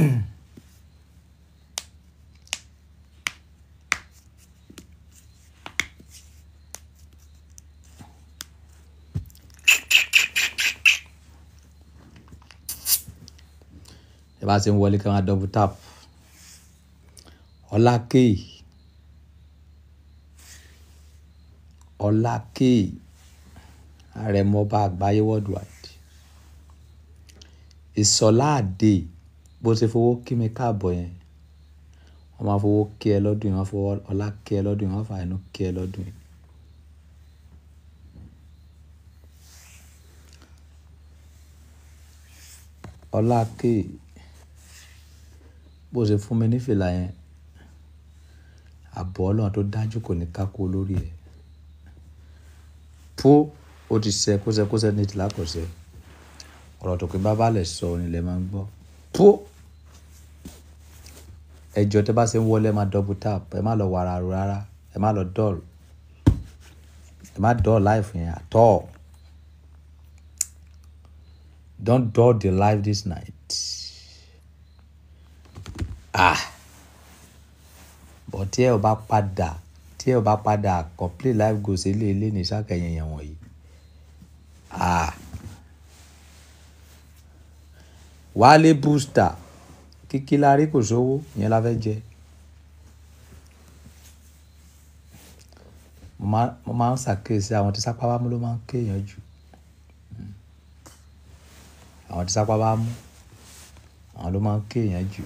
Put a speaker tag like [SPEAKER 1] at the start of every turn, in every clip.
[SPEAKER 1] ẹ bá ṣe ń wọlé kí wọn á double tap ọlákéè ọlákéè àrẹ̀mọba àgbáyé worldwide ìsọláàdè. E bó ṣe fowó kí mi káàbọ̀ yẹn wọ́n máa fowó kí ẹ lọ́dún yìí wọ́n á fọwọ́ ọlá kí ẹ lọ́dún yìí wọ́n á fàánú kí ẹ lọ́dún yìí. ọlá kí bó ṣe fún mi ní fìlà yẹn àbọ̀ ọlọ́run tó dájú kò ní kákó lórí ẹ̀ pó ó ti sẹ kóṣẹkóṣẹ ní ìtìlákọ̀ọ́sẹ̀ ọ̀rọ̀ tó kí bá balẹ̀ sọ nílẹ̀ máa ń gbọ́ pó ẹ jọ̀ọ́ tẹ́ bá ṣe ń wọlé ẹ double tap ẹ má lọ wàrà rò rárá ẹ má lọ dull ẹ má dull life yẹn at all don't dull the life this night ah but tí ẹ ò bá padà tí ẹ ò bá padà complete life goals eléyìí ní sákẹyìn yẹn wọ̀nyí ah wálé booster kíkí la rí kò sówó ìyẹn la fẹ́ jẹ mo máa ń ṣàkíyèsí àwọn tí sápá bá mú ló máa ń kéèyàn jù àwọn tí sápá bá mú àwọn ló máa ń kéèyàn jù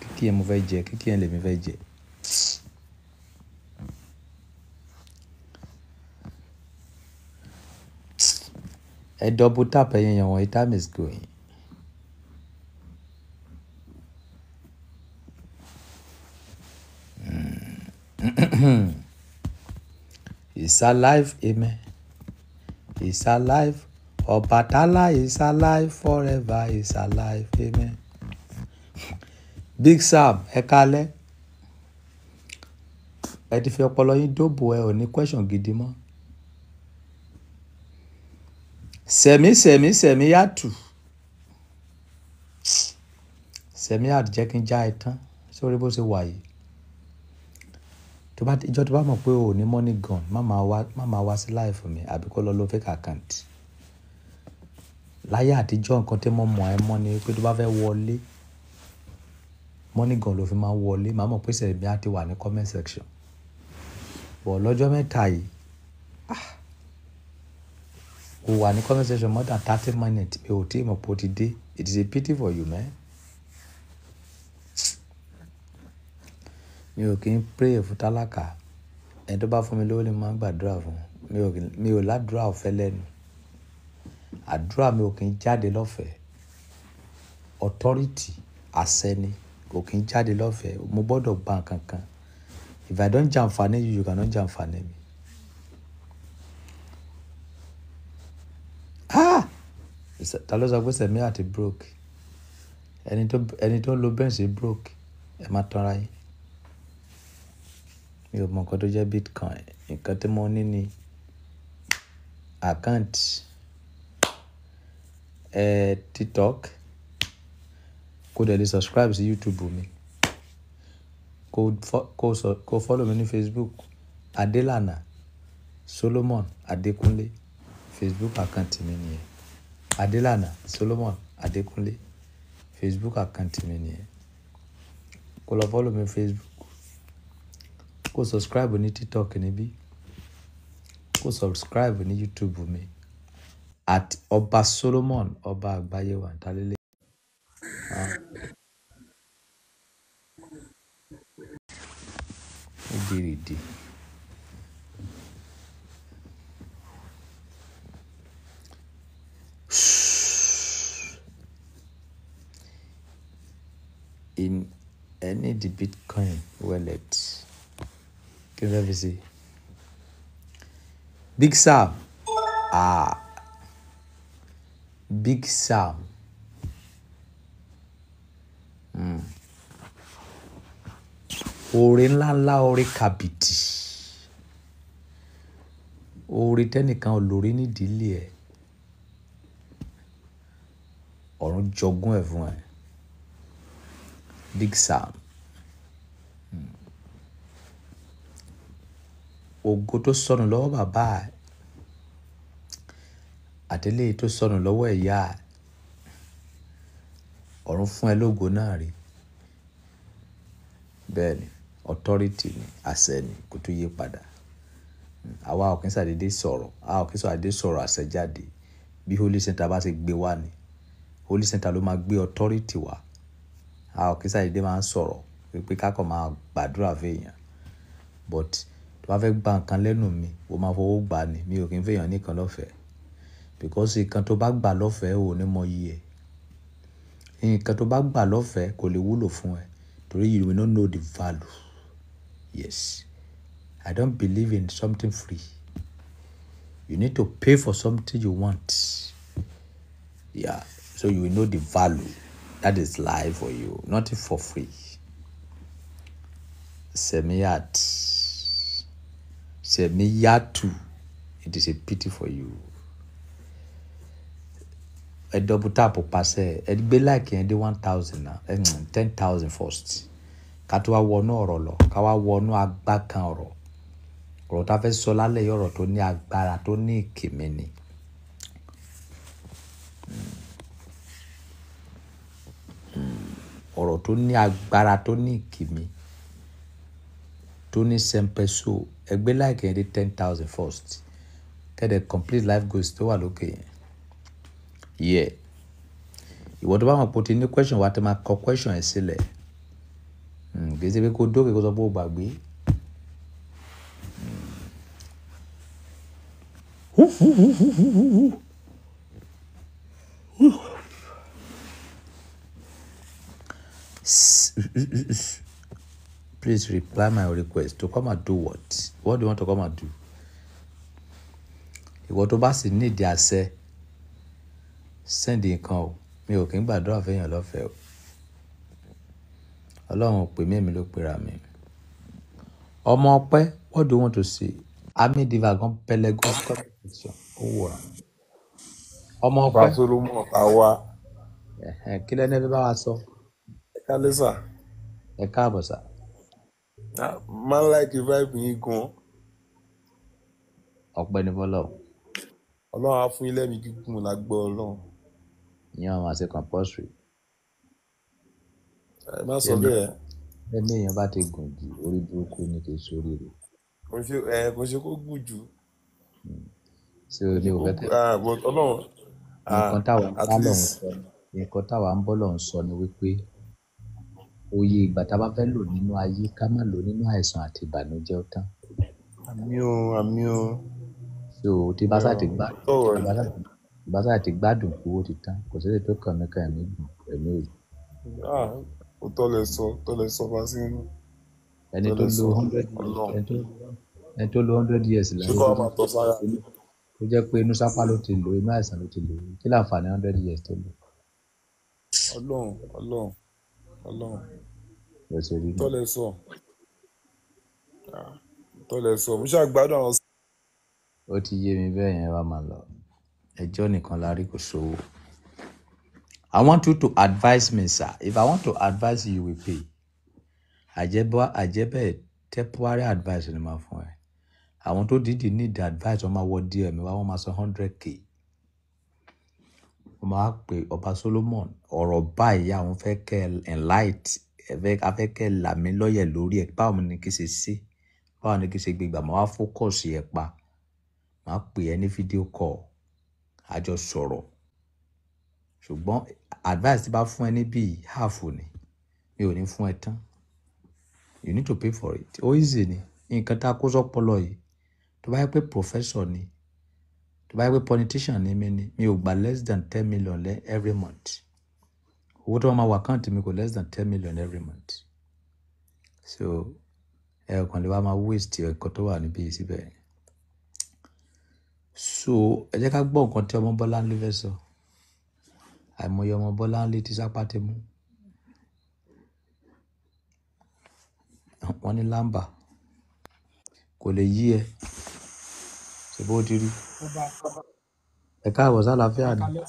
[SPEAKER 1] kíkí yẹn mo fẹ́ jẹ kíkí yẹn lèmi fẹ́ jẹ. A double tap, and your time is going. He's alive, amen. He's alive. Obatala is alive forever, is alive, amen. Big Sam, ẹ kalẹ́. Ẹ ti fi ọpọlọ yín dóbò ẹ ò ní question gidi mọ́. Sẹ̀mí sẹ̀mí sẹ̀mí yàtù. Sẹ̀mí àdìjẹ́kín já ẹ tán sórí bó ṣe wà yìí tó bá ìjọ tó bá mọ̀ pé o ò money gan má máa wá sí life mi àbí kó lọ lo fake account láyé àtijọ́ nǹkan tí mo mọ̀ ẹ́ mọ́ ni pé tó bá fẹ́ wọlé money gan ló fi máa wọlé màá mọ̀ pé sẹ̀rẹ̀ mi á ti wà ní comment section bọ̀ lọ́jọ́ mẹ́ta yìí ah, o wà ní comment section more than thirty minutes mi ò tí ì mọ̀ pé o ti dé it is a pity for you man. Mi ò kí ń pray fún tálákà. Ẹni tó bá fún mi lówó ni mo máa ń gbàdúrà fún. Mi ò kí, mi ò ládùrá ọ̀fẹ́ lẹ́nu. Àdúrà mi ò kí ń jáde lọ́fẹ̀ẹ́. Authority, àṣẹ ni, kò kí ń jáde lọ́fẹ̀ẹ́. Mo gbọdọ̀ gba nǹkan kan. If I don't jàǹfàní you, you cannot jàǹfàní me. Ah! Ta ló sọ pé Sẹ̀mí àti broke? Ẹni tó, ẹni tó ń lo Benz broke. Ẹ máa tanra yín. Mi ò mọ̀ nǹkan tó jẹ́ Bitcoin. Ǹkan tí mo ní ni account, eh, TikTok, kó dẹ̀ lè subscribe sí YouTube mi, kó fo- kó sọ- follow mi ní Facebook Adelana Solomon Adekunle. Facebook account mi nìyẹn. Adelana Solomon Adekunle. Facebook account mi nìyẹn. Kó lọ follow mi Facebook kó subscribe ní tiktok níbí kó subscribe ní youtube mi at ọba solomon ọba àgbáyé wàntálélé.
[SPEAKER 2] ó dìrì dì.
[SPEAKER 1] in any the bitcoin wallet Give let me see. Big Sam. Ah. Big Sam. Mm. Oore ńláńlá oore kàbìtì. Oore tẹ́nìkan olórí nídìílé ẹ̀. Ọ̀run jogún ẹ̀ fún ẹ. Big Sam. ògo tó sọnù lọ́wọ́ bàbá ẹ̀ àtẹ̀lé tó sọnù lọ́wọ́ ìyá ẹ̀ ọ̀run fún ẹ lógo náà rí bẹ́ẹ̀ ni authority ni àṣẹ ni kò tún yí padà àwa ò kí n ṣàdédé sọ̀rọ̀ a ò kí n ṣàdédé sọ̀rọ̀ àṣẹ bí holy center bá ti gbé wá ni holy center ló máa gbé authority wá a ò kí n ṣàdédé máa ń sọ̀rọ̀ pé kákọ̀ máa gbàdúrà fèèyàn but bá fẹ́ gba nǹkan lẹ́nu mi, o máa fọwọ́ gbà ni. Mi ò kí ń fẹ́ èèyàn nìkan lọ́fẹ̀ẹ́. Because nǹkan tó bá gbà lọ́fẹ̀ẹ́ ò ní mọyì ẹ̀. Nǹkan tó bá gbà lọ́fẹ̀ẹ́ kò lè wúlò fún ẹ torí you will not know the value. Yes. I don't believe in something free. You need to pay for something you want. Yeah. So you will know the value. That is life for you. Nothing for free. Semiat sɛ meya tu it is a pity for you ɛdɔbu taapu pa sɛ ɛdigbe like yɛn one thousand na ɛn mm, ten thousand first kátó wa wọnú ọ̀rọ̀ lọ káwa wọnú agbá kan ọ̀rọ̀ ọ̀rọ̀ tá a fẹ́ sọ lálẹ́ yìí ọ̀rọ̀ tó ní agbára tó ni. Mm. Mm. ọ̀rọ̀ tó ní agbára tó ní ìkìmí tony sempeso ẹgbẹ́ láìkẹ́ yẹn dé ten thousand first kẹ́dẹ̀ complete life goals tó wà lókè yẹn yẹ ìwọ tó bá wọn pọ̀ ti ní question wa ti máa kọ question ẹ̀ sílẹ̀ hmm, kì í ṣe pé kó dókè kó sọ pé ó gbàgbé.
[SPEAKER 3] Shh. Hmm
[SPEAKER 1] please reply my request to come and do what what do you want to come and do ìwọ tó bá sì nídìí àṣẹ sẹ́ndì nǹkan o mi ò kí ń gbàdúrà fẹ́yàn lọ́fẹ̀ẹ́ o ọlọ́run pè mí èmi ló pera mi ọmọ ọpẹ́ what do you want to see ami divagan pẹlẹgọ competition ó wòrà ọmọ ọpẹ́. bàtò ló mọ àwa. kí lẹ́nu ẹbí bá wa sọ. ẹ ká lé ẹ káàbọ̀ sà máa
[SPEAKER 4] ń láìkí vibe yín gan. ọpẹ́ ní fọlọ. ọlọ́run á fún ilé mi gígùn lágbó ọlọ́run.
[SPEAKER 1] ìyá àwọn àti compulsory.
[SPEAKER 4] ẹ má sọ bẹ́ẹ̀.
[SPEAKER 1] ẹni èèyàn bá ti gùn jù orí burúkú ni kì í sórí rẹ̀.
[SPEAKER 4] kò ṣe ẹ kò ṣe kó gùn jù.
[SPEAKER 1] Hmm. ṣé o ní o fẹ́ tẹ̀.
[SPEAKER 4] Ah, ọlọ́run
[SPEAKER 1] ah, nǹkan táwa ń bọ́ lọ́hún sọ ni wípé òye ìgbà tá a bá fẹ́ lò nínú ayé ká má lò nínú àìsàn àti ìbànújẹ́ ó tán.
[SPEAKER 5] àmì o àmì o. so tí bá sáà ti gbádùn
[SPEAKER 1] tí bá sáà ti gbádùn owó ti tán kò sí èdè tó kàn mí kàn mí gùn ẹ̀mí òye.
[SPEAKER 4] ó tọ́lẹ̀ sọ tọ́lẹ̀ sọ bá sí inú.
[SPEAKER 1] ẹni tó lo hundred ẹni tó lo hundred years láyé ó jẹ́ pé inú sápá ló ti lò inú àìsàn ló ti lò kí láǹfààní hundred
[SPEAKER 6] years tó lò.
[SPEAKER 4] ọlọ́run ọlọ́run. Ọlọ́run tọ́lẹ̀ sọ ah, tọ́lẹ̀ sọ mo ṣàgbádùn àwọn.
[SPEAKER 1] ó ti yé mi bẹ́ẹ̀ yẹn wá máa lọ ẹjọ́ nìkan la rí kò sówó. I want you to advise me sir if I want to advise you you will pay. àjẹbọ́ àjẹbẹ́ temporary advice ni màá fún ẹ àwọn tó dìídì need advice wọn máa wọ díẹ̀ mi wá wọn máa san hundred k mo máa pè ọba Solomon ọ̀rọ̀ báyìí àwọn fẹ́ kẹ́ enlight afẹ́ kẹ́ là mí lọ́yẹ̀ lórí ẹ̀ báwo ni kí ṣe ṣe báwo ni kí ṣe gbégbà máa wá fókọ̀sì ẹ̀ pa máa pè ẹ́ ní fídíò call àjọ sọ̀rọ̀ ṣùgbọ́n advice ti bá fún ẹ níbí half ni mi ò ní fún ẹ tán you need to pay for it ó easy ni nǹkan tá a kó sọ́pọlọ yìí tó bá yẹ pé professor ni tó bá yẹ pé politician ni mí ni mi ò gba less than ten million lẹ́ every month owó tó wọ́n máa wọ àkáǹtì mi kò less than ten million every month so ẹ kàn lè wá máa waste ẹ̀kọ́ tó wà níbí síbẹ̀ so ẹ jẹ́ ká gbọ́ nǹkan tí ọmọ Bọ́láńlé fẹ́ sọ àìmọye ọmọ Bọ́láńlé ti sápá ti mú wọ́n ní lámbà kò lè yí ẹ ìbò ti rí ẹ káàbọ̀ ni.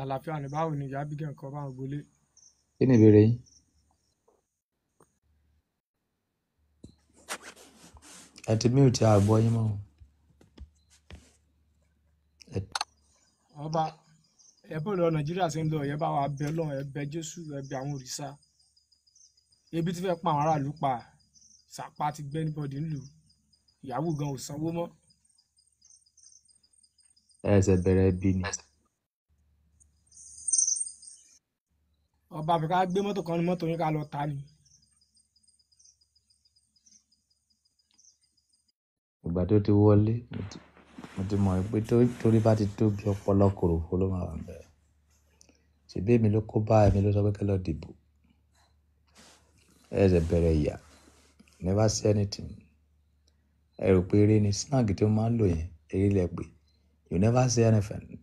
[SPEAKER 4] àlàáfíà ni báwo ni ìyá bígẹ̀ nǹkan báwọn gbolé.
[SPEAKER 1] kí ni ìbéèrè yín. ẹ ti mute àgbọ̀
[SPEAKER 4] yín mọ́.
[SPEAKER 7] ọba
[SPEAKER 8] ẹ bó lọ nàìjíríà ṣe ń lọ ẹ bá wa bẹ lọ́wọ́ ẹ bẹ jésù ẹ bẹ àwọn òrìṣà ebi ti fẹ́ pa àwọn aráàlú pa sàpá ti gbẹ́ níbọ̀dì ńlù ìyàwó gan
[SPEAKER 4] ò sanwó mọ́
[SPEAKER 1] ẹsẹ̀ bẹ̀rẹ̀ bí ni.
[SPEAKER 6] ọba àfikà gbé mọ́tò kan ní mọ́tò yín ká lọ ta ni.
[SPEAKER 1] ìgbà tó ti wọlé mo ti mọ̀ pé torí bá ti tóbi ọpọlọ kòròfo ló máa wà bẹ́ẹ̀ ṣèbí èmi ló kó bá èmi ló sọ pé kẹ́ lọ dìbò ẹsẹ̀ bẹ̀rẹ̀ ìyà never say anything ẹ rò pé eré ni snag tí ó máa ń lò yẹn eré lẹ pè é you never say anything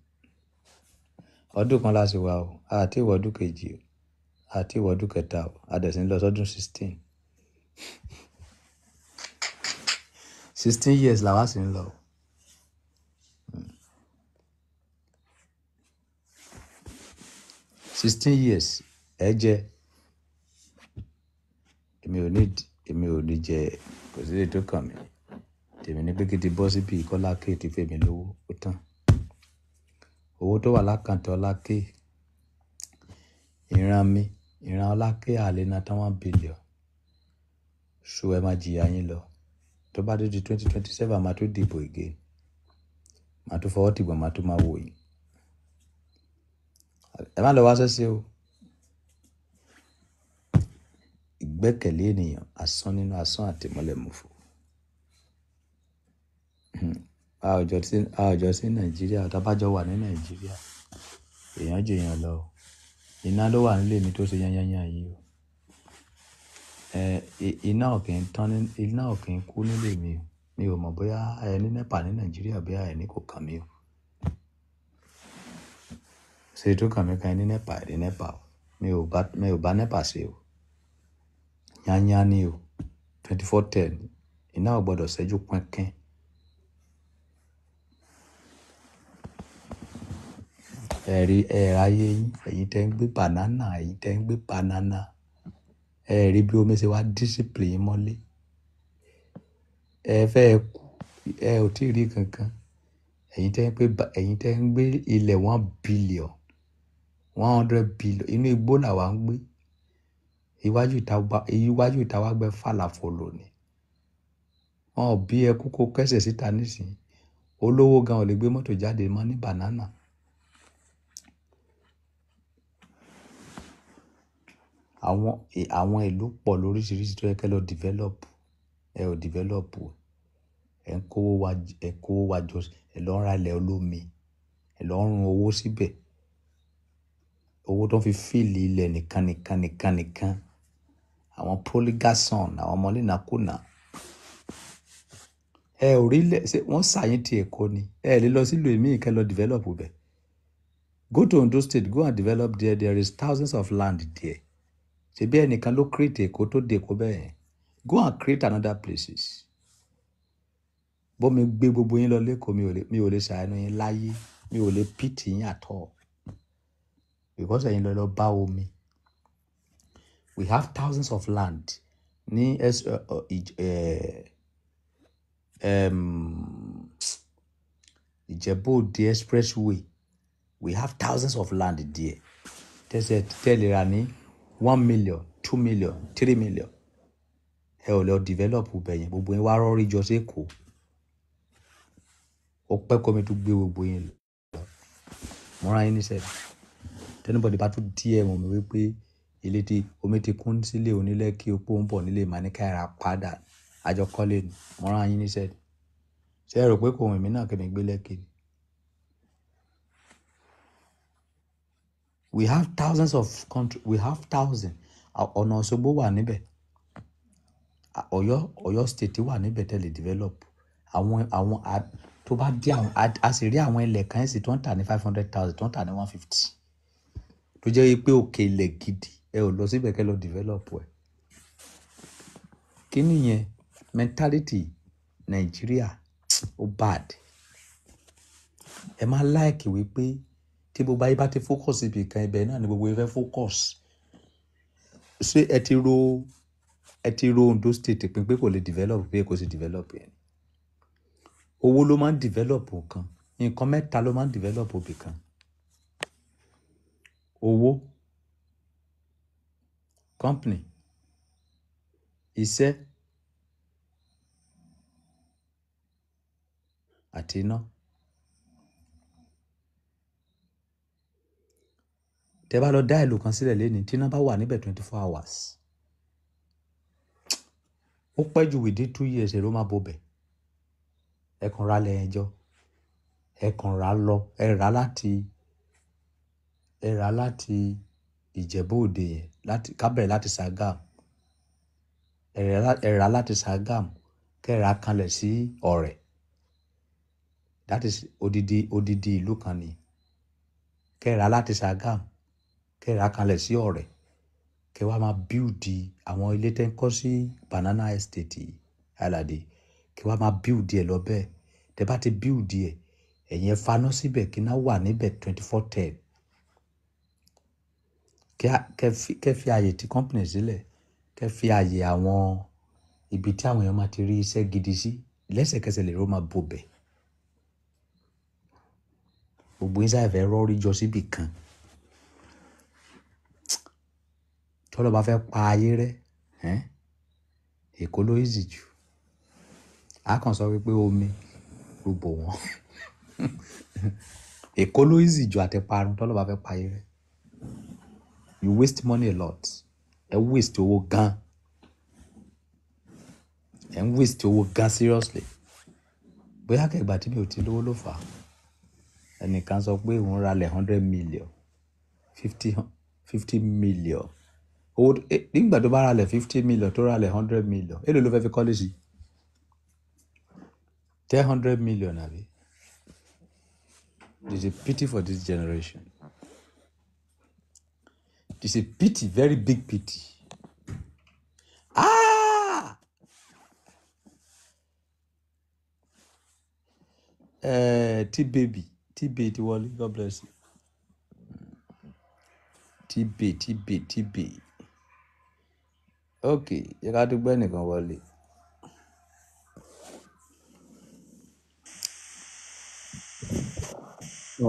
[SPEAKER 1] ọdún kan láti wá o àti ìwọ ọdún kejì o àti ìwọ ọdún kẹta o àdẹ̀sí ń lọ sọ́dún sixteen sixteen years làwa sì ń lọ. sixteen years ẹ jẹ èmi ò ní èmi ò ní jẹ kò sí ètò kàn mí tèmi ni pé kí n ti bọ́ síbi kọ́lá ké ti fèmí lówó ó tán owó tó wà lákàntọ́ láké ìran mi ìran ọláké àlena tán one billion so ẹ máa jìyà yín lọ tó bá dé di twenty twenty seven máa tó dìbò again máa tó fọwọ́ tìgbọ̀n máa tó máa wò yín ẹ má lọ wá sẹ́sẹ́ o ìgbẹ́kẹ̀lé ènìyàn asán nínú asán àtìmọ́lẹ̀ mọ́fọ́ a ò jọ sí a ò jọ sí nàìjíríà tá a bá jọ wà ní nàìjíríà èèyàn jù èèyàn lọ o iná ló wà nílé mi tó ṣe yanyanyan yìí o ẹ iná ò kì í tán ní iná ò kì í kú nílé mi o mi ò mọ̀ bóyá ẹ ní nẹ́pà ní nàìjíríà bóyá ẹ ní kò kàn mí o ṣe tó kàn mí kan ẹ nẹ́pà ẹ nẹ́pà o mi ò bá nẹ́pà ṣe o yanyan ni o twenty four ten iná ò gbọ́dọ̀ ṣẹ́jú pínkín ẹ̀rí ẹ̀ráyé yín ẹ̀yin tẹ́ ń gbé banana ẹ̀yin tẹ́ ń gbé banana ẹ̀rí bí omi ṣe wá discipline mọ́lé ẹ fẹ́ kú ẹ ò tí ì rí kankan ẹ̀yin tẹ́ ń gbé ẹ̀yin tẹ́ ń gbé ilẹ̀ one billion one hundred billion inú igbó làwa ń gbé iwájú ìta iwájú ìta wa gbẹ falafolo ni wọn ò bí ẹ kókó kẹsẹ̀ síta nísìnyí olówó gan ò lè gbé mọ́tò jáde mọ́ ní banana. àwọn e, àwọn ìlú pọ̀ lóríṣiríṣi tó yẹ kẹ́ lọ develop ẹ ò develop o ẹ ń kówó wa ẹ kówó wa jọ ẹ lọ ń ra ilẹ̀ olómi ẹ lọ ń run owó síbẹ̀ owó tó ń fi fíìlì ilẹ̀ nìkan nìkan nìkan nìkan àwọn proligason àwọn ọmọ onínàkúnà ẹ ò rí lẹ ṣe wọn ṣàyìn ti Èkó ni ẹ lè lọ sílùú èmi ìkẹ lọ develop bẹ go to Ondo State go and develop there there is thousands of land there ṣebí ẹnìkan ló create èkó tó de èkó bẹ́ẹ̀ go and create another places bó mi gbé gbogbo yín lọ lẹ́kọ̀ọ́ mi ò lè ṣàánú yín láyé mi ò lè pìtì yín at all because ẹ̀yin lọ lọ bá omi we have thousands of land ní uh, uh, eh, Ìjẹ̀bú Òde expressway we have thousands of land there tẹ́sẹ̀ tẹ́lera ní one million two million three million ẹ ò lọ develop bẹ̀yẹn gbogbo yẹn wá rọ́rí jọ sí èkó ọpẹ́ kọ́mi tó gbé gbogbo yẹn lọ mọ́ra yín níṣẹ́lẹ̀ tẹ́nubọ̀dì bá tún díẹ̀ mọ̀ mi wípé ilé tí omi ti kún sílé onílé kí opó ń bọ̀ nílé màníkàrà padà àjọkọ́lé mọ́ra yín níṣẹ́lẹ̀ ṣe é rò pé kò wọ̀n mí náà kí mi gbé lẹ́kìn we have thousands of country we have thousands ọ̀nà Òṣogbo wà níbẹ̀ Ọ̀yọ́ Ọ̀yọ́ state wà níbẹ̀ tẹ́lẹ̀ develop àwọn àwọn tó bá dé àwọn a sì rí àwọn ilẹ̀ kan sì tó ń tà ní five hundred thousand tó ń tà ní one fifty tó jẹ́ pé òkè ilẹ̀ gidi ẹ ò lọ síbẹ̀ kẹ́ lọ develop ẹ̀ kí nìyẹn mentality Nigeria ó bad ẹ máa láìkì wípé. Like tí gbogbo ayé bá ti fókọ̀sì ibì kan ibẹ̀ náà ni gbogbo yẹn fẹ́ fókọ̀sì ṣé ẹ ti ro ẹ ti ro Ondo state pin pé kò lè develop pé kò sì develop yẹn owó ló máa ń develop nǹkan nǹkan mẹ́ta ló máa ń develop ibì kan owó company iṣẹ́ àti iná. No? tẹ́ bá lọ dá ìlú kan sílẹ̀ lẹ́ni tí iná bá wà níbẹ̀ twenty four hours ó pẹ́ ju within two years èrò máa bobẹ̀ ẹ kàn ra lẹ́yìn ẹjọ́ ẹ kàn ra lọ ẹ rà láti ẹ rà láti Ìjẹ̀bú Òde yẹn láti kábẹ̀rẹ̀ láti Sàgámù ẹ rà láti Sàgámù kẹ́ra kanlẹ̀ sí ọ̀rẹ́ that is odidi odidi ìlú kan ni kẹ́ra láti Sàgámù kẹ́ ra kalẹ̀ sí ọ̀rẹ́ kẹ́ wá máa bíùdì àwọn ilé tẹ́ ń kọ́ sí banana estate alade kẹ́ wá máa bíùdì ẹ̀ lọ bẹ́ẹ̀ tẹ́ bá ti bíùdì ẹ̀ ẹ̀yìn faná síbẹ̀ kí iná wà níbẹ̀ twenty four ten kẹ́ fi ààyè ti company sílẹ̀ kẹ́ fi ààyè àwọn ibi tí àwọn èèyàn máa ti rí iṣẹ́ gidi sí lẹ́sẹ̀kẹsẹ̀ lè ró máa bò bẹ́ẹ̀ gbogbo yín sáfẹ́ rọ́ọ́rí jọ síbì kan tọ́lọ́ bá fẹ́ pa ayé rẹ́ èkó ló easy jù a kàn sọ wípé omi rúbọ wọn èkó ló easy jù àti parun tọ́lọ́ bá fẹ́ pa ayé rẹ́ you waste money a lot ẹ waste owó gan ẹ ń waste owó gan seriously bóyá kẹgbà tí mi ò ti lówó ló fà á ẹnìkan sọ pé òun ralẹ̀ hundred million fifty fifty million owó eh, nígbà tó bá ralẹ̀ fifty million tó ralẹ̀ hundred million èló ló fẹ́ fi kọ́lé sí ten hundred million àbí it is a pity for this generation it is a pity very big pity ah uh, t baby t baby ti wọlé god bless you t baby t baby t baby ok yẹ ká dúpẹ́ nìkan wọlé.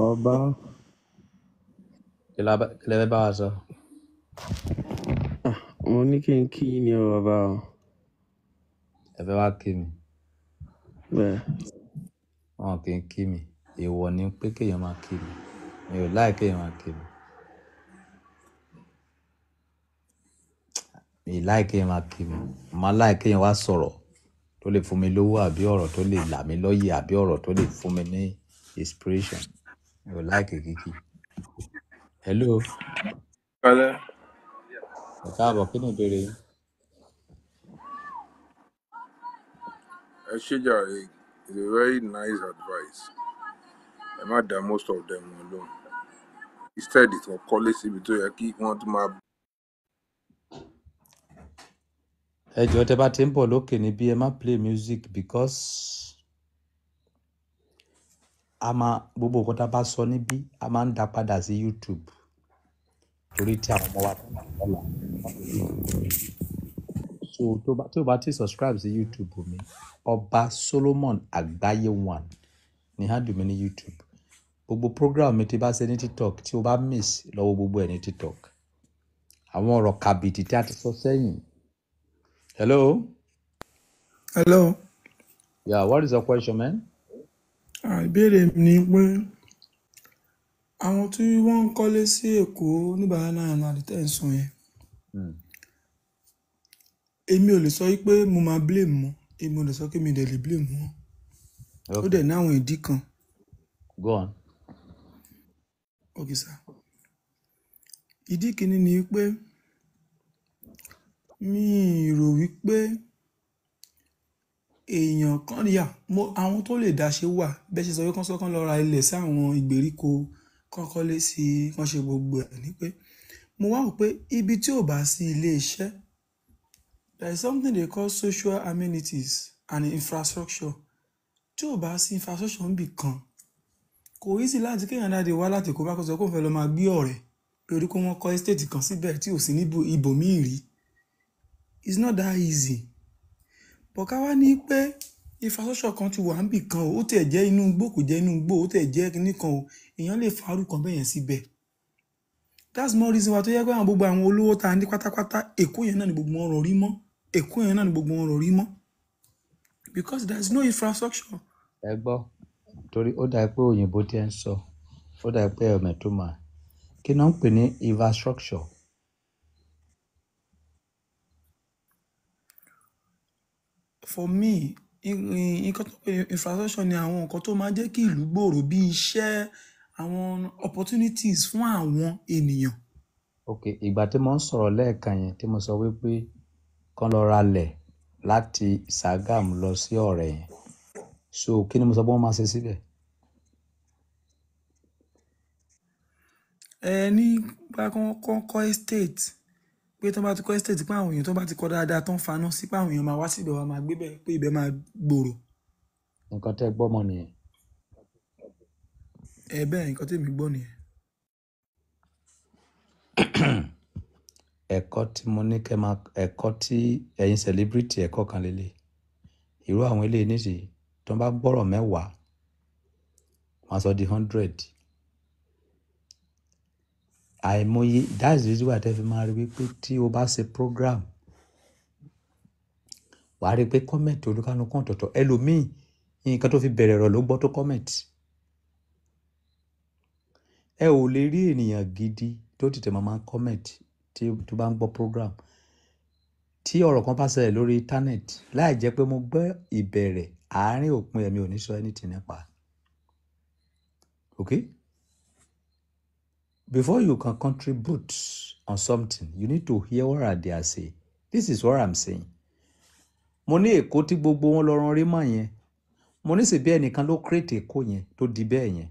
[SPEAKER 1] ọba kí lẹ fẹ́ bá wa sọ.
[SPEAKER 3] Ah, mo ní kí n kí yín ní ọ̀rọ̀ bá ọ. ẹ fẹ́ wá kí mi. bẹ́ẹ̀.
[SPEAKER 1] wọn kì í kí mi èèwọ̀ ni pé kéèyàn máa kí mi mi ò láì kéèyàn máa kí mi. mi láì kéèyàn máa kí mi màá láì kéèyàn wá sọ̀rọ̀ tó lè fún mi lówó àbí ọ̀rọ̀ tó lè là mí lóye àbí ọ̀rọ̀ tó lè fún mi ní inspiration mi ò láì kéèkì. hello kálẹ̀. ẹ káàbọ̀ kí ni ìbéèrè
[SPEAKER 4] ẹ ṣe a very nice advice ẹ má dá most of them alone instead ìtàn kọ́lé síbi tó yẹ kí wọ́n tún máa
[SPEAKER 1] ẹ jọ̀ọ́ tẹ bá ti ń bọ̀ lókè níbí ẹ má play music because a máa gbogbo nǹkan tá a bá sọ níbí a máa ń dá padà sí YouTube torí tí àwọn ọmọ wa tó wà lọ́la so tó bá tó bá ti subscribe sí YouTube mi ọba Solomon àgbáyé one ní handle ní YouTube gbogbo program mi ti bá ṣe ní TikTok tí o bá miss lọ́wọ́ gbogbo ẹ̀ ní TikTok àwọn ọ̀rọ̀ kàbìtì tí a ti sọ sẹ́yìn Hello. Hello. Yeah, what is your question,
[SPEAKER 9] man? Ìbéèrè mi ni pé àwọn tí wọ́n ń kọ́lé sí Èkó ní Banana Island tẹ́ ń sùn yẹn. Hmm. Èmi ò lè sọ pé mo máa blame wọn, èmi ò lè sọ pé mi dẹ̀ lè blame wọn. Ó dẹ̀ ní àwọn ìdí kan. Go on. Okay, sir. Ìdí kìíní ni pé. Okay, Mi rò wí pé èèyàn kan yeah, mo àwọn tó lè dáṣe wà. Bẹ́ẹ̀ ṣe sọ pé kán sọ kán lọ ra ilẹ̀ sí àwọn ìgbèríko, kán kọ́lé sí i, kán ṣe gbogbo ẹ̀ ní pé mo wá rò pé ibi tí ò bá sí ilé-iṣẹ́ there is something they call social amenities and infrastructure. Tí ò bá sí infrastructure níbì kan, kò easy láti kéèyàn jáde wá láti Èkó bá kó sọ pé òun fẹ́ lọ máa gbé ọ̀rẹ́ lórí pé wọ́n kọ́ estate kan síbẹ̀ tí ò sí ní ibòmíì rí it's not that easy but ká wá ní pé infrastructure kan ti wà ń bì kan o ó tẹ̀ jẹ́ inú igbó kò jẹ́ inú igbó ó tẹ̀ jẹ́ kinní kan o èèyàn lè farú kan bẹ́yẹn síbẹ̀ that's more reason why tó yẹ pé àwọn gbogbo àwọn olówó ta ní pátápátá èkó yẹn náà ni gbogbo wọn rọ̀ rí mọ́ èkó yẹn náà ni gbogbo wọn rọ̀ rí mọ́ because there is no infrastructure.
[SPEAKER 1] ẹ gbọ́ torí ó dà pé òyìnbó ti ń sọ ó dà pé ẹ̀mẹ̀ tó máa kí náà ń pè ní infrastructure
[SPEAKER 9] for me nǹkan tó pè infrastructure ni àwọn nǹkan tó máa jẹ́ kí ìlú gbòòrò bí iṣẹ́ àwọn opportunities fún àwọn ènìyàn.
[SPEAKER 1] ok ìgbà tí mo ń sọ̀rọ̀ lẹ́ẹ̀kan yẹn tí mo sọ wípé kán lọ ralẹ̀ láti Sàgámù lọ sí ọ̀rẹ́ yẹn so
[SPEAKER 9] kí ni mo sọ pé wọ́n máa ṣe síbẹ̀. ẹ ní bá kọ́ estate pé tó bá ti kọ́ estate pé àwọn èèyàn tó bá ti kọ́ dáadáa tó ń faná sí pé àwọn èèyàn máa wá síbẹ̀ wá máa gbé bẹ̀ pé ibẹ̀ máa gbòòrò. nǹkan
[SPEAKER 1] tẹ́ gbọ́ mọ́ nìyẹn.
[SPEAKER 9] ẹ bẹ́ẹ̀ nǹkan tèmi gbọ́ nìyẹn.
[SPEAKER 1] ẹ̀kọ́ tí mo ní kẹ́ máa ẹ̀kọ́ tí ẹ̀yin celebrity ẹ̀kọ́ kan lélẹ̀ irú àwọn eléyìí nísìnyí tó bá gbọ́rọ̀ mẹ́wàá wọ́n sọ di hundred àìmọye that's the reason why tẹ́ fi máa rí wípé tí o bá ṣe program wàá rí pé comment olúkálukú ọ̀tọ̀ọ̀tọ̀ ẹlòmíì nǹkan tó fi bẹ̀rẹ̀ ọ̀rọ̀ ló gbọ́ tó comment ẹ ò lè rí ènìyàn gidi tó tètè máa máa comment tí tó bá ń gbọ́ program tí ọ̀rọ̀ kan bá ṣẹlẹ̀ lórí internet láì jẹ́ pé mo gbọ́ ìbẹ̀rẹ̀ àárín òpin ẹ̀mí ò ní sọ anything nípa okay. Before you can contribute on something, you need to hear what are they say. This is what I'm saying. Mo ní Èkó tí gbogbo wọn lọ́rùn rí mọ̀ yẹn. Mo ní ṣebí ẹnìkan ló kírètì Èkó yẹn tó di bẹ́ẹ̀ yẹn.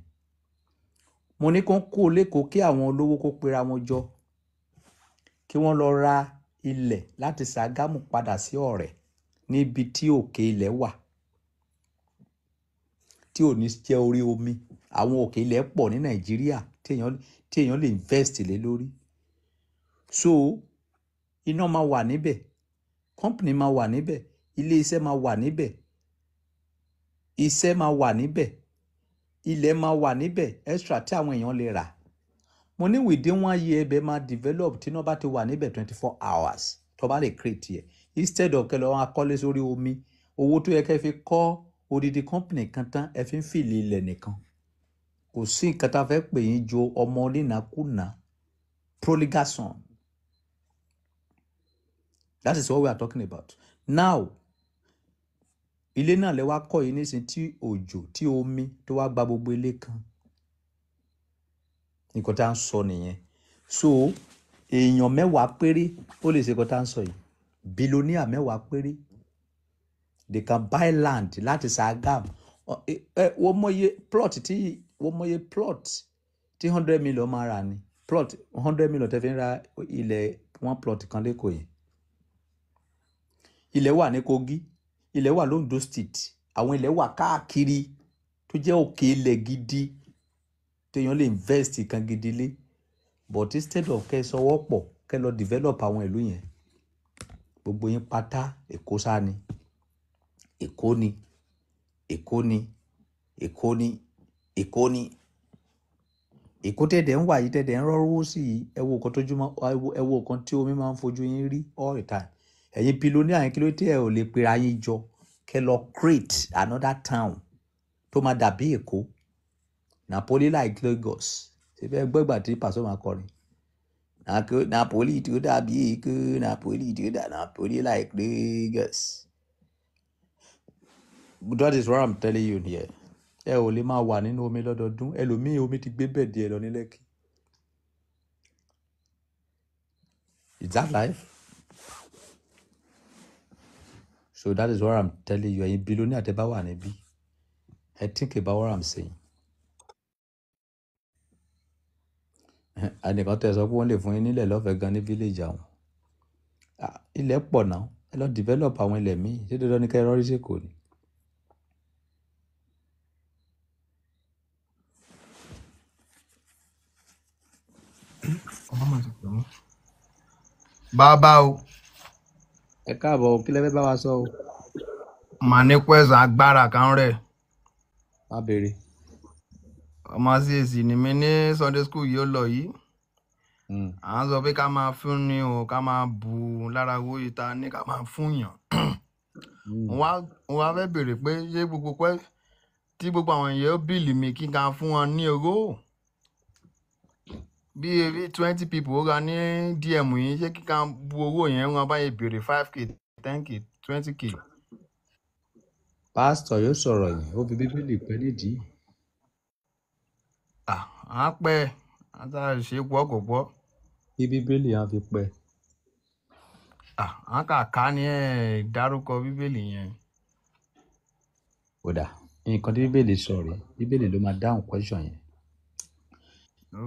[SPEAKER 1] Mo ní kó ń kó lẹ́kọ̀ọ́ kí àwọn olówó kó pera wọn jọ. Kí wọ́n lọ ra ilẹ̀ láti Ṣàgámù padà sí Ọ̀rẹ́ níbi tí òkè ilẹ̀ wà. Tí ò ní jẹ́ orí omi. Àwọn òkè ilẹ̀ pọ̀ ní Nàìjíríà tí èèyàn lè invest lé lórí so iná máa wà níbẹ̀ company máa wà níbẹ̀ ilé iṣẹ́ máa wà níbẹ̀ iṣẹ́ máa wà níbẹ̀ ilẹ̀ máa wà níbẹ̀ extra tí àwọn èèyàn lè rà mo ní within one year ẹbẹ̀ máa develop tí iná bá ti wà níbẹ̀ twenty four hours tó bá lè create yẹ instead of kẹlẹ́ wọn akọ́lé sórí omi owó tó yẹ kẹ́ fi kọ́ odidi company kan tán ẹ fi ń fìlì ilẹ̀ nìkan kò sí nǹkan tá a fẹ́ pè yín ju ọmọ onínàkúnà proligason that is what we are talking about now ilé náà lè wá kọ́ yìí nísìn tí òjò tí omi tó wá gba gbogbo ilé kan nǹkan tá à ń sọ nìyẹn so èèyàn mẹ́wàá péré ó lè ṣe nǹkan tá à ń sọ yìí bílóníà mẹ́wàá péré they can buy land láti Sagam wọ́n mọ̀ye plot ti wọ́n mọye plot tí hundred million máa rà ni plot hundred million tẹ́ fi ń ra ilẹ̀ one plot kan lẹ́kọ̀ọ́ yìí ilẹ̀ wà ní Kogi ilẹ̀ wà l'Ondo state àwọn ilẹ̀ wà káàkiri tó jẹ́ òkè ilẹ̀ gidi téèyàn lè invest kan gidi lé but instead of kẹ́ ẹ sọwọ́ pọ̀ kẹ́ ẹ lọ develop àwọn ìlú yẹn gbogbo yín pátá Èkó sá ni Èkó ni Èkó ni Èkó ni èkó ni èkó tẹ̀dẹ̀ ń wà yìí tẹ̀dẹ̀ ń rọ́rùwó sí i ẹ wo nǹkan tójú ẹ wo nǹkan tí omi máa ń fojú yín rí all the time ẹ̀yin pilonia yẹn kí ló tẹ̀ ẹ ò lè pera yín jọ kẹ́ lọ create another town tó máa dàbí èkó napoli like lagos ṣe fẹ́ gbọ́ ìgbà tí pàṣọ máa kọrin napoli tí ó dàbí èkó napoli tí ó dà napoli like lagos that is what i'm telling you here ẹ ò lè máa wà nínú omi lọ́dọọdún ẹlòmíì omi ti gbé bẹ́ẹ̀ díẹ̀ lọ ní lẹ́kì. Is that life? So that is what I'm telling you ẹ̀yin billionaire tẹ́ bá wà níbí I think about what I'm saying. àdìkan tẹ́ sọ pé wọ́n lè fún yín nílẹ̀ lọ́fẹ̀ẹ́ gan ní village àwọn ah, ilẹ̀ pọ̀ náà ẹ lọ develop àwọn ilẹ̀ míì ṣé dandan ni kẹ́ ẹ rọ́rí sí kò ní.
[SPEAKER 5] bàbá o. ẹ káàbọ̀ kí lẹ fẹ́ bá wa sọ o. màá ní kwẹ́sàn agbára kan rẹ̀. a béèrè. ọmọ síyèsí ni mi ní sunday school yìí ó lọ yìí hmm. à ń sọ pé ká máa fún ni o ká máa bù ú lára owó ìta ní
[SPEAKER 7] ká máa fún yàn hmm. wọ́n á fẹ́ béèrè pé ṣé gbogbo pẹ́ tí gbogbo àwọn èèyàn bìlì mi kí n ká fún wọn ní owó bí twenty people ó ra ní dm yìí ṣé kíkà ń bu owó yẹn wọn báyìí béèrè five k ten k twenty k.
[SPEAKER 1] pásítọ̀ yóò sọ̀rọ̀ yìí ó fi bíbélì pẹ́ nídìí.
[SPEAKER 7] à á pẹ́ àtàrà ṣe gbọ́ kò
[SPEAKER 1] gbọ́. bí bíbélì á fi pẹ́.
[SPEAKER 7] à á kà ní ẹ̀ dárúkọ bíbélì yẹn.
[SPEAKER 1] kódà nǹkan tí bíbélì sọ rèé bíbélì ló máa dáhùn question yẹn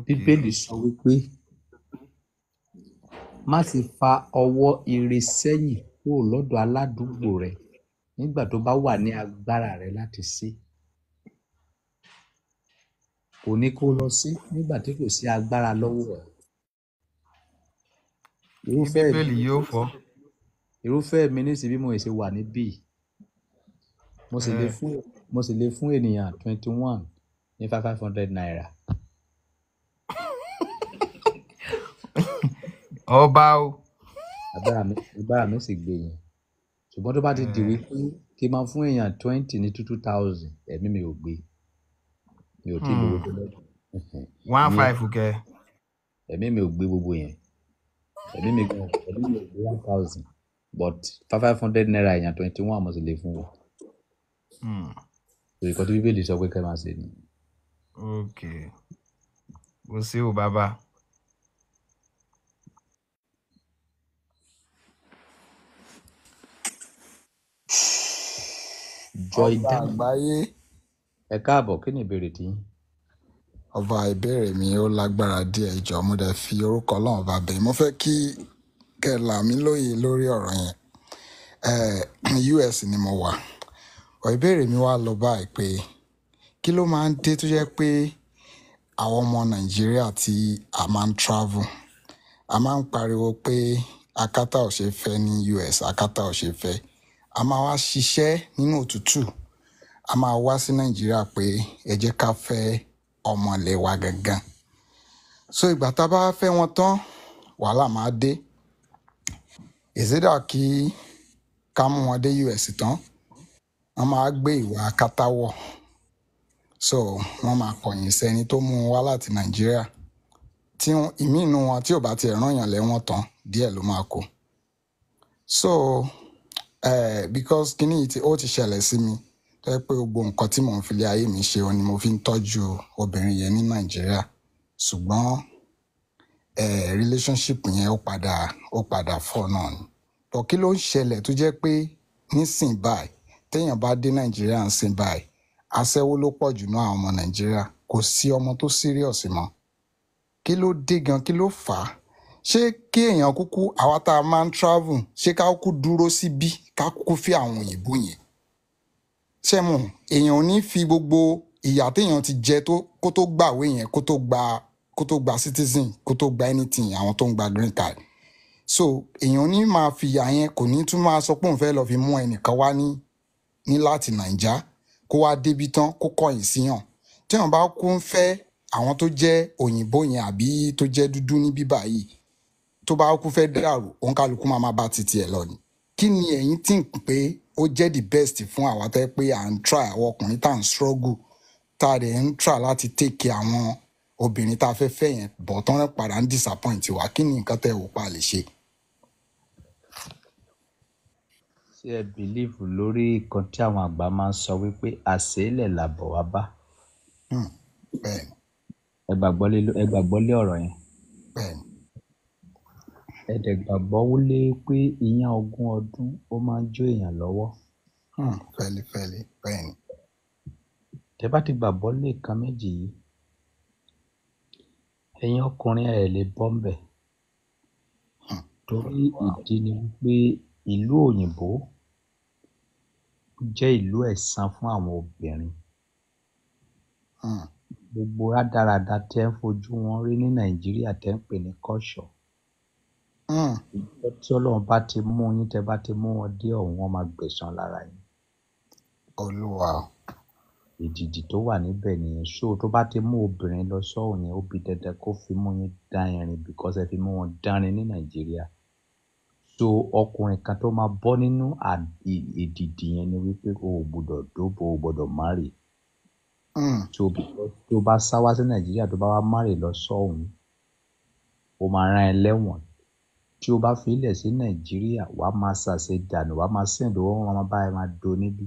[SPEAKER 1] bíbélì sọ wípé má sì fa ọwọ́ ire sẹ́yìn kúrò lọ́dọ̀ aládùúgbò rẹ nígbà tó bá wà ní agbára rẹ láti ṣe kò ní kó lọ sí nígbà tí kò sí agbára lọ́wọ́ ẹ̀. irúfẹ́ bíbélì yóò fọ́. irúfẹ́ mi ní síbí mo ṣe wà níbí mo sì lè eh. fún mo sì lè fún ènìyàn twenty one ní five five hundred naira. ọba o. agbára mi sì gbé yẹn ṣùgbọ́n tó bá ti dìwé pé hmm. kí n máa fún èèyàn twenty ní two two thousand ẹ̀mí mi ò gbé mi ò tí ì lówó hmm. tó lọ́dún. one five kẹ. ẹ̀mí mi ò gbé gbogbo yẹn ẹ̀mí mi gbé ẹ̀mí mi ò gbé one thousand but five hundred naira èèyàn twenty one mo sì lè fún wọn. ìkọ́ hmm. tí bíbélì sọ pé kẹ́
[SPEAKER 7] ok o ṣé joy dami. ẹ káàbọ̀ kí ni ìbéèrè tiyín. ọba ìbéèrè mi ó lágbára díẹ̀ ìjọ mo dẹ̀ fi orúkọ ọlọ́run bá bẹ̀ mo fẹ́ kí kẹ́ là mí lóye lórí ọ̀rọ̀ yẹn US ni mo wà ìbéèrè mi wá lọ báyìí pé kí ló máa ń dé tó jẹ́ pé àwọn ọmọ nàìjíríà tí a máa ń travel a máa ń pariwo pé akátá ò ṣe fẹ́ ní US akátá ò ṣe fẹ́ a máa wá ṣiṣẹ́ nínú òtútù a máa wá sí nàìjíríà pé ẹ jẹ́ ká fẹ́ ọmọ wa gangan so ìgbà tá a bá fẹ́ wọn tán wàhálà máa dé ìṣẹ́dá kí ká mú wọn dé US tán wọ́n máa gbé ìwà kátàwọ̀ so wọ́n máa kọ̀yìn sẹ́ni tó mú wọn wá láti nàìjíríà tí ìmí inú wọn tí ò bá ti ràn yàn lẹ́wọ̀n tán díẹ̀ ló máa kó so Eh, because kí ni ìtì ó ti ṣẹlẹ̀ sí mi tó yẹ pé gbogbo nǹkan tí mò ń filé ayé mi ṣe ni mo fi ń tọ́jú obìnrin yẹn ní nàìjíríà ṣùgbọ́n eh, relationship yẹn ó padà ó padà fọ́ náà ni tó kí ló ń ṣẹlẹ̀ tó jẹ́ pé nísìn báyìí téèyàn bá dé nàìjíríà ń sìn báyìí aṣẹ́wó ló pọ̀ jù náà àwọn ọmọ nàìjíríà kò sí ọmọ tó serious mọ́ kí ló dé gan kí ló fà á ṣé kí èèyàn kúkú àwa tá a máa ń travel ṣé ká kúkú dúró síbí ká kúkú fi àwọn òyìnbó yẹn ṣẹ́mu èèyàn ò ní fi gbogbo ìyà téèyàn ti jẹ kó tó gbàwé yẹn kó tó gba kó tó gba citizen kó tó gba anything àwọn tó ń gba green card so èèyàn ní máa fìyà yẹn kò ní tún máa sọ pé òun fẹ́ lọ́ọ́ fi mú ẹnìkan wá ní ní láti nàìjà kó wá débi tán kó kọ̀yìn sí hàn téèyàn bá kún fẹ́ àwọn tó jẹ́ òyìnbó yẹn àbí tó jẹ́ dúdú ní bíbá yìí tó bá kú fẹ́ dàrú òun kálukú máa máa bá titi ẹ̀ lọ ni kí ni ẹ̀yin tí ń pé ó jẹ́ the best fún àwa tẹ́ pé à ń try àwọn ọkùnrin tá à ń struggle tá a dẹ̀ ń try láti take àwọn obìnrin tá a fẹ́ fẹ́ yẹn bọ̀ tán rẹ̀ padà ń disappoint wa kí ni nǹkan tẹ́ ò pa lè ṣe.
[SPEAKER 1] ṣé ẹ bìlíìfù lórí nǹkan tí àwọn àgbà máa ń sọ wípé àṣeélẹ̀ làbọ̀ wá bá. Hmm, ẹ gbàgbọ́ lé ọ̀rọ̀ yẹn ẹ dé gbàgbọ́ wọlé pé ìyẹn ogún ọdún ó máa ń jó èèyàn lọ́wọ́. Hmm, fẹ́lifẹ́li bẹ́ẹ̀ ni. tẹ bá ti gbàgbọ́ lé kan méjì yìí ẹ̀yin ọkùnrin ẹ̀ lè bọ́ ń bẹ̀ hmm. torí ìdí ni wípé ìlú òyìnbó jẹ́ ìlú ẹ̀san fún àwọn obìnrin hmm. gbogbo rádaràda tẹ́ ń fojú wọn rí ní nàìjíríà tẹ́ ń pè ní kọ́ṣọ́ Hmm. ìjọ tí ọlọ́run bá ti mú yín tẹ́ bá ti mú wọn dé ọ̀hún wọn máa gbẹ̀san lára yín olúwa ìdìdì tó wà níbẹ̀ nìyẹn so tó bá ti mú obìnrin lọ sọ́hùn yẹn ó bi dandan kó fi mú yín dán irin because ẹ fi mú wọn dánrin ní nàìjíríà so ọkùnrin kan tó máa bọ́ nínú ìdìdì yẹn ni wípé o ò gbọdọ̀ dóbo o ò gbọdọ̀ márì hmm. so tó bá sá wá sí nàìjíríà tó bá wá márì lọ sọ́hùn ó máa rán ẹ lẹ́wọ̀n tí o bá fi ilẹ̀ sí nàìjíríà wà á máa ṣàṣe dànù wà á máa sìn lówó wọn máa bá ẹ máa do níbí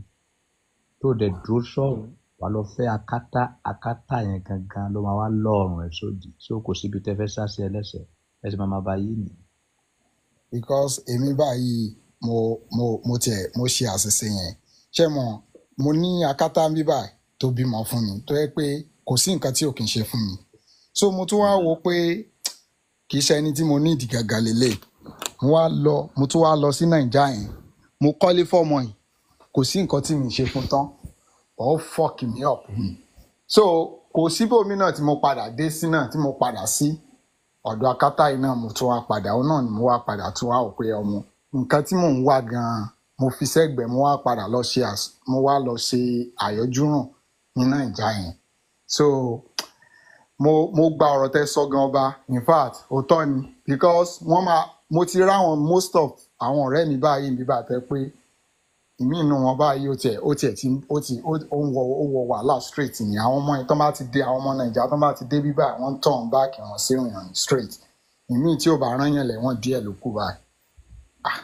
[SPEAKER 1] tó dẹ̀ dúró sọ̀rọ̀ wà á lọ fẹ́ akátá akátá yẹn gangan ló máa wá lọ́ọ̀rùn ẹ̀ sódì tí o kò síbi tẹ́ fẹ́
[SPEAKER 7] sá ẹlẹ́sẹ̀ ẹ máa máa bá yìí nìyí. because èmi báyìí mo mo mo tiẹ̀ mo ṣe àṣìṣe yẹn ṣé mo mo ní akátá ń bí báyìí tó bímọ fún mi tó yẹ pé kò sí nǹkan tí ò kì í ṣe fún mi so mo tún wá wo pé kì í ṣe ẹni tí mo ní ìdí gàgà lélẹ̀ mo wá lọ mo tún wá lọ sí nàìjíríà yẹn mo kọ́lé fọ́ọ̀mọ̀ yìí kò sí nǹkan tí mi ṣe fún tán ọ̀ fuck me up so kò síbòmí náà tí mo padà dé sí náà tí mo padà sí ọ̀dọ̀ akátá yìí náà mo tún wá padà òun náà ni mo wá padà tún wá òpè ọmọ nǹkan tí mò ń wá gan-an mo fi sẹ́gbẹ̀ẹ́ mo wá padà lọ ṣe àyọjúràn ní nàìjíríà yẹn so mo mo gba ọ̀rọ̀ tẹ́ sọ gan ọba in fact òótọ́ ni because wọ́n ma mo ti ráwọn most of àwọn ọ̀rẹ́ mi báyìí mi bá tẹ́ pé ìmí inú wọn báyìí ó tiẹ̀ ó tiẹ̀ ti ó ti ó ń wọ ó wọ wàhálà straight ni àwọn ọmọ yẹn tó bá ti dé àwọn ọmọ nàìjíríà tó bá ti dé bíbá wọn tàn báàkì wọn sí ìrìn straight ìmí tí ò bá rán yẹn lẹ̀ wọ́n díẹ̀ ló kù báyìí. Ah.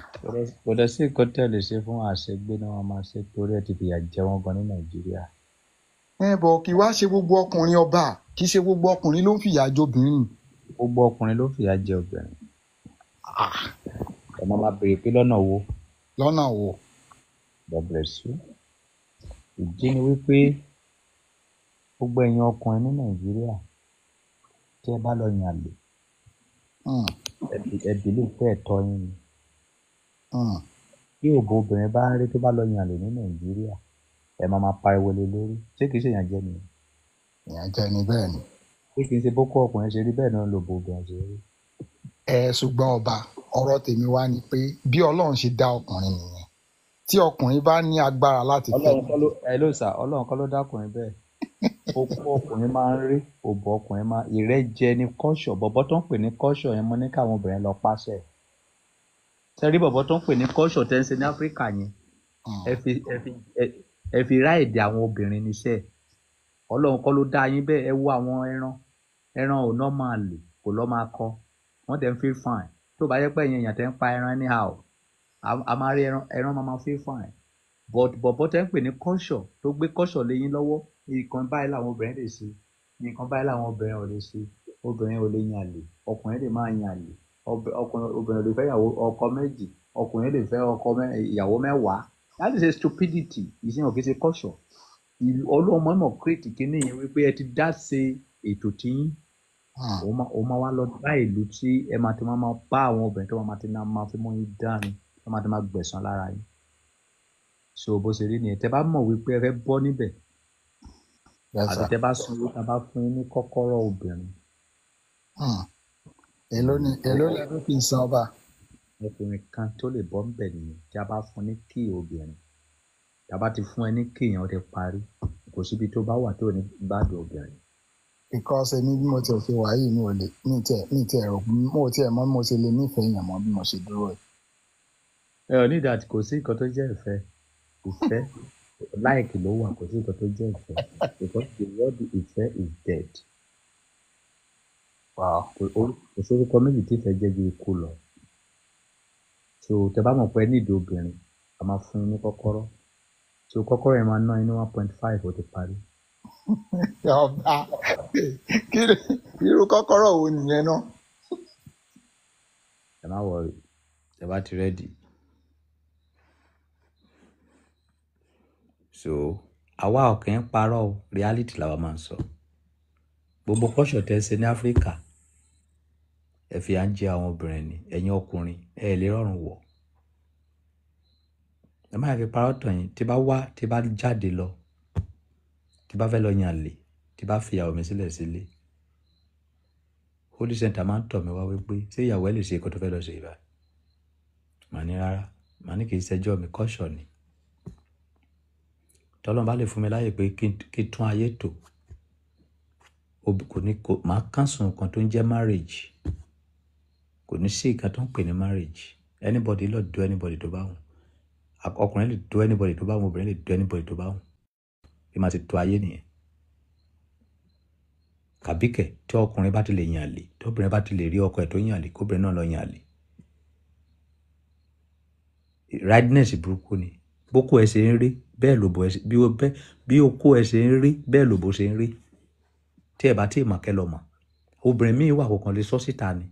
[SPEAKER 7] kò lọ sí nǹkan tẹ́ lè ṣe fún àṣegbé náà wọ́n máa ṣe torí ẹ̀ ti fìyà jẹ wọ́n gan ní nàìjíríà ẹ bọ̀ kí wá ṣe gbogbo ọkùnrin ọba kì í ṣe gbogbo ọkùnrin ló ń fìyà jẹ obìnrin. gbogbo ọkùnrin ló ń fìyà jẹ obìnrin. ọmọ ah. máa béèrè pé lọ́nà wo.
[SPEAKER 1] lọ́nà wo. God bless you. ìdí ni wípé gbogbo ẹ̀yin ọkùnrin ní Nàìjíríà tẹ́ ẹ bá lọ yàn lè ẹbí lè fẹ́ tọ́ yín ni. Hmm. bí òbò obìnrin bá ń rí tó bá lọ yàn lè ní Nàìjíríà ẹ máa máa pariwo lé lórí ṣé
[SPEAKER 7] kìí ṣe ìyànjẹ nìyẹn. ìyànjẹ ni bẹ́ẹ̀ ni. ṣé kìí ṣe boko ọkùnrin ṣe rí bẹ́ẹ̀ náà lòbò obìnrin ṣe rí. ẹ ṣùgbọ́n ọba ọ̀rọ̀ tèmi wá ni pé bí ọlọ́run ṣe dá ọkùnrin nìyẹn tí ọkùnrin bá ní agbára láti fẹ́. ẹ ló sà ọlọ́run kọ́ ló dákùnrin
[SPEAKER 1] bẹ́ẹ̀ òkú ọkùnrin máa ń rí òbò ọkùnrin máa ìrẹ́jẹ ni kọ́ṣọ̀ bọ̀bọ́ tó ń pè ní kọ́ṣọ̀ yẹn mo ní káwọn obìnrin lọ pàṣẹ sẹ́rí bọ̀bọ́ tó ń pè ní kọ́ṣọ̀ tẹ́ ń ṣe ní áfíríkà yẹn hmm. ẹ fi ẹ fi rá èdè àwọn obìnrin níṣẹ́ ọlọ́run kọ́ ló dá yín bẹ́ẹ̀ ẹ wo àwọn ẹran ẹran ò náà máa lè kò lọ́ máa kọ wọ́n tẹ̀ ń fi fine tó bá yẹ pé ẹ̀yin èèyàn tẹ̀ ń pa ẹran anyhow a máa rí ẹran ẹran máa fi fine but bọ̀bọ̀ tẹ̀ ń pè ní culture tó gbé culture lé yín lọ́wọ́ nǹkan báyìí làwọn obìnrin lè ṣe nǹkan báyìí làwọn obìnrin ò lè ṣe obìnrin ò lè yàn lè ọkùnrin lè máa yàn lè obìnrin ò lè fẹ́ ọkọ méjì ọkùnrin lè fẹ́ ọkọ ìyàwó mẹ́wàá that is a stupidity ìsìn òkè ṣe culture ọlọ́mọ náà create kínní yẹn wípé ẹ ti dá ṣe ètò tí ah. ó máa wá lọ bá ìlú tí ẹ máa ti máa bá àwọn obìnrin tó máa ti máa fi mọ́ yín dání tó máa ti máa gbẹ̀san lára yín so bó ṣe rí nìyẹn tẹ bá mọ̀ wípé ẹ fẹ́ bọ́ níbẹ̀ àti tẹ bá sanwó tá a bá fún yín ní kọ́kọ́rọ́ obìnrin. Hmm. èló ni èló ni ẹ fi ń san ọba ọkùnrin kan tó lè bọ́ ńbẹ̀ nìyẹn tí a bá fún ní kí obìnrin tí a bá ti fún ẹ ní kí yẹn ó ti parí kò síbi
[SPEAKER 7] tó bá wà tó ní gbádùn obìnrin. because ẹni bí mo tiẹ̀ ṣe wà yìí mi ò lè mi tiẹ̀ mi tiẹ̀ rò mo tiẹ̀ mọ̀ mo ṣe lè nífẹ̀ẹ́ yẹn mọ́ bí mo ṣe dúró ẹ̀.
[SPEAKER 1] ẹ ò ní ìdájí kò sí nǹkan tó jẹ́ ìfẹ́ ìfẹ́ láìkì ló wà kò sí nǹkan tó jẹ́ ìfẹ́ because the word ìfẹ́ is dead. kò sórúkọ méjì tí ìfẹ́ jẹ́ ju ikú lọ so tẹ bá mọ̀ pé nídìí obìnrin a máa fún yín ní kọ́kọ́rọ́ so kọ́kọ́rọ́ yẹn máa ná yín one point five ó ti parí.
[SPEAKER 7] ọba kiri irú kọ́kọ́rọ́ wo nìyẹn náà. ẹ má wọrí ẹ bá ti rẹ́dì.
[SPEAKER 1] so àwa ò kàn ń parọ́ reality làwa máa ń sọ gbogbo kọ́ṣọ̀ tẹ́ ṣe ní áfíríkà ẹ fi à ń jẹ àwọn obìnrin ni ẹ̀yin ọkùnrin ẹ lè rọrùn wọ̀ ẹ má fi parọ́ tàn yín tí bá wá tí bá jáde lọ tí bá fẹ́ lọ yàn lè tí bá fi ìyàwó mi sílẹ̀ sílé holy center máa ń tọ̀ mí wá wípé ṣé ìyàwó ẹ lè ṣe nǹkan tó fẹ́ lọ ṣe ìbá màá ní rárá màá ní kì í ṣẹjọ́ mi kọ́ṣọ̀ ni tọ́lọ́n bá lè fún mi láyè pé kí tún ayé tò kò ní kò máa kánṣu nǹkan tó ń jẹ́ marriage kò ní sí ìka tó ń pè ní marriage anybody lọ do anybody tó bá wọn ọkùnrin lè do anybody tó bá wọn obìnrin lè do anybody tó bá wọn bí máa ti tó ayé nìyẹn kàbíkẹ̀ tí ọkùnrin bá ti lè yàn àlè tí obìnrin bá ti lè rí ọkọ ẹ̀ tó yàn àlè kóbìnrin náà lọ yàn àlè rightness burúkú ni bókó ẹ ṣe ń rí bẹ́ẹ̀ lòbò ẹ bí bí okó ẹ ṣe ń rí bẹ́ẹ̀ lòbò ṣe ń rí tí ẹ bá tí ì mọ̀ kẹ́ lọ mọ̀ obìnrin míì wà kọ̀ọ̀kan lè sọ síta ni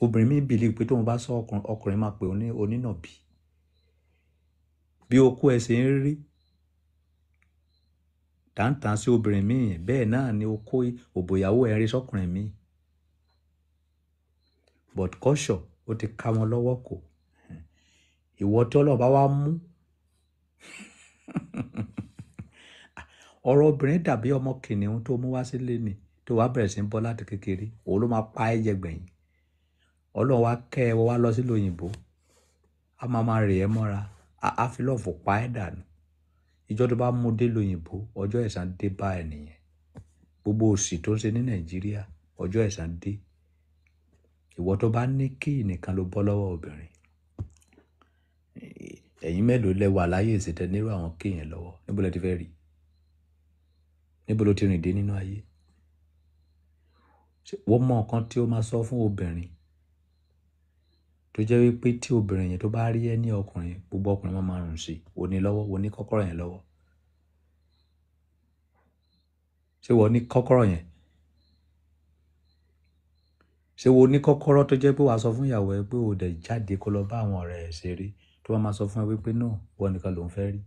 [SPEAKER 1] obìnrin mi believe pé tóun bá sọ ọkùnrin ọkùnrin máa pè ní onínàbí bí okó ẹ ṣe ń rí tàǹtàn sí obìnrin mi bẹ́ẹ̀ náà ni okó òbòyàwó ẹ rí sọkùnrin mi but kọ́ṣọ̀ ó ti ká wọn lọ́wọ́ kò ìwọ tí ọlọ́ọ̀bá wa mú ọ̀rọ̀ obìnrin dàbí ọmọ kìnìún tó mú wá sílé ni tó wàá bẹ̀rẹ̀ sí ń bọ́ láti kékeré òun ló máa pa ẹ̀jẹ̀ gbẹ̀yìn ọlọ́run wá kẹ́ ẹ wá lọ sílùú òyìnbó a máa máa rè é mọ́ra a fi lọ́ọ̀fù pa ẹ́ dànù ìjọ tó bá mú dé lóyìnbó ọjọ́ ẹ̀san dé bá ẹ nìyẹn gbogbo òsì tó ń ṣe ní nàìjíríà ọjọ́ ẹ̀san dé ìwọ tó bá ní kí nìkan ló bọ́ lọ́wọ́ obìnrin ẹ̀yin mélòó lẹ wà láyé nírú àwọn kéèyàn lọ́wọ́ níbo lẹ ti fẹ́ rí níbo ló ti rìn dé nínú ayé wọ́n mọ nǹkan tí ó máa sọ fún obìnrin tó jẹ́ wípé tí obìnrin yẹn tó bá rí ẹni ọkùnrin gbogbo ọkùnrin máa máa rùn sí òní lọ́wọ́ òní kọ́kọ́rọ́ yẹn lọ́wọ́ ṣé wọ́n ní kọ́kọ́rọ́ yẹn ṣé wọ́n ní kọ́kọ́rọ́ tó jẹ́ pé wàá sọ fún ìyàwó ẹ pé ò dẹ̀ jáde kó lọ bá àwọn ọ̀rẹ́ ẹ̀ ṣeré tó wọ́n máa sọ fún ẹ wípé no wọ́n nìkan lòún fẹ́ rí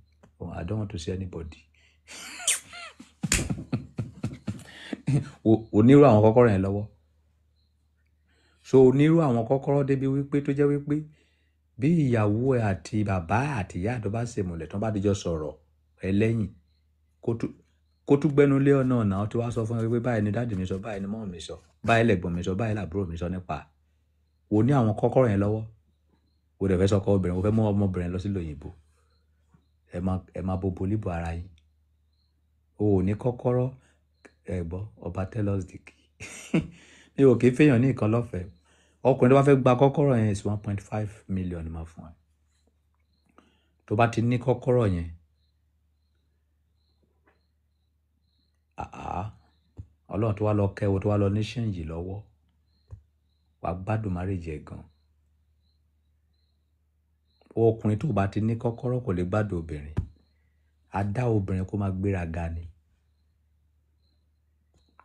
[SPEAKER 1] I don't want to see anybody onírú àwọn kọ́kọ́rọ́ yẹn lọ́wọ́ so onírú àwọn kọ́kọ́rọ́ débi wípé tó jẹ́ wípé bí ìyàwó ẹ àti bàbá àti ìyá àdó bá ṣe mọ̀lẹ̀ tán bá dijọ́ sọ̀rọ̀ ẹlẹ́yìn kó tún gbẹnu lé ọ̀nà ọ̀nà tó wá sọ fún ẹ pé báyìí ni dáàdì mi sọ báyìí ni mọ́ọ̀ mi sọ báyìí lẹ̀gbọ́n mi sọ báyìí làbúrò mi sọ nípa wo ní àwọn kọ́kọ́rọ́ yẹn lọ́wọ́ wo dẹ̀ fẹ́ sọkọ obìnrin wo fẹ́ mú ọmọbìnrin lọ sílùú ọkùnrin tó bá fẹ́ gba kọ́kọ́rọ́ yẹn is one point five million máa fún ẹ tó bá ti ní kọ́kọ́rọ́ yẹn àá ọlọ́run tó wá lọ kẹ́wọ́ tó wá lọ ní ṣẹ́ǹjì lọ́wọ́ wà á gbádùn márèjì ẹ̀ gan ọkùnrin tó bá ti ní kọ́kọ́rọ́ kò lè gbádùn obìnrin á dá obìnrin kó máa gbéraga ni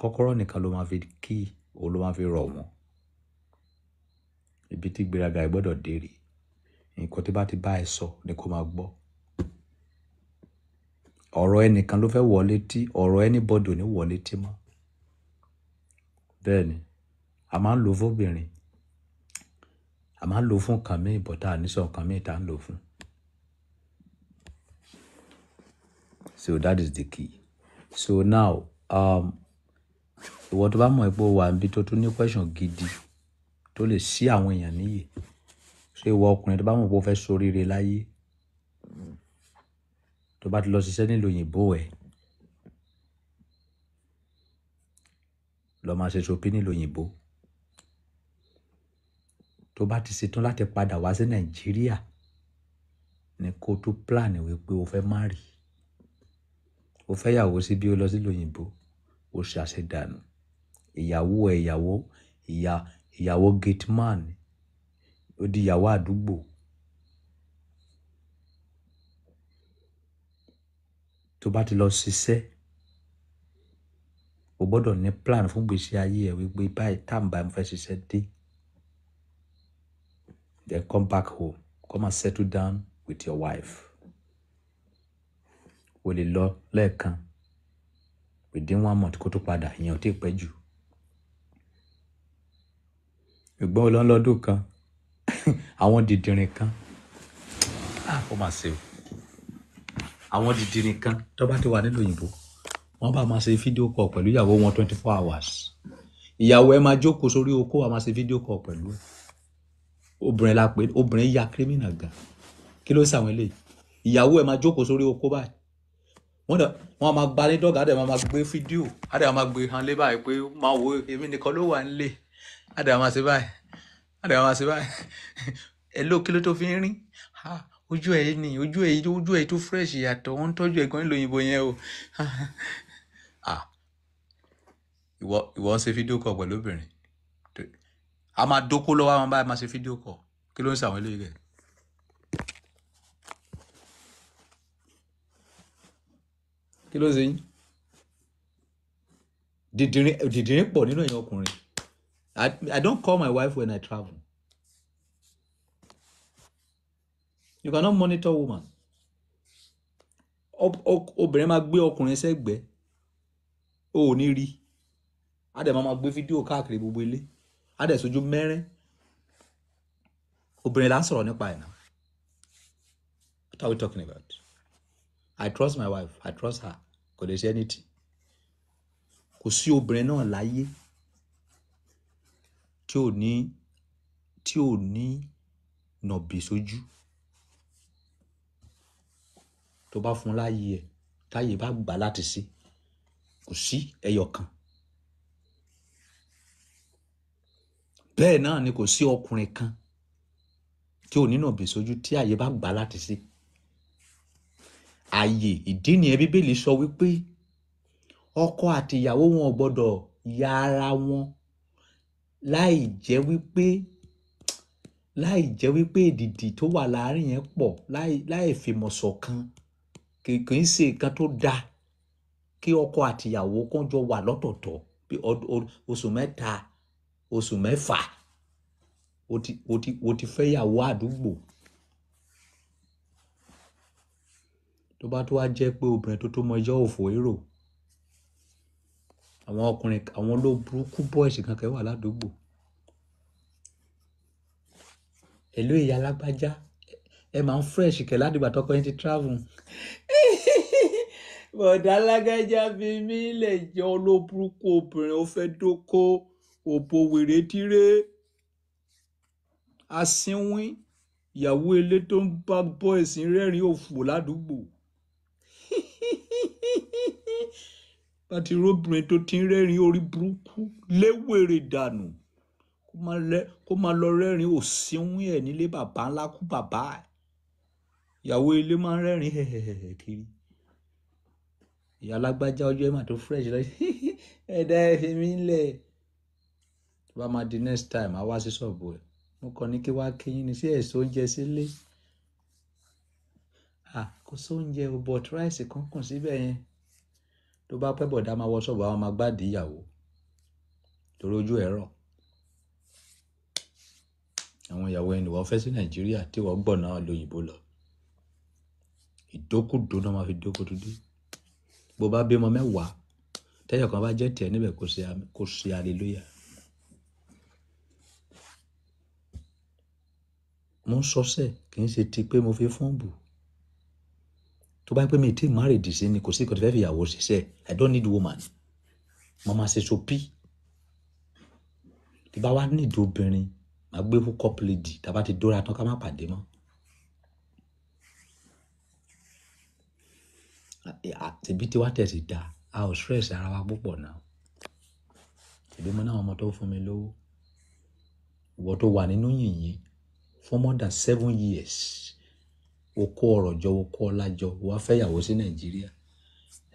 [SPEAKER 1] kọ́kọ́rọ́ nìkan ló máa fi kí òun ló máa fi rọ̀ wọ́n ibi tí gbéraga ẹ gbọ́dọ̀ dé rèé nǹkan tí bá ti bá ẹ sọ ni kó máa gbọ́ ọ̀rọ̀ ẹnìkan ló fẹ́ wọlé tí ọ̀rọ̀ anybody ò ní wọlé tí mọ́ bẹ́ẹ̀ ni a máa ń lò fóbìnrin a máa ń lò fún nǹkan míì bọ́tà àníṣọ nǹkan míì tá ń lò fún so that is the key so now um ìwọ tó bá mọ̀ ẹ́ pé o wà níbi tó tún ní question gidi tó lè sí àwọn èèyàn níyì ṣé ìwọ ọkùnrin tó bá mọ̀ pé ó fẹ́ ṣoríire láyé tó bá ti lọ ṣiṣẹ́ nílùú òyìnbó ẹ̀ lọ máa ṣe ṣopí nílùú òyìnbó tó bá ti ṣetán láti padà wá sí nàìjíríà ni kó tó plan wípé o fẹ́ má rí o fẹ́ yàwó sí bí o lọ sílùú òyìnbó o ṣe àṣedànù ìyàwó ẹ̀ ìyàwó ìyà ìyàwó gate man, ó di ìyàwó àdúgbò. Tó bá ti lọ ṣiṣẹ́, o gbọ́dọ̀ ní plan fún ìgbésí ayé ẹ wípé báyìí time báyìí mo fẹ́ ṣiṣẹ́ dé. Then come back home, come and settle down
[SPEAKER 8] with
[SPEAKER 9] your wife.
[SPEAKER 1] O lè lọ lẹ́ẹ̀kan within one month kó tó padà, ìyẹn ò tí ì pẹ́ jù ṣùgbọ́n ọlọ́lọ́dún kan àwọn dìdìrín kan ah, ó máa ṣe o àwọn dìdìrín kan tó bá ti wà nílùú òyìnbó wọ́n bá máa ṣe fídíò kọ̀ pẹ̀lú ìyàwó wọn twenty four hours ìyàwó ẹ máa jókòó sórí oko wa máa ṣe fídíò kọ̀ pẹ̀lú obìnrin la pè obìnrin ya kírímìnà gan kí ló ń ṣàwọn eléyìí ìyàwó ẹ máa jókòó sórí oko báyìí wọ́n dẹ̀ wọ́n máa gba ní á dẹ̀ máa gbé fídíò á dẹ̀ máa gbé hàn lé báyìí pé máa wo èmi nìkan ló wà ń lè àdà máa ṣe báyìí àdà máa ṣe báyìí ẹ ló kí ló tó fi ń rìn ojú ẹ ni ojú ẹ ojú ẹ tó fresh yàtọ̀ wọ́n ń tọ́jú ẹ̀gbọ́n nílò òyìnbó yẹn o ah, ìwọ ìwọ ń ṣe fídíò kọ pẹ̀lú obìnrin a máa dóko lọ́wọ́ àwọn báyìí máa ṣe fídíò kọ kí ló ń ṣàwọn eléyìí rẹ̀. kí ló ń ṣe yín dìdìrín pọ̀ nínú èèyàn ọkùnrin. I, I don't call my wife when I travel. You cannot monitor woman. Obìnrin máa gbé ọkùnrin sẹ́gbẹ̀ẹ́, o ò ní rí. A dẹ̀ máa ma gbé fídíò káàkiri gbogbo ilé. A dẹ̀ sojú mẹ́rin. Obìnrin là ń sọ̀rọ̀ nípa ẹ̀ náà. What are we talking about? I trust my wife. I trust her. Kò lè ṣe anything. Kò sí obìnrin náà láyé tí ò ní, tí ò ní nọ̀bì sójú. Tó bá fún láyè ẹ̀, táyè bá gbà láti ṣe, kò sí ẹyọ kan. Bẹ́ẹ̀ náà ni kò sí ọkùnrin kan tí ò ní nọ̀bì sójú tí ààyè bá gbà láti ṣe. Ààyè ìdí nìyẹn Bíbélì sọ wípé ọkọ àti ìyàwó wọn gbọdọ̀ ya ara wọn láì jẹ́ wípé láì jẹ́ wípé èdìdì tó wà láàárín yẹn pọ̀ láì láì fìmọ̀ ṣọ̀kan kì í ṣe nǹkan tó dáa kí ọkọ àtìyàwó kan jọ wà lọ́tọ̀ọ̀tọ̀ bí oṣù mẹ́ta oṣù mẹ́fà o ti o ti o ti fẹ́ yàwó àdúgbò tó bá tó wá jẹ́ pé obìnrin tó tó mọ ẹjọ́ òfò èrò àwọn ọkùnrin àwọn olóburúkú bọ́ọ̀sì kankan wà ládùúgbò ẹ̀lú ìyá alágbájá ẹ máa ń fresh kẹ̀ ládùúgbò àtọkọ yín ti travel. bọ̀dá alágbájá fi mí lè jẹ́ olóburúkú obìnrin ó fẹ́ dóko òbò wèrè díré asínwín ìyàwó ilé tó ń bá bọ́ọ̀sì rẹ́rìn-ín òfò ládùúgbò. láti róbìnrin tó ti ń rẹ́rìn orí burúkú léwèrè dànù kó máa lọ rẹ́rìn òsínwó ẹ̀ nílé bàbá ńlá kú bàbá ẹ̀ ìyàwó ilé máa ń rẹ́rìn hẹ̀hẹ̀hẹ̀ kiri ìyá alágbájá ọjọ́ ẹ̀ mà tó fresh lọ ẹ̀dá ẹ̀ fi mí lẹ̀ tó bá máa di next time á wá sí ṣọ́ọ̀bù ẹ̀ mo kàn ní kí wá kéyìn ní sí ẹ̀sọ́ oúnjẹ sílé kò sóúnjẹ ò bọ̀ tíráìsì kankan síbẹ̀ yẹn tó bá pẹ́ bọ̀dá máa wọ ṣọ́ọ̀bù àwọn máa gbádìí ìyàwó torí ojú ẹ̀ rọ̀ àwọn ìyàwó ẹni wọ́n fẹ́ sí nàìjíríà tí wọ́n gbọ̀ náà lóyìnbó lọ ìdókòdó náà máa fi dókòdó dé bó bá bímọ mẹ́wàá tẹ́yọ̀ kan bá jẹ́ tiẹ̀ níbẹ̀ kò ṣe aleluya. mo ń sọ sẹ́ẹ̀ kì í ṣe ti pé mo fi fọ́ọ̀bù tó bá ń pè mí tí married sí ni kò sí kò tí fẹ́ fi ìyàwó ṣiṣẹ́ i don't need woman mo máa ṣe sopi tí bá wá ní ìdí obìnrin màá gbé hookup lady tàbá ti dóra tán ká má pàdé mọ́. tèbí tí wàá tẹ̀sí da a ò stress ara wa púpọ̀ náà tèbí mo náà ọmọ tó fún mi lówó ìwọ tó wà nínú yìnyín for more than seven years o kó ọ̀rọ̀ jọ o kó ọlá jọ o wá fẹ́yàwó sí nàìjíríà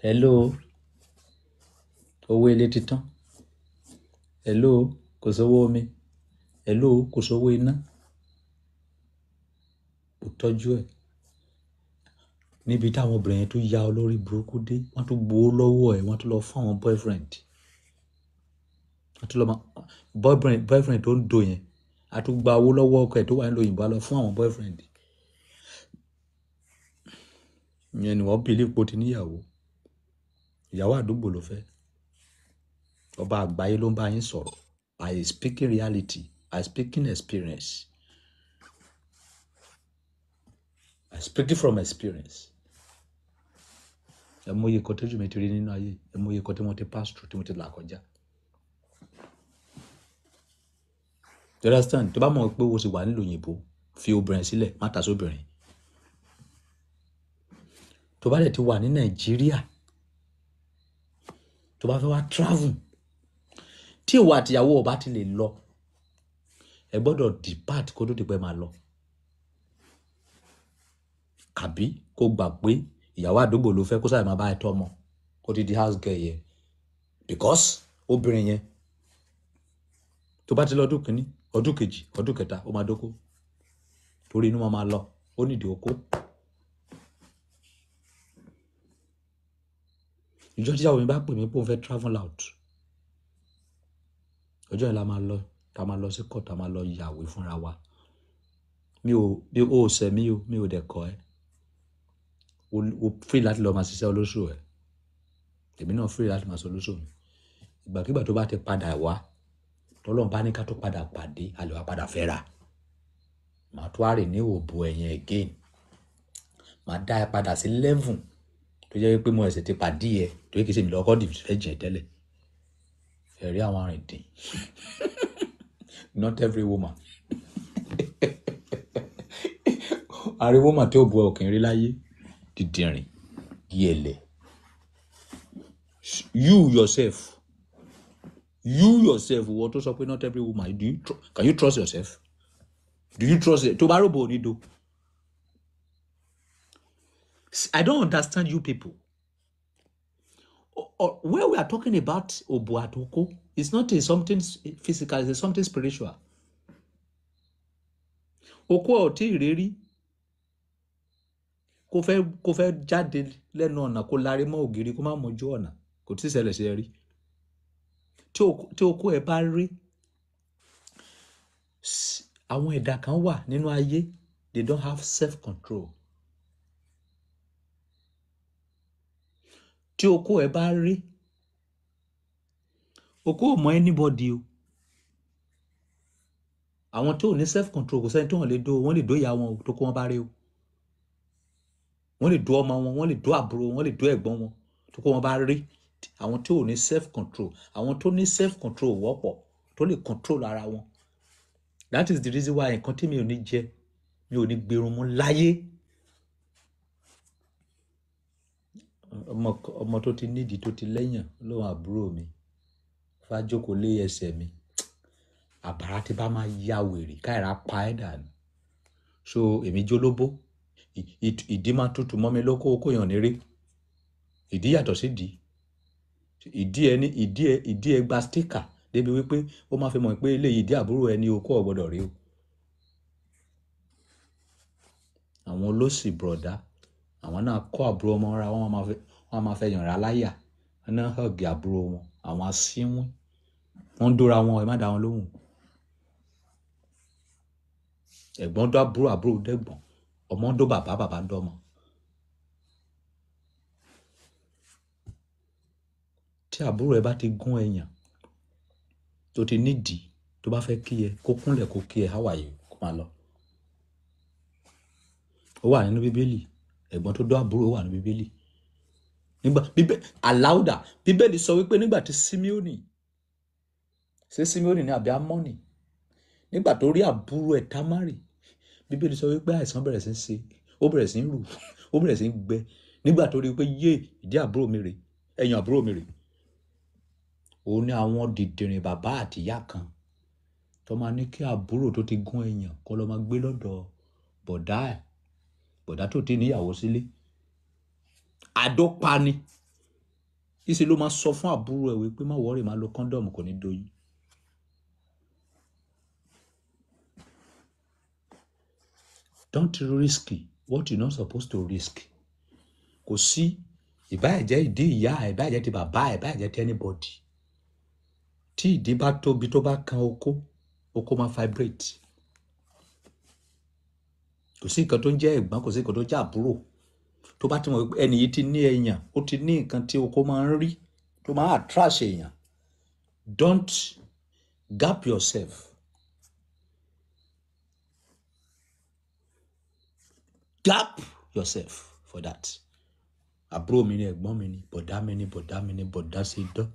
[SPEAKER 1] hello owó ilé títán hello kò sówó omi hello kò sówó iná kò tọ́jú ẹ̀ níbi táwọn obìnrin yẹn tó ya olórí burúkú dé wọ́n tún gbowó lọ́wọ́ ẹ̀ wọ́n tún lọ fún àwọn boyfriend wọ́n tún lọ ma boyfriend boyfriend tó ń do yẹn a tún gba owó lọ́wọ́ ọkọ ẹ̀ tó wà nílò òyìnbó a lọ fún àwọn boyfriend ìyẹn ni wọ́n believe pé ó ti níyàwó ìyàwó àdúgbò ló fẹ́ ọba àgbáyé ló ń bá yín sọ̀rọ̀ I speaking reality I speaking experience I speaking from experience ẹ mọ iye kan tójú mi ti rí nínú ayé ẹ mọ iye kan tí mo ti pass through tí mo ti là kọjá. do you understand tó bá mọ̀ pé o sì wà nílùú òyìnbó fi obìnrin sílẹ̀ má tà sóbìnrin tó bá dẹ̀ ti wà ní nàìjíríà tó bá fẹ́ wá travel tí ìwà àtìyàwó ọba ti lè lọ ẹ gbọ́dọ̀ depart kó tó ti pẹ́ máa lọ kàbí kó gbà pé ìyàwó àdúgbò ló fẹ́ kó sáà máa bá ẹ tọ́mọ kó ti di house girl yẹn because obìnrin yẹn tó bá ti lọ ọdún kìíní ọdún kejì ọdún kẹta ó máa dóko torí inú máa máa lọ ó nídìí okó ìjọ tí àwọn mi bá pè mí pé òun fẹ́ travel out ọjọ́ yẹn la máa lọ ta máa lọ sí court ta máa lọ yàwé fúnra wa mi ò mi ò sẹ̀ mi ò mi ò dẹ̀ kọ́ ẹ o free láti lọ máa ṣiṣẹ́ olóṣù ẹ èmi náà free láti máa ṣe olóṣù mi ìgbàkigbà tó bá ti padà wá tọ́lọ́run bá ní ká tó padà pàdé a lè wá padà fẹ́ra màá tó àrè ní òbò ẹ̀yìn again màá dá ẹ padà sí eleven tó jẹ́ pé mo ẹ̀sẹ̀ ti pàdé ẹ torí kìí ṣe mi lọ́kọ́ dìbò fẹ́ jẹ́ tẹ́lẹ̀ ẹ̀rí àwọn arìndìn not every woman àrí woman tí ó bu ọkàn rí láyé dìdìrìn yẹlẹ you yourself you yourself wọ́n tó sọ pé not every woman do you can you trust yourself do you trust it tó bá rògbò onídó i don't understand you people where we are talking about Obuatoko, it's not a something physical, it's a something spiritual. Oko ò tí ì rírí kó fẹ́ kó fẹ́ jáde lẹ́nu ọ̀nà kó larí mọ́ ògiri kó má mọjú ọ̀nà kò tí ì ṣẹlẹ̀ sí ẹ oko ẹ bá rí àwọn ẹ̀dá kan wà nínú ayé they don't have self-control. tí okó ẹ bá rí okó ò mọ anybody o àwọn tó ní self control kò sẹ́ni tó hàn lè do wọ́n lè do ìyá wọn tó kó wọn bá rí o wọ́n lè do ọmọ wọn wọ́n lè do àbúrò wọ́n lè do ẹ̀gbọ́n wọn tó kó wọn bá rí àwọn tó ní self control àwọn tó ní self control wọ́pọ̀ tó lè control ara wọn that is the reason why nǹkan tí mi ò ní jẹ mi ò ní gbèrú mú láyé. ọmọ tó ti nídìí tó ti lẹ́yàn lóun àbúrò mi fájókòó lé ẹsẹ̀ mi àbàrà tí bá máa ya wèrè káìra pa ẹ́ dànù so èmi jólóbó ìdí máa tutù mọ́ mi lóko okó yàn nírè ìdí yàtọ̀ sí ìdí ìdí ẹ ní ìdí ẹ ìdí ẹ gba stika débi wípé ó máa fi mọ̀ pé eléyìí ìdí àbúrò ẹni okó ọ̀gbọ́dọ̀ rí o àwọn olóṣì bùrọ̀dá àwọn náà kọ́ àbúrò ọmọ ra wọn a máa fẹ́ yànrá láyà wọn náà hàgì àbúrò wọn àwọn asínwín wọn ń dóra wọn ẹ má dá wọn lóhùn ẹ̀gbọ́n dó àbúrò àbúrò dẹ́gbọ́n ọmọ dó bàbá bàbá dọ́mọ. tí àbúrò ẹ bá ti gún ẹyàn tó ti nídìí tó bá fẹ́ kí ẹ kó kúnlẹ̀ kó kí ẹ háwàyè kó máa lọ ó wà nínú bíbélì ẹ̀gbọ́n tó dọ́ àbúrò wà ní bíbélì nígbà bíbẹ aláùdà bíbélì sọ wípé nígbà tí simeoni ṣé simeoni ni àbí amọ́ni nígbà tó rí àbúrò ẹ̀ tamari bíbélì sọ wípé àìsàn bẹ̀rẹ̀ sí ń ṣe ó bẹ̀rẹ̀ sí ń rù ó bẹ̀rẹ̀ sí ń gbẹ nígbà tó rí i pé yé ìdí àbúrò mi rè ẹ̀yìn àbúrò mi rè òun ni àwọn dìdìrìn bàbá àtìyá kan tó máa ní kí àbúrò tó ti gún ẹ̀yàn kó lọ máa gbé lọ́dọ̀ bọ̀dá ẹ̀ bọ̀dá tó ti níyàwó sílé àdópa ni ìṣe ló máa sọ fún àbúrò ẹ̀ wípé má wọ́ọ̀rì máa lo kọ́ńdọ̀mù kò ní doyún. don't risk what you not supposed to risk kò sí ìbáyẹ̀jẹ́ ìdí ìyá ẹ̀ ìbáyẹ̀jẹ́ ti bàbá ẹ̀ ìbáyẹ̀jẹ́ ti anybody tí ìdí bá tóbi tó bá kan oko oko máa vibrate kò sí nǹkan tó ń jẹ́ ẹ̀gbọ́n kò sí nǹkan tó ń jẹ́ àbúrò tó bá ti mọ̀ pé ẹni yìí ti ní èèyàn ó ti ní nǹkan tí oko máa ń rí tó máa attract èèyàn don't gap yourself. gap yourself for that àbúrò mi ni ẹ̀gbọ́n mi ni bọ̀dá mi ni bọ̀dá mi ni bọ̀dá sí dán.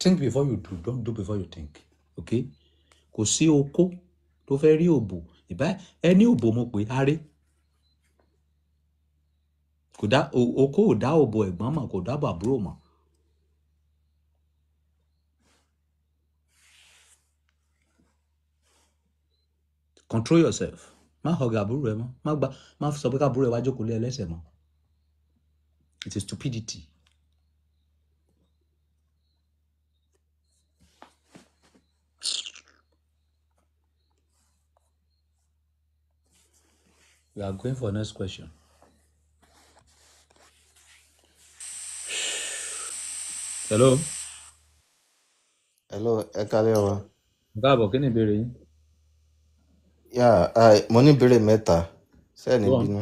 [SPEAKER 1] think before you do don't do before you think okay kò sí oko tó fẹ́ rí òbò ìbá ẹni òbò mo pè aré kò dá okó ò dá òbò ẹ̀gbọ́n mọ̀ kò dá bàbúrò mọ̀. control yourself má họgà àbúrò ẹ mọ́ má gba má sọ pé káàbúrò ẹ wá jókòó lé ẹlẹ́sẹ̀ mọ́ it is stupidity. We are going for next question.
[SPEAKER 10] Hello. hello ẹ kálẹ́ wa. báàbọ̀ kí ni ìbéèrè yín. yà á mo ní ìbéèrè mẹ́ta sẹ́ẹ̀ni Go bínú.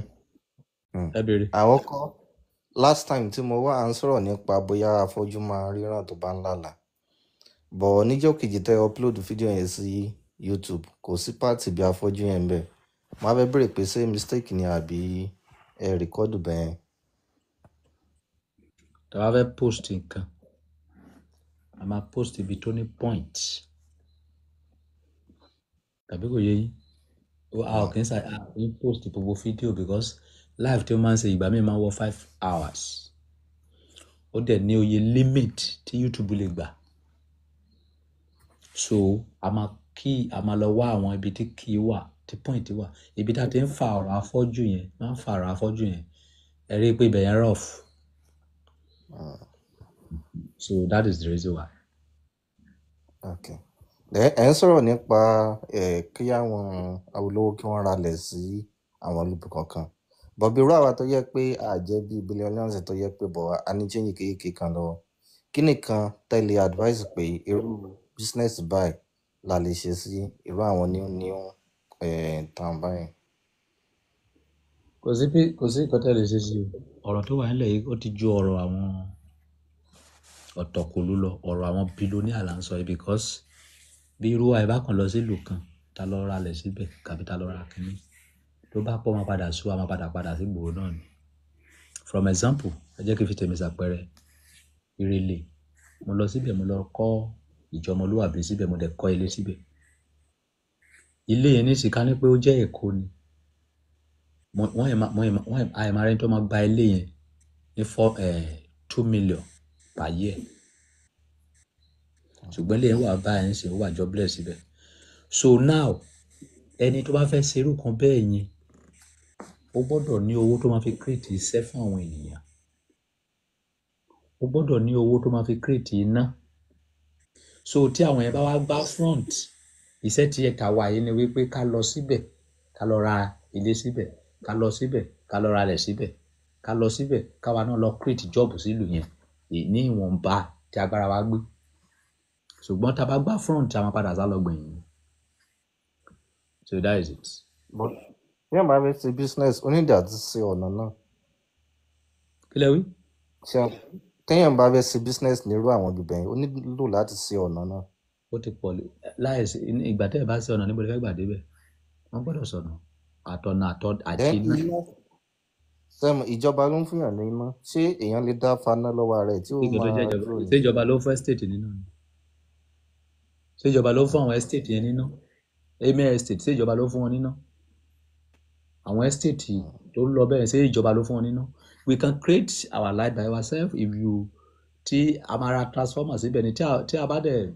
[SPEAKER 10] Hmm. ẹ béèrè. àwọn last time tí mo wá à ń sọ̀rọ̀ nípa bóyá afọ́jú máa ríran tó bá ń lálàá bọ̀ níjọ́ kejì tẹ́ upload fídíò yẹn sí YouTube kò sí páàtì bí afọ́jú yẹn bẹ́ẹ̀ Màá fẹ́ bèèrè pé ṣe mistake ni àbí ẹ record bẹ́ẹ̀ yẹn? Tí a bá fẹ́ post nǹkan, a máa post ibi tó ní point.
[SPEAKER 1] Tàbí kò yé yín? A ò kí ń ṣà, a kì post gbogbo fídíò because life tí ó máa ń ṣe ìgbà mí máa ń wọ five hours. Ó dẹ̀ ní oye limit tí YouTube lè gbà. So a máa kí, a máa lọ wá àwọn ibi tí kí wà tí point wà ibi tá a ti ń fa ọ̀rọ̀ afọ́jú yẹn máa ń fa ọ̀rọ̀ afọ́jú yẹn ẹ rí i pé ibẹ̀ yẹn rough
[SPEAKER 10] ah. so that is the reason why. okay ẹ ń sọ̀rọ̀ nípa kí àwọn olówó kí wọ́n ralẹ̀ sí àwọn olùbí kankan bọ̀bí irú àwa tó yẹ pé àjẹ́ bíi bílíọ̀nù tó yẹ pé bọ̀ a ní change kéékèèké kan lọ kí nìkan tẹ̀lé advice pé irú business buy la lè ṣe sí irú àwọn new new Ẹ̀ẹ̀tàn eh, báyìí. Kò sí bí, kò sí nǹkan tí ẹ lè ṣe sí o Ọ̀rọ̀ tó wà nílẹ̀ yìí ó ti
[SPEAKER 1] ju ọ̀rọ̀ àwọn ọ̀tọ̀kùlú lọ, ọ̀rọ̀ àwọn billionaire là ń sọ yìí because bí irú wa bá kàn lọ sí ìlú kan, ta lọ ra lẹ̀ síbẹ̀ tàbí ta lọ ra kiní, tó bá pọ̀ máa padà sú wa, máa padà padà sí ìgboro náà ni. From example, ẹ jẹ́ kí n fi tèmi ṣàpẹẹrẹ. Irelé, mo lọ síbẹ̀, mo lọ kọ́ ìjọmọlúwàbí síbẹ̀, mo dẹ̀ kọ́ ilé síbẹ̀ ilé yẹn nísìnyí ká ní pé ó jẹ́ Èkó ni wọ́n yẹn wọ́n yẹn wọ́n yẹn àyẹ̀mọ́ ara ẹni tó máa gba ilé yẹn ní four two million per year ṣùgbọ́n ilé yẹn wà báyìí nísìnyí ó wà jobless síbẹ̀ so now ẹni tó bá fẹ́ ṣerú kan bẹ́ẹ̀ yẹn ó gbọ́dọ̀ ní owó tó máa fi create iṣẹ́ fún àwọn ènìyàn ó gbọ́dọ̀ ní owó tó máa fi create iná so tí àwọn yẹn bá wá gbá front iṣẹ́ tí ẹ̀ka wa yìí ni wípé ká lọ síbẹ̀ ká lọ ra ilé síbẹ̀ ká lọ síbẹ̀ ká lọ ra ilẹ̀ síbẹ̀ ká lọ síbẹ̀ káwa náà lọ create job sílùú yẹn ní ìwọ̀nba tí agbára wa gbé ṣùgbọ́n tá a bá
[SPEAKER 10] gbá front a máa padà sá lọ gbẹ̀yìn so that is it. bí wọn bá fẹ́ business onídàá ti ṣe ọ̀nà náà. kí lẹ wí. téèyàn bá fẹ́ business nírú àwọn ibìbẹ̀yìn ó láti ṣe ọ̀nà náà ó ti pọ̀ láìsí ìgbà tẹ́ ẹ bá sí ọ̀nà níbo lè fẹ́ gbà débẹ̀ wọ́n gbọ́dọ̀ sọ̀nà
[SPEAKER 1] àtọ̀nà àtọ̀ àti iná.
[SPEAKER 10] sẹ́mu ìjọba ló ń fún yàn ní iná ṣé èèyàn lè dá faná lọ́wọ́ rẹ̀ tí ó máa dúró yìí. ṣéjọba
[SPEAKER 1] ló fún estate nínú ni ṣéjọba ló fún àwọn estate yẹn nínú emir estate ṣéjọba ló fún wọn nínú àwọn estate tó ń lọ bẹ́ẹ̀ ṣéjọba ló fún wọn nínú we can create our life by ourselves if you tí a máa ra transformer síbẹ̀ ni tí a bá dẹ̀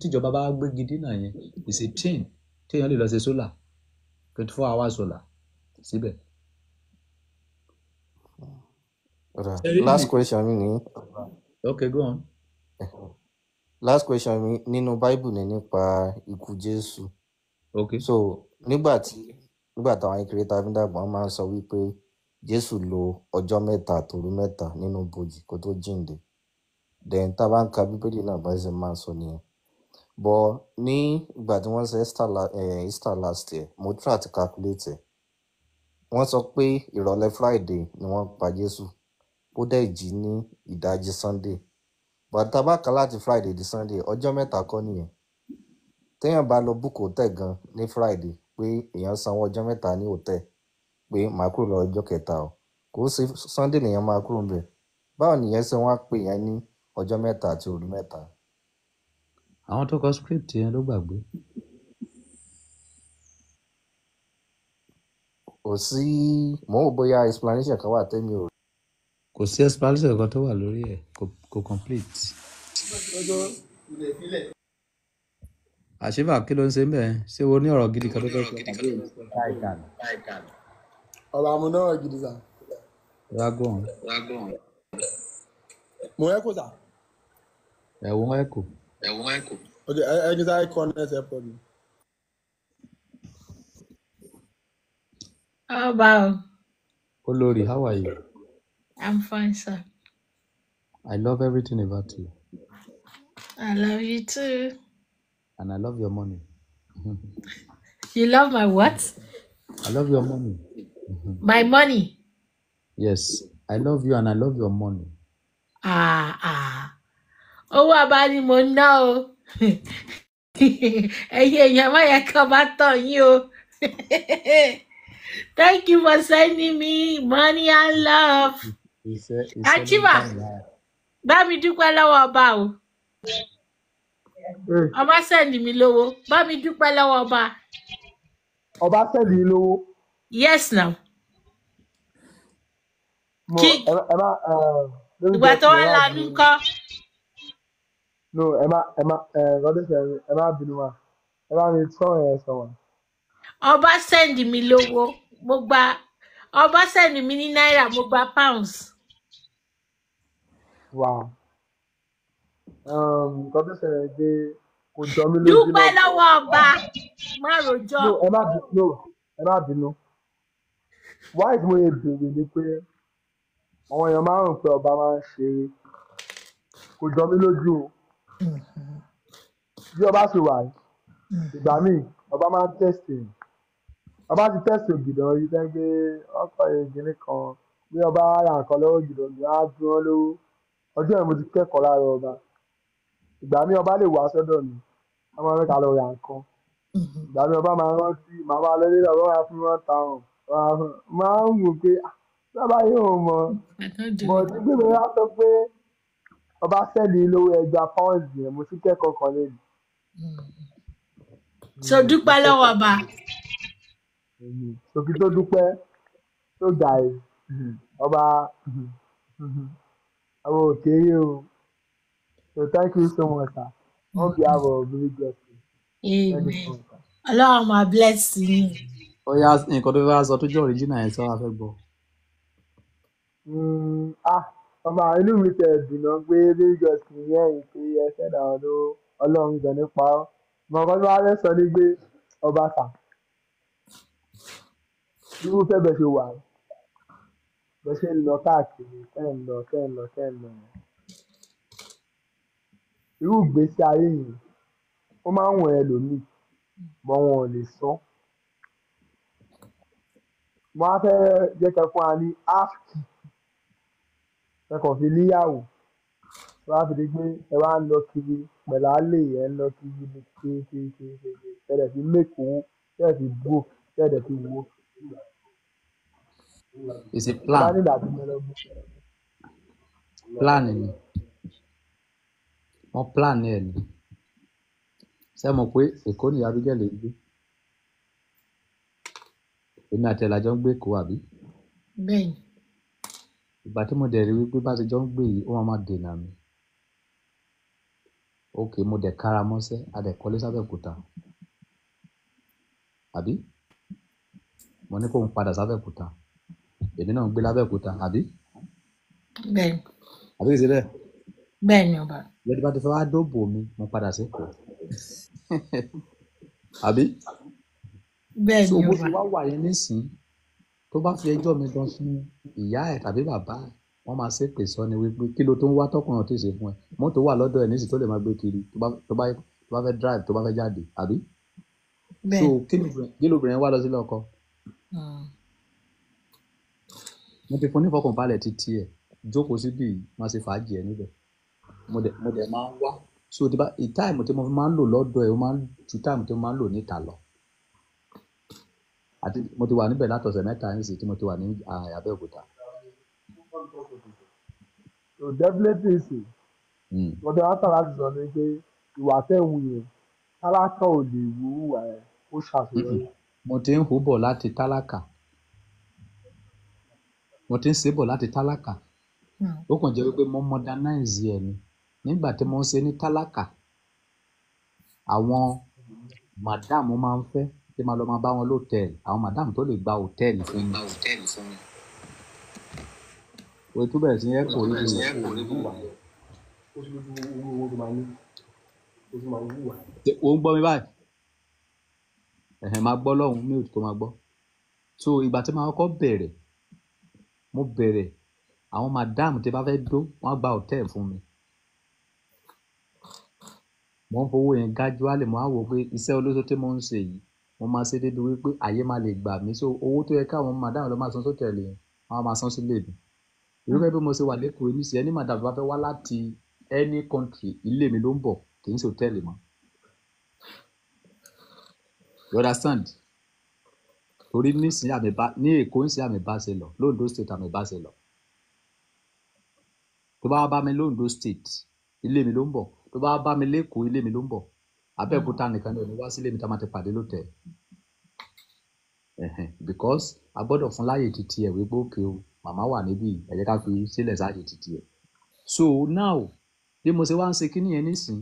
[SPEAKER 1] tíjọba bá gbégi dínà yẹn is a pain téèyàn lè lọ ṣe solar twenty four hours
[SPEAKER 10] solar síbẹ̀. last question mi ni. okay go on. last question mi nínú bible ni nípa ikú jésù. okay. so nígbà tí nígbà táwọn akéré ta a fi ń dàgbà wọn máa ń sọ wípé jésù lo ọjọ́ mẹ́ta àtòru mẹ́ta nínú bòjì kó tó jíǹde. Then tá a bá ń ka Bíbélì náà bá ṣe máa ń sọ nìyẹn. But ní ìgbà tí wọ́n ṣe Easter, eh, last year, mo try àti calculate ẹ̀. Wọ́n sọ pé ìrọ̀lẹ́ Friday ni wọ́n pa Jésù. Ó dẹ̀ jí ní ìdajì Sunday. But tá a bá ka láti Friday di Sunday, ọjọ́ mẹ́ta kọ́ nìyẹn. Téèyàn bá lọ book hotel gan ní Friday pé èèyàn sanwó ọjọ́ mẹ́ta ní hotel pé màá kúrò lọ ọjọ́ kẹta o. Kò sí Sunday lèèyàn máa kúrò ń bẹ̀. Báwo nìyẹn ṣe wọ́n á pè yẹn ní ọjọ́ mẹ́ta àti òru mẹ́ta.
[SPEAKER 1] àwọn tó kọ script yẹn ló gbàgbé.
[SPEAKER 10] kò sí mò ń wò bóyá explanation kan wà tẹ́mi ò. kò sí
[SPEAKER 1] explanation kan tó wà lórí ẹ̀ kò complete. àṣìbà kí ló ń ṣe ń ṣé o ní ọ̀rọ̀ gidi kan tó
[SPEAKER 6] tẹ́lẹ̀.
[SPEAKER 8] ọ̀rọ̀ àmúná ọ̀rọ̀ gidi sà. ragon. mo rẹ́ kò sà. ẹ̀wọ̀n ẹ̀kọ́. ẹ̀wọ̀n ẹ̀kọ́. ok ẹni sáà kọ́ nẹ́ẹ̀sì ẹ̀pọ̀ mi.
[SPEAKER 11] how about.
[SPEAKER 1] olórí how are you.
[SPEAKER 11] i'm fine sir.
[SPEAKER 1] i love everything about you.
[SPEAKER 11] i love you too.
[SPEAKER 1] and i love your money.
[SPEAKER 11] you love my what. i love your money. my money.
[SPEAKER 1] yes i love you and i love your money.
[SPEAKER 11] ah ah. owó abánimọ̀ ń ná o ẹ̀yin èèyàn má yẹ kí ọba tàn yín o thank you for sending me money and love achiba bá mi dúpẹ́ lọ́wọ́ ọba o ọba sẹ́ndì mi lówó bá mi dúpẹ́ lọ́wọ́ ọba.
[SPEAKER 12] ọba sẹ́ndì mi lówó. yes now. kí ìgbà tó wà lánàá kọ́ no ẹ má ẹ má ẹ rọdẹsẹ ẹ má bínú wa ẹ bá mi tún ọ̀rọ̀ yẹn sọ wọn.
[SPEAKER 11] ọba send mi lówó mo gba ọba send mi ní náírà mo gba pounds.
[SPEAKER 12] wow um, nǹkan tó ṣẹlẹ̀ ni pé kò jọ mí lójú náà. dúpẹ́
[SPEAKER 11] lọ́wọ́ ọba má rojọ́. no
[SPEAKER 12] ẹ má bínú ẹ why mo yẹ béèrè ni pé àwọn èèyàn máa ń rò ọba máa ń ṣeré kò jọ mí lójú o bí ọba ṣe wà mm. ìgbà míì ọba máa ń tẹ̀sìn ọba ti tẹ̀sìn ògìdàn yìí lẹ́gbẹ́ ọkọ̀ ìgbìnní kan bí ọba ara nǹkan lọ́wọ́ ògìdàn ni á dún ọ́ lówó ọjọ́ yẹn mo ti kẹ́kọ̀ọ́ lára ọba ìgbà míì ọba lè wá sọ́dọ̀ mi wọ́n máa ń ká lọ ra nǹkan mm-hmm. ìgbà míì ọba máa ń rántí màá máa lọ nílẹ̀ ọba fún wọn ta hàn máa ń wò pé sábà ah, yóò mọ mọ̀ ní gbèmí wá ọbáfẹ́mi lówó ẹgbà pọ́ǹdì mo tún kẹ́kọ̀ọ́ kan lẹ́nu. so dúpẹ́ lọ́wọ́ ọba. òkè tó dúpẹ́ tó gà ẹ́ ọba àwọn òkèèrè o so thank you so much sir on behalf of very blessing.
[SPEAKER 11] ọlọ́run máa bless yín. ó yá nǹkan
[SPEAKER 1] tó fẹ́ wá sọ tó jẹ́ òrìjìnà ẹ̀ sọ́wọ́ a gbọ́.
[SPEAKER 11] Hmm, ah
[SPEAKER 12] inú mi tiẹ̀ dùn ná pé lagos nìyẹn yìí pé ẹ ṣẹ̀dá ọlọ́run gan nípa ọ́ mọ̀ nǹkan tó wá fẹ́ sọ ni pé ọba sà irúfẹ́ bẹ́ẹ̀ ṣe wà bẹ́ẹ̀ ṣe ń lọ káàkiri tẹ́ ń lọ tẹ́ ń lọ tẹ́ ń lọ irú ìgbésí ayé yìí ó máa ń wọ̀ ẹ́ lómi mọ́ wọn ò lè sọ. mo á fẹ́ jẹ́ kẹ́ fún wa ní áàkì ẹ kàn fi líyàwó tó wá fi di pé ẹ wá ń lọ kiri pẹ̀láálè ẹ ń lọ kiri ni kiri kiri kiri kiri tẹ̀lẹ̀ fi make owó tẹ̀lẹ̀ fi broke tẹ̀lẹ̀ fi wo. is a plan plan
[SPEAKER 1] ni wọ́n plan ẹ̀ ni ṣé mọ̀ pé èkó ni Abigail lè gbé èmi àti ẹ̀ la jọ ń gbé èkó àbí. bẹ́ẹ̀ni. Ìgbà tí mo dẹ̀ ríi wípé bá ṣe jọ ń gbé yìí, ó máa ma dènà mi. Okay, mo dẹ̀ kára mọ́ṣẹ́, a dẹ̀ kọ́lé sábẹ́òkúta. Àbí? Mo ní kó ń padà sábẹ́òkúta. Èmi náà ń gbé lábẹ́òkúta, àbí? Bẹ́ẹ̀ni, Àbí kìí ṣe bẹ́ẹ̀? bẹ́ẹ̀ni ọba. Lẹ́ni bá ti fẹ́ wá dóbò mi, mo padà sí Èkó. Àbí? So Bẹ́ẹ̀ni bó ọba. ṣe wá wà yẹn nísìnyí tó bá fi ẹjọ́ mi gan fún ìyá ẹ̀ tàbí bàbá ẹ̀ wọ́n máa ṣe pè sọ ni wípé kí ló tó ń wá tọkùnrin tó ṣe fún ẹ mọ́tò wà lọ́dọ̀ ẹ̀ nísìsiyìí tó lè máa gbé kiri tó bá tó bá fẹ́ drive tó bá fẹ́ jáde àbí.
[SPEAKER 11] bẹ́ẹ̀ so
[SPEAKER 1] kí lóbìnrin wá lọ sílé ọkọ. Hmm. mo ti fún ní fọkànbalẹ̀ ti tiẹ̀ jókòó síbí máa ṣe fàájì ẹ̀ níbẹ̀ mo dẹ̀ mo dẹ̀ máa ń wá so ìtàìmù tí mo fi máa ń lò lọ́dọ̀ ẹ̀ ó máa ń ju táìmù tí mo máa ń lò níta lọ àti mo ti wà
[SPEAKER 12] níbẹ̀ látọ̀sẹ̀ mẹ́ta ní ìsìn tí mo ti wà ní Abẹ́òkúta. so definitely sì wọ́n ti wá tàn láti sọ ni pé ìwà tẹ̀wù yẹn tálákà ò lè wú ìwà ẹ̀ ó ṣàfihàn.
[SPEAKER 1] mo ti ń hù bọ̀ láti tálákà mo ti ń ṣe bọ̀ láti tálákà hmm. ó kàn jẹ́ wípé mo modernize ẹ̀ ni nígbà tí mo ń ṣe ní tálákà àwọn màdáàmù máa ń fẹ́ tí máa lọ máa bá wọn lọ́tẹ̀ẹ̀lì àwọn madam tó lè gba hòtẹ́ẹ̀lì fún mi. o tún bẹ̀rẹ̀ sí ẹ̀kọ́ orí mi. o ń gbọ́ mi báyìí ẹ̀hẹ̀ máa gbọ́ lọ́hùn mi ò tó máa gbọ́ so ìgbà tí màá kọ́ bẹ̀rẹ̀ mo bẹ̀rẹ̀ àwọn madam tí bá fẹ́ dó wọ́n gba hòtẹ́ẹ̀lì fún mi mo ń fowó yẹn gájú á lè mọ àwò pé iṣẹ́ olóṣó tí mo ń ṣe yìí mo máa ṣe débi wípé àyè máa lè gbà mí so owó tó yẹ káwọn máa dáhùn lọ máa san sótẹ̀lì wọn máa san sílé mi ìrúkẹ́ bí mo ṣe wà lẹ́kọ̀ọ́ ní sẹ́ni madam bá fẹ́ wá láti any country ilé mi ló ń bọ̀ kì í ṣe hòtẹ́ẹ̀lì mọ́ you understand torí nísìnyí àmì bá ní èkó ń sin àmì bá ṣe lọ lóńdó state àmì bá ṣe lọ tó bá bá mi lóńdó state ilé mi ló ń bọ̀ tó bá bá mi lẹ́kọ̀ọ́ ilé mi ló ń bọ̀ abẹ́òkúta hmm. nìkan ní wá mi tá a máa ti pàdé lóòótẹ́ because a gbọ́dọ̀ fún láàyè títí ẹ̀ wípé òkè o màmá wà níbí ẹ jẹ́ ká fi sílẹ̀ sáàyè títí ẹ̀ so now bí mo ṣe wá ń ṣe kí nìyẹn nísìn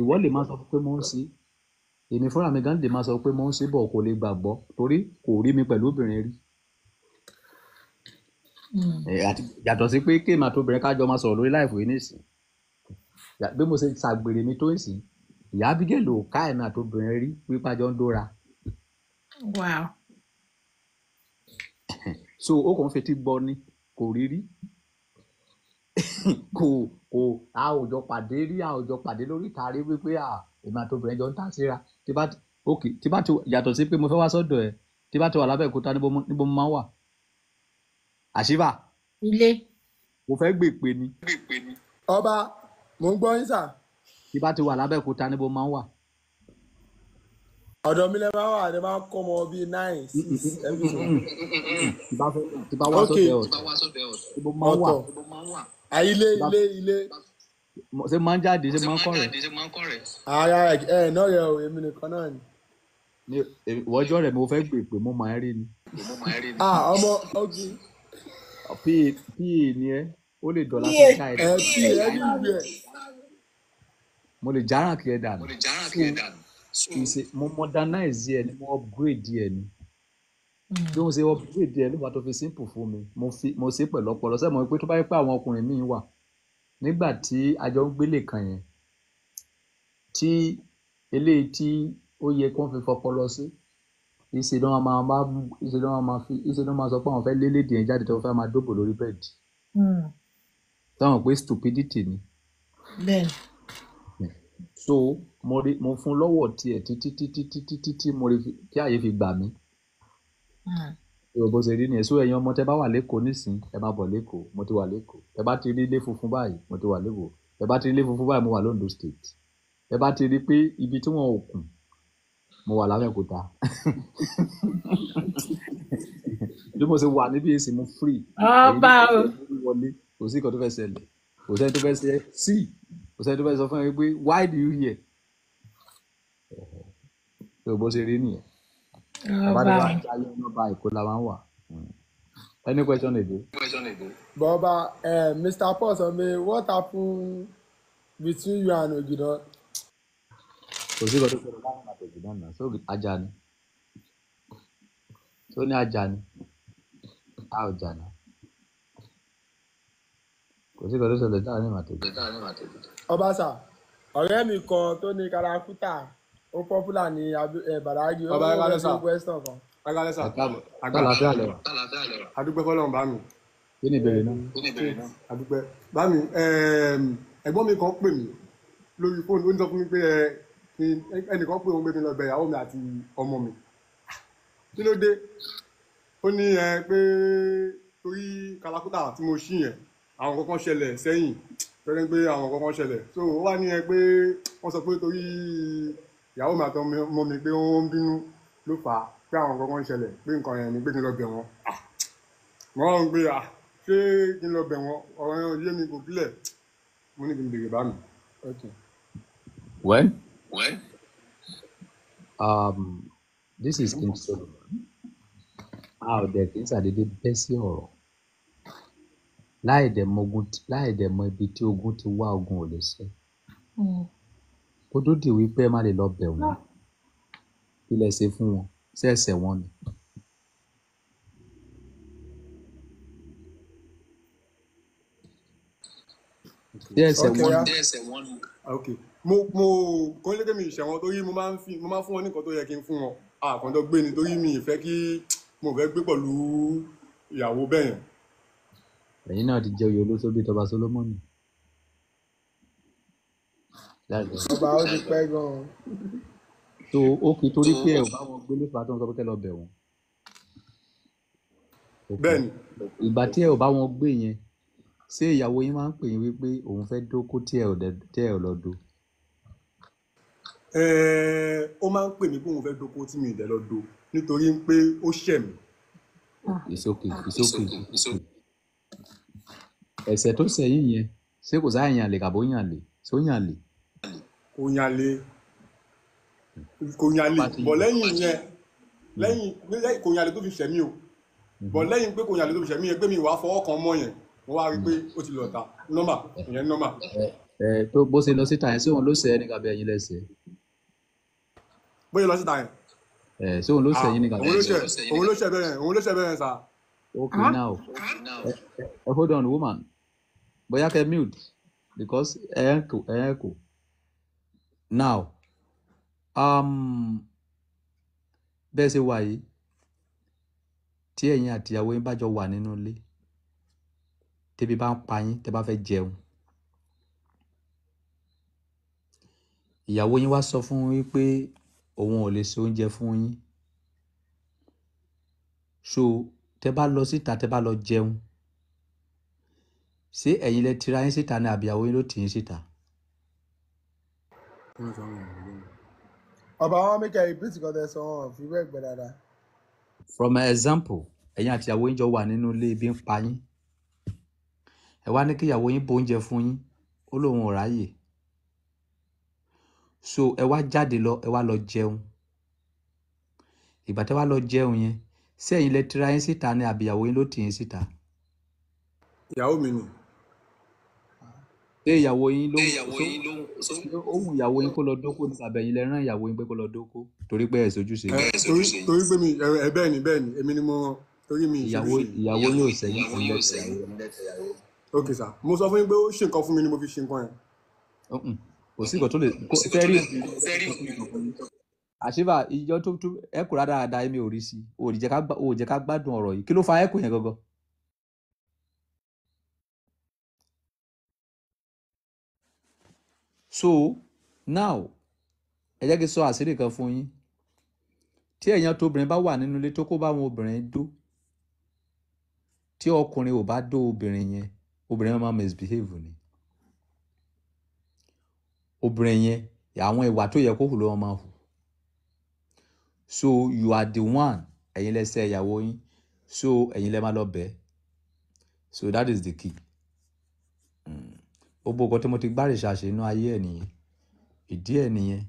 [SPEAKER 1] ìwọ lè máa sọ pé mo ń ṣe èmi fúnra mi gan lè máa sọ pé mo ń ṣe bọ̀ kò lè gbàgbọ́ torí kò rí mi pẹ̀lú obìnrin rí hmm. yàtọ̀ sí pé kéèmà tóbìnrin kájọ máa sọ̀rọ̀ lórí láìpẹ́ nísìn bí mo ṣe ṣàgbèrè mi tó ìsìn ìyá abigail ò ká ẹ̀mí àtobìnrin rí pípa jọ ń dóra. wow. so ó kàn ń fetí gbọ́ ni kò rí rí kò kò a ò jọ pàdé rí a ò jọ pàdé lórí ìtàrí wípé à èmi àtobìnrin jọ ń tà síra tí bá ok tí bá ti yàtọ̀ sí pé mo fẹ́ wá sọ́dọ̀ ẹ̀ tí bá ti wà lábẹ́ òkúta níbo mo máa wà àṣìbà. ilé. mo fẹ́ gbèpè ni. ọba mo ń gbọ́ yín sà bí bá ti wà lábẹ́òkúta níbo máa
[SPEAKER 8] ń wà. ọ̀dọ̀ mi lè máa wà ní máa ń kọ́ ọmọ bíi nine six every time. tí bá wá sóde ọ̀tọ̀
[SPEAKER 12] níbo máa ń
[SPEAKER 1] wà. ilé ilé ilé. ṣé máa ń jáde ṣé máa ń kọ́ rẹ̀. ara
[SPEAKER 13] ẹ náà yẹ o èmi nìkan náà ni. ìwọ́jọ́ rẹ̀ mo fẹ́ gbè pé mo máa ń rí ni. ọmọ ọgbìn. pa ni ẹ ó
[SPEAKER 1] lè dọ̀là fún ká ẹ. pa ẹ níbi ẹ mo lè járàn kí ẹ dànù mo modernize ẹ ni mo upgrade ẹ ni hmm. bí wọ́n ṣe upgrade ẹ ló wà tó fi simple fún mi mo mo ṣe pẹ̀lú ọpọlọ sẹ́mo pé tó bá yẹ pé àwọn ọkùnrin míì wà nígbà tí àjọ ń gbélé kan yẹn tí eléyìí tí ó yẹ kó fi fọpọlọ sí ìṣe náà máa máa ìṣe náà máa fi ìṣe náà máa sọ pé àwọn fẹ́ lélédè yẹn jáde tó fẹ́ máa dóbò lórí bẹ́ẹ̀dì táwọn hmm. pé stupidity ni. bẹ́ẹ̀ni so mo rí mo fún lọ́wọ́ tiẹ̀ títí títí títí títí mo rí kí àyè fi gbà mí. ìrògbòsè hmm. rí nìyẹn so ẹ̀yin ọmọ tẹ bá wà lẹ́kọ̀ọ́ nísìn ẹ bá bọ̀ lẹ́kọ̀ọ́ mo ti wà lẹ́kọ̀ọ́ ẹ bá ti rí ilé funfun báyìí mo ti wà lẹ́kọ̀ọ́ ẹ bá ti rí ilé funfun báyìí mo wà l'Ondo state ẹ bá ti rí pé ibi tí wọn ò kùn mo wà lábẹ́òkúta bí mo ṣe wà níbi èsì mo free. ọba o kò sí nǹkan tó fẹ́ ṣẹlẹ̀ kò sẹ́ni tó fẹ́ ṣe sí kò tó bá sọ fún ẹ pé why do you hear tó bó ṣe rí nìyẹn
[SPEAKER 12] oh, àbádọ́ wa ń jáyé ọ̀nà
[SPEAKER 8] báyìí kó la máa ń wà. Any question dey dey. Eh, question Mr. Paul sọ pé what happened between you and Ogidan?
[SPEAKER 1] Kò sí ìkọ́tò sọ̀rọ̀ láwọn àti Ogidan náà sórí ajá ni. Tó ní ajá ni, a ò jà náà kò sí kan tó ṣẹlẹ̀ tá a ní
[SPEAKER 10] màtẹ́jú.
[SPEAKER 8] ọbaṣà ọ̀rẹ́ mi kan tó ní kàràkútà ó pọ́pùlà ní bàdájì eh, ó ní question kan.
[SPEAKER 13] agalẹ́sà àgbàlá adúgbẹ́ fọlọ́run bá mi. kí ni ìbéèrè náà. adúgbẹ́ bá mi ehm, ẹ̀gbọ́n mi kan pè mí lórí fóònù ó ń sọ fún mi pé eh, ẹnìkan pè òun pé kí n lọ bẹ ìyàwó mi àti ọmọ mi kí ló dé ó ní ẹ eh, pé torí kàràkútà tí mo ṣí yẹn àwọn kankan ṣẹlẹ̀ sẹ́yìn pẹ́rẹ́ pé àwọn kankan ṣẹlẹ̀ so ó wà níyẹn pé wọ́n sọ pé torí ìyàwó mi àtọ́ mọ́ mi pé wọ́n ń bínú ló fà á pé àwọn kankan ṣẹlẹ̀ pé nǹkan yẹn ni pé kí n lọ bẹ̀ wọ́n mọ́ ọ́n pé à ṣé kí n lọ bẹ̀ wọ́n ọ̀rọ̀ yẹn yé mi kò bílẹ̀ mo ní kí n bèrè bá mi.
[SPEAKER 1] um, this is King Solomon. A ò dẹ̀ kí n ṣàdédé bẹ́ sí láì dẹ̀ mọ ibi tí ogun ti wá ogun ò lè ṣẹ́ hmm. kó tó di wípé ẹ má lè lọ bẹ̀ wọ́n ah. kí ṣe fún wọn ṣé ẹ ni.
[SPEAKER 13] ṣé ẹ ni. okay mo mo kò ń lékè mi ìṣẹ̀wọ̀n torí mo máa ń fi mo máa ń fún wọn ní nǹkan tó yẹ kí n fún wọn àkàndọ́ gbé ni torí mi ìfẹ́ kí mo fẹ́ gbé pẹ̀lú ìyàwó bẹ́yẹn
[SPEAKER 1] ẹ̀yin náà ti jẹ́ oyè olóṣòbí tọba
[SPEAKER 12] solomoni.
[SPEAKER 13] ọba ó ti pẹ́ gan-an.
[SPEAKER 12] tó o
[SPEAKER 1] kì í torí pé ẹ ò bá wọn gbélé fàtọ́ nítorí kẹ́ lọ bẹ̀ wọ́n. bẹ́ẹ̀ni. ìgbà tí ẹ ò bá wọn gbé yẹn ṣé ìyàwó yín máa ń pè yín wípé òun fẹ́ dóko tí ẹ ò lọ do.
[SPEAKER 13] ó máa ń pè mí pé òun fẹ́ dóko tí mi ì lọ do nítorí pé ó ṣẹ̀ mí.
[SPEAKER 1] it's okay it's okay it's ẹ̀ṣẹ̀ tó ṣẹ̀ yín yẹn ṣé kò sáà yàn lè kàbó yàn lè ṣó yàn lè.
[SPEAKER 13] kò yàn lè kò yàn lè bọ̀ lẹ́yìn yẹn lẹ́yìn kò yàn lè tó fi ṣẹ̀mí o bọ̀ lẹ́yìn pé kò yàn lè tó fi ṣẹ̀mí yẹn pé mi wàá fọwọ́ kan mọ́ yẹn mo wá rí i pé ó ti lọ ta nọ́mà ìyẹn nọ́mà.
[SPEAKER 1] ẹ tó bó ṣe lọ síta yẹn sóhun ló ṣe ẹni kàbí ẹyin lẹsẹ. bóyá lọ síta yẹn. ẹ sóhun ló ṣe ẹyin kàbí ẹyin lẹsẹ. òun
[SPEAKER 13] ló ṣe ah, bẹ́ẹ̀ òun ló ṣe bẹ́ẹ̀ sá.
[SPEAKER 1] okay ah? now ah? hold on woman bóyá kẹ́ mute because ẹ ń kò ẹ ń kò now um, bẹ́ẹ̀ ṣe wà yìí tí ẹ̀yin àtìyàwó yín bá jọ wà nínú ilé tẹ́bi bá ń pa yín tẹ́ bá fẹ́ jẹun ìyàwó yín wá sọ fún yín pé òun ò lè ṣe oúnjẹ fún yín so tẹ́ bá lọ síta tẹ́ bá lọ jẹun ṣé ẹ̀yin lẹ tira yín síta ni àbí ìyàwó yín ló tì yín síta.
[SPEAKER 8] ọba àwọn méjì ìbísí kan tẹ sọ wọn fi wẹ́ẹ̀ gbẹ dáadáa.
[SPEAKER 1] from an example ẹ̀yin àti ìyàwó yín jọ wà nínú ilé ibi ń pa yín ẹ wá ní kí ìyàwó yín bó oúnjẹ fún yín ó lóun ò ráyè so ẹ wá jáde lọ ẹ wá lọ jẹun ìgbà tẹ wá lọ jẹun yẹn ṣé ẹ̀yin lẹ tira yín síta ni àbí ìyàwó yín ló tì yín síta. ìyàwó mi nù ṣé ìyàwó yín ló ó wù ìyàwó yín kó lọ dóko ní sàbẹ̀yìn
[SPEAKER 13] lẹ́rán ìyàwó yín pé kó lọ dóko torí pé ẹ̀ sojúṣe. torí pé mi ẹ bẹ́ẹ̀ ni bẹ́ẹ̀ ni èmi ni mo torí mi ìyàwó ìyàwó yóò sẹ́yìn fún
[SPEAKER 11] lẹ́tẹ̀yàwó.
[SPEAKER 13] ok sir mo sọ fún yín pé ó ṣe nǹkan fún mi ni mo fi ṣe nǹkan yẹn. kò sí nǹkan tó lè fẹ́rí
[SPEAKER 1] àṣìbà ìjọ tó ẹ kò rárá dáadáa èmi ò rí sí i ò jẹ́ ká gbádùn ọ̀rọ̀ yìí kí ló fa ẹ kò yẹn gangan. so now ẹ jẹ́ kí n sọ àṣírí kan fún yín tí ẹ̀yàn tóbìnrin bá wà nínú ilé tó kó bá àwọn obìnrin dó tí ọkùnrin ò bá dó obìnrin yẹn obìnrin máa misbehave ni obìnrin yẹn àwọn ìwà tó yẹ kó hù ló máa hù so you are the one ẹ̀yin lẹ́sẹ̀ ìyàwó yín so ẹ̀yin lẹ́ máa lọ bẹ́ẹ̀ so that is the key gbogbo nǹkan tí mo ti gbárìṣà ṣe inú ayé ẹ̀ nìyẹn ìdí ẹ̀ nìyẹn.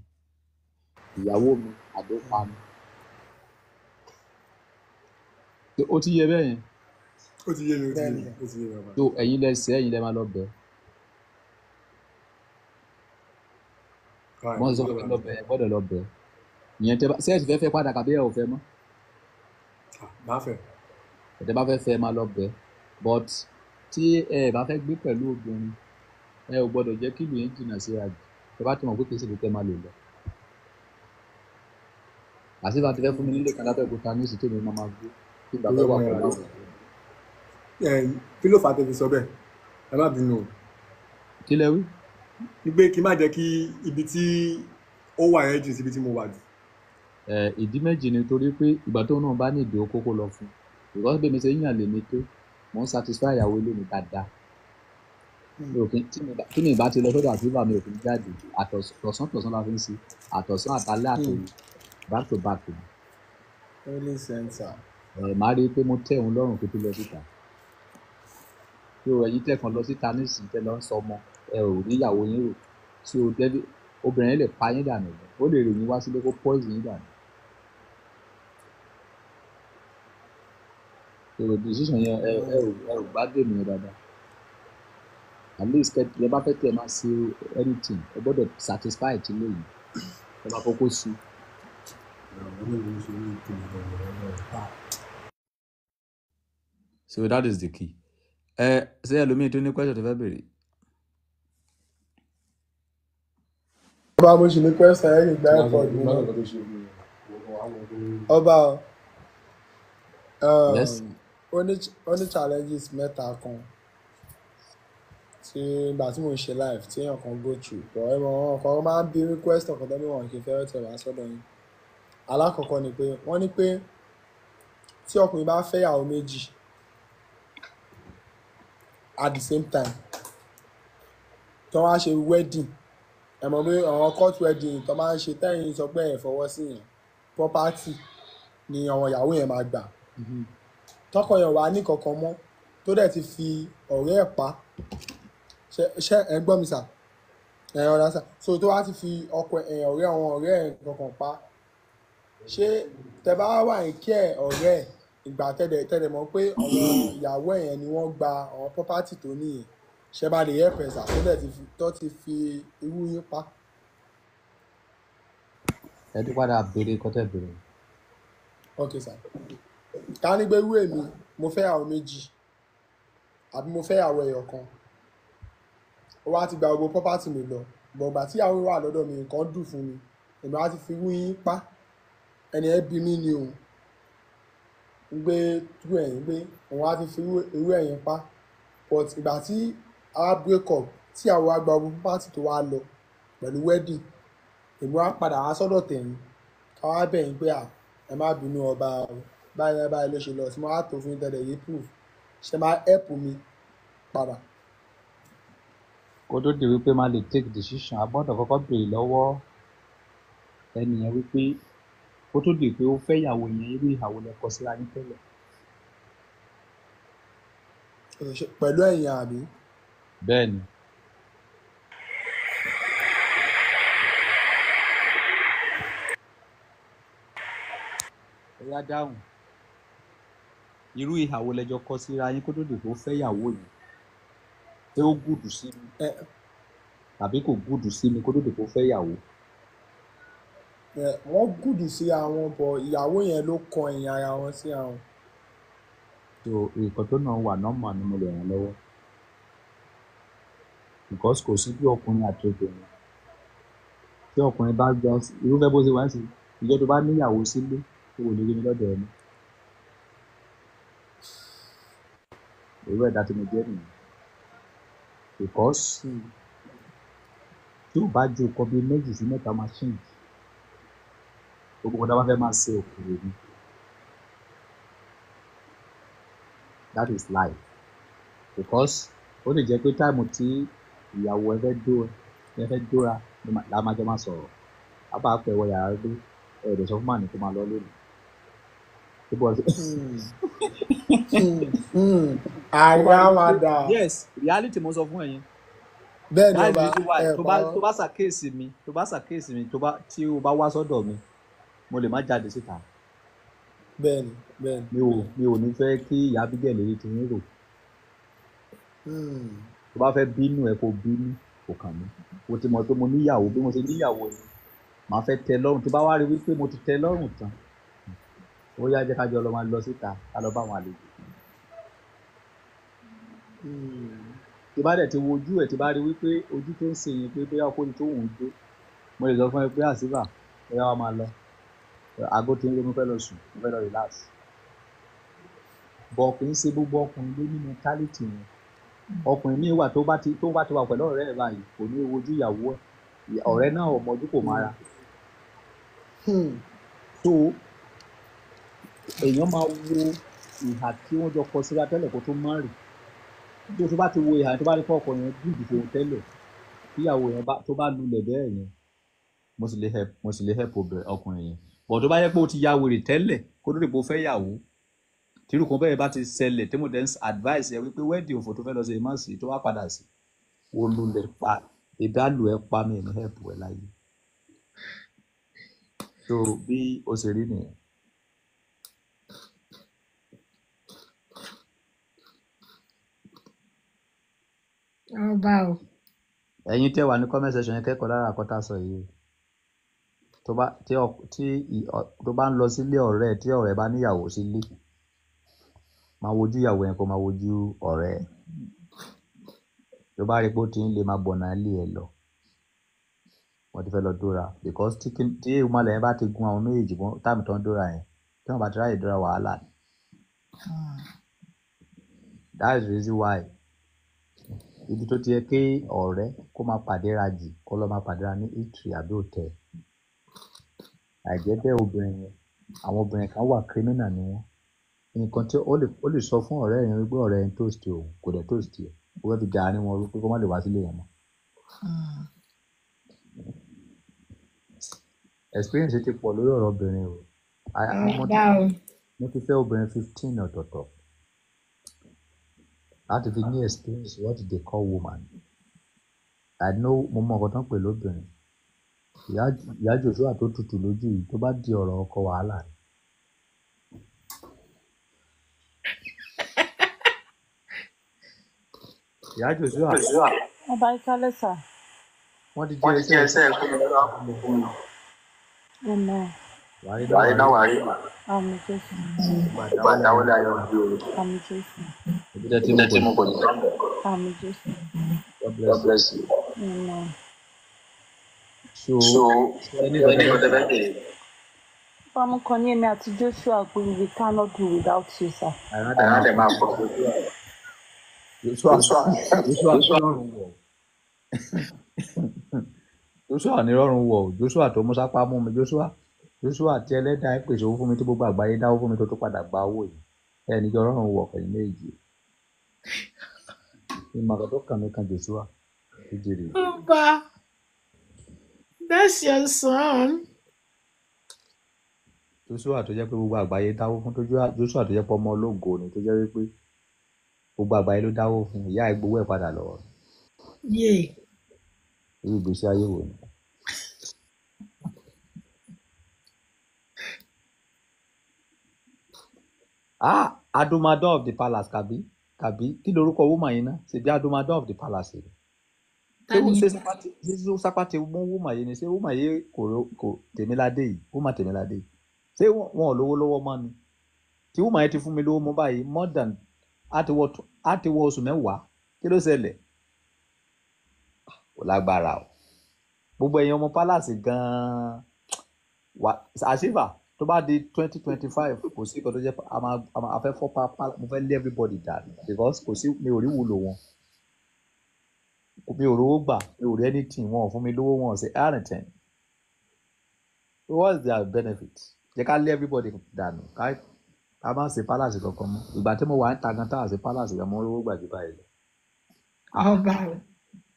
[SPEAKER 1] ìyàwó mi àdó pa mi. ó ti yẹ bẹ́ẹ̀ yẹn.
[SPEAKER 8] ó ti yé mi ó ti yé mi ó ti yé mi ọba. tó
[SPEAKER 1] ẹ̀yin lẹ ẹ̀yin lẹ máa lọ bẹ̀. wọ́n sọ pé lọ ẹ gbọ́dọ̀ lọ ìyẹn tẹ bá ṣé fẹ́ padà kàbí ẹ ò fẹ́ mọ́. máa fẹ́. ẹ̀ bá fẹ́ fẹ́ máa lọ bẹ̀ but tí ẹ bá fẹ́ gbé pẹ̀lú obìnrin ẹ ò gbọ́dọ̀ jẹ́ kí ìlú yín jìnnà síra jù ẹ bá ti mọ̀ pé kì í ṣèlú tẹ́ máa lò lọ.
[SPEAKER 13] àti bá ti fẹ́ fún mi nílé kan lábẹ́ òkúta ní ìsìtò mi máa máa gbé kí n bá fẹ́ wà pẹ̀lú àwọn. kí ló fà á tẹ̀sí sọ bẹ́ẹ̀ ẹ má bínú o. kí lẹ wí. gbígbé kí n má jẹ́ kí ibi tí ó wà yẹn jù síbi tí mo wà jù. ìdí méjì ni torí pé ìgbà tó náà bá ní ìdí okókó lọ
[SPEAKER 6] fún
[SPEAKER 1] un ìgbà satisfy ìyàwó ilé mi dáadáa mi ò kí tí mi ìbá ti lọ sọ́dọ̀ àtúbà mi ò kí ń jáde àtọ̀sán tọ̀sán la fi ń ṣe àtọ̀sán àtàlẹ́ àtòyí hmm. back to back.
[SPEAKER 12] holy center.
[SPEAKER 1] ẹ máa rí i pé mo tẹ́ òun lọ́rùn kó tó lọ síta tí o ẹ̀yin tẹ̀ kàn lọ síta nísìnyí tẹ́ lọ ń sọ ọmọ ẹ ò níyàwó yín rò tí o dẹ́bi obìnrin lè pa yín dànù
[SPEAKER 12] ó lè rìn yín wá sílé kó poison yín dànù. èrò decision yẹn ẹ ò gbádùn ènìyàn dáadáa
[SPEAKER 1] at least tẹ bá fẹ́ tẹ máa ṣe anything ẹ gbọ́dọ̀ satisfy ti lóyún ẹ máa fọkó sí. so that is the key. ẹ ṣé ẹlòmíì tó ní question tó fẹ́ béèrè.
[SPEAKER 8] ọba mo ṣì ní question ẹ̀yìn ìgbà ẹ̀fọ́
[SPEAKER 13] mi
[SPEAKER 8] ọba o um, ó ní challenges mẹ́ta kan tí ìgbà tí mò ń ṣe live tí èèyàn kan go through pọ̀ ẹ mọ àwọn kan máa ń bí request ọ̀kan tẹ́lẹ̀ wọn kì í fẹ́rẹ́ tẹ̀ wá sọ́dọ̀ yín alákọ̀ọ́kọ́ ni pé wọ́n ní pé tí ọkùnrin bá fẹ́ ìyàwó méjì at the same time tí wọ́n wá ṣe wedding ẹ mọ̀ pé àwọn court wedding tó máa ń ṣe tẹ́yìn sọ pé ẹ̀ fọwọ́ sí yẹn property ni àwọn ìyàwó yẹn máa gbà mm-hmm. tọkọ yẹn wà ní kankan mọ́ tó dẹ̀ ti fi ọ̀rẹ́ ẹ̀ pa ṣe ẹ gbọ́ mi sà ẹ ọ̀dà sà so tó wá ti fi ọkọ ẹ ọ̀rẹ́ àwọn ọ̀rẹ́ ẹ kankan pa ṣé tẹ bá wà ní kí ẹ ọ̀rẹ́ ìgbà tẹ́lẹ̀ tẹ́lẹ̀ mọ̀ pé àwọn ìyàwó ẹ̀yẹn ni wọ́n gba àwọn property tó níyẹn ṣe bá lè help ẹ sà tó dẹ̀ tó ti fi irú yín pa.
[SPEAKER 1] ẹ tún padà béèrè kọ́tẹ́ béèrè.
[SPEAKER 8] ok sà ká ní gbé irú èmi mo fẹ́ àwọn méjì àbí mo fẹ́ àwọn ẹ̀yọ̀ kan ó wá ti gba gbogbo property mi lọ gbọ̀ngbà tí ìyàwó wà lọ́dọ̀ mi nǹkan dùn fún mi èmi wá ti fi wí yín pa ẹni ẹ bí mi ni òun ń gbé tú ẹ̀yìn gbé òun á ti fi irú ẹ̀yìn pa but ìgbà tí àwa break up tí àwa wá gba gbogbo property tó wá lọ pẹ̀lú wedding èmi wá padà wá sọ́dọ̀ tẹ̀yìn káwá bẹ̀yìn pé à ẹ má bínú ọba o báyìí báyìí ló ṣe lọ tí mo wá tó fún tẹ̀lé yìí proof ṣe máa help mi padà
[SPEAKER 1] kó tó di wípé má lè take decision a gbọ́dọ̀ kọ́kọ́ béèrè lọ́wọ́
[SPEAKER 12] ẹni yẹn wípé kó tó di pé ó fẹ́ ìyàwó yẹn irú ìyàwó lẹ kọ síra yín tẹ́lẹ̀.
[SPEAKER 8] pẹ̀lú ẹ̀yìn àbí. bẹ́ẹ̀ ni.
[SPEAKER 6] ó
[SPEAKER 1] yá dáhùn irú ìhà wo lẹ jọ ra síra yín kó tó di pé ó fẹ́ ìyàwó yẹn pé ó gùdù sí mi tàbí kò gùdù sí mi kó tó dìbò fẹ́ yàwó.
[SPEAKER 8] wọ́n gùdù sí àwọn bọ̀ ìyàwó yẹn ló kọ ẹ̀yìn ara wọn sí àwọn.
[SPEAKER 1] so nǹkan tó náà wà nọ́mà ni mo lè ràn lọ́wọ́ because kò sí bí ọkùnrin àti obìnrin tí ọkùnrin bá gbọ́ irúfẹ́ bó ṣe wá sí ìjọ tó bá níyàwó sílé tó wò lórí mi lọ́dọ̀ ẹni. èrò ẹ̀dá
[SPEAKER 12] tí mo jẹ́ nìyẹn
[SPEAKER 1] because hmm. tí ò bá ju nǹkan bíi méjì sí mẹ́ta máa change gbogbo nǹkan tá a bá fẹ́ máa ṣe òkèèrè ni that is life because ó lè jẹ́ pé táìmù tí ìyàwó ẹ fẹ́ dó ẹ fẹ́ dóra la máa jọ máa sọ̀rọ̀ a bá pẹ̀ wọ yàrá gbé ẹ̀rọ sọ fún màní kó máa lọ lónìí
[SPEAKER 8] àràmàdà
[SPEAKER 1] yes reality mo sọ fún ẹ̀yin
[SPEAKER 8] bẹ́ẹ̀ ni ọba ẹ̀ bá tó
[SPEAKER 1] bá ṣàkíyèsí mi tó bá ṣàkíyèsí mi tí o bá wá sọ́dọ̀ mi mo lè má jáde síta
[SPEAKER 8] bẹ́ẹ̀ ni ni mi ò
[SPEAKER 1] mi ò ní fẹ́ kí ìyá bígẹ̀ lè ti ń rò hmm. tó bá fẹ́ bínú ẹ kó bínú kò kàn mí mo ti mọ̀ pé mo níyàwó bí mo ṣe níyàwó ni màá fẹ́ tẹ́ lọ́rùn tó bá wá rí wípé mo ti tẹ́ lọ́rùn tán ó yá jẹ́ ká jọ lọ máa lọ síta ká lọ bá àwọn àlejò tí bá dẹ̀ ti wo ojú ẹ̀ tí bá rí wípé ojú tó ń ṣe yẹn pé bóyá ọkọ ni tó wùn ú dé mo lè sọ fún ẹ pé àṣìbà bóyá wàá máa lọ aago tí ń lé mo fẹ́ lọ sùn mo fẹ́ lọ relax bọ̀ kì í ṣe gbogbo ọkùnrin ló ní mentality yẹn ọkùnrin míì wà tó bá ti tó bá ti wà pẹ̀lú ọ̀rẹ́ ẹ̀ báyìí kò ní wojú ìyàwó ẹ̀ ọ̀rẹ́ náà ọmọdún kò mára so èèyàn máa wo ìhà tí wọ́n jọ kọ síra tẹ́lẹ̀ kó tó má rìn tó tó bá ti wo ìhà tó bá rí fún ọkọ yẹn dùn ju òun tẹ́lẹ̀ tíyàwó yẹn tó bá lulẹ̀ bẹ́ẹ̀ yẹn mo sì lè help mo sì lè help ọkùnrin yẹn bọ̀ tó bá yẹ pé o ti ya wèrè tẹ́lẹ̀ kó tó lè po fẹ́ yàwó tírù kan bẹ́ẹ̀ bá ti ṣẹlẹ̀ tí mo dẹ̀ ń advice ẹ wípé wedding òfò tó fẹ́ lọ sí ẹ má sí tó wá padà sí o lulẹ̀ pa ìdálù ẹ pa mi ní help ẹ láyé
[SPEAKER 4] so bí o ṣe rí nìyẹn.
[SPEAKER 11] ọba o.
[SPEAKER 1] ẹ̀yin tí ẹ wà ní comment section yẹn kẹ́kọ̀ọ́ lára àkọ́tà sọ yìí tó bá tí ọ tí ọ tó bá ń lọ sílé ọ̀rẹ́ tí ọ̀rẹ́ bá níyàwó sílé máa wojú ìyàwó yẹn kó máa wojú ọ̀rẹ́ tó bá rí pé ó ti ń lè máa bọ̀nà ilé ẹ lọ wọ́n ti fẹ́ lọ dóra because tí tí èèyàn máa lẹ́yìn bá ti gun àwọn méjèèjì bọ́n táàmì tó dóra yẹn tí wọ́n bá ti ráyè dóra wàhálà ni hmm. that is the reason why ibi tó ti yẹ kí ọ̀rẹ́ kó máa pàdéra jù kó lọ máa pàdéra ní eatery àbí hotel. Àìjẹ́ bẹ́ẹ̀ obìnrin yẹn, àwọn obìnrin kan wà criminal ni wọ́n. Nǹkan tí ó lè, ó lè sọ fún ọ̀rẹ́ yẹn wípé ọ̀rẹ́ yẹn toast òun kò dẹ̀ toast ẹ̀. Ó fẹ́ fi da àárín wọn rú pé kó má lè wá sílé yẹn mọ́. Experience ti pọ̀ lórí ọ̀rọ̀ obìnrin o. Mo ti fẹ́ obìnrin fifteen ọ̀tọ̀ọ̀tọ̀ láti fi ní experience what they call woman I know mo mọ nǹkan tó ń pè lóbìnrin ìyá Joshua tó tutù lójú yìí tó bá di ọ̀rọ̀ ọkọ wàhálà ni.
[SPEAKER 12] ìyá Joshua.
[SPEAKER 14] ọba ìkálẹ̀ sà.
[SPEAKER 12] wọ́n ti jẹ́ ẹsẹ̀ ẹ̀kọ́ mi lọ́wọ́ àkókò náà. ọ̀nà. wàhálà wàhálà wàhálà.
[SPEAKER 11] àmì Jésù.
[SPEAKER 12] ìgbà dáwọ́lé ayọ̀ bí o.
[SPEAKER 11] àmì Jésù
[SPEAKER 12] tẹ́tí mú kò ní lọ́dọ̀. God bless you. so, So, ẹni ọ̀dọ̀ bẹ́ẹ̀ bẹ̀rẹ̀.
[SPEAKER 14] Bá mo kàn ní èmi àti Joshua pé we cannot do without you, sir. Àrádà náà lè máa
[SPEAKER 12] pọ̀. Joshua Joshua
[SPEAKER 11] lọ́rùn
[SPEAKER 7] wọ̀.
[SPEAKER 1] Joshua ní rọrùn wọ̀ Joshua tó mú sápá mú mi Joshua Joshua tí ẹlẹ́dàá pèsè owó fún mi tó gbogbo àgbáyé dáwó fún mi tó tó padà gba owó yìí ẹnìjọ rọrùn wọ̀ pẹ̀lú méjì. Imagatoka mekan Joshua. Ijiri.
[SPEAKER 11] Oba, that's your son.
[SPEAKER 1] Joshua tó jẹ́ pé gbogbo àgbáyé dáwó fún tó Joshua tó jẹ́ pé ọmọ ológo ni tó jẹ́ pé gbogbo àgbáyé ló dáwó fún ìyá ẹ̀ gbowó ẹ̀ padà lọ́wọ́. Yéè. Irú ìgbésí ayé wo ni? Ah, Adumadon of the palace, Kabi tàbí kí lorúkọ woman yìí ná ṣèbí adomadan of the palace rẹ̀ ṣé sápàtì ṣé sápàtì mú woman yìí ni ṣé woman yìí kò kò tèmíládé yìí woman tèmíládé yìí ṣé wọn ò lówó lọ́wọ́ mọ́ ni tí woman yìí ti fún mi lówó mọ́ báyìí more than àti wọ oṣù mẹ́wàá kí ló ṣẹlẹ̀
[SPEAKER 6] kò lágbára o
[SPEAKER 1] gbogbo ẹ̀yin ọmọ palace gan-an àṣìfà tó bá di twenty twenty five kò sí nǹkan tó jẹ́ a fẹ́ fọ́ pápá mo fẹ́ lé everybody down because kò sí mi ò rí wúlò wọn mi ò rówó gbà mi ò rí anything wọn ò fún mi lówó wọn ò sí anything what's their benefit jẹ́ ká lé everybody dànù ká ká má ṣe palace kankan mọ́ ìgbà tí mo wà ń ta gan tá à ṣe palace gan mo rówó gbà jù báyìí lọ. ọba oh, rẹ.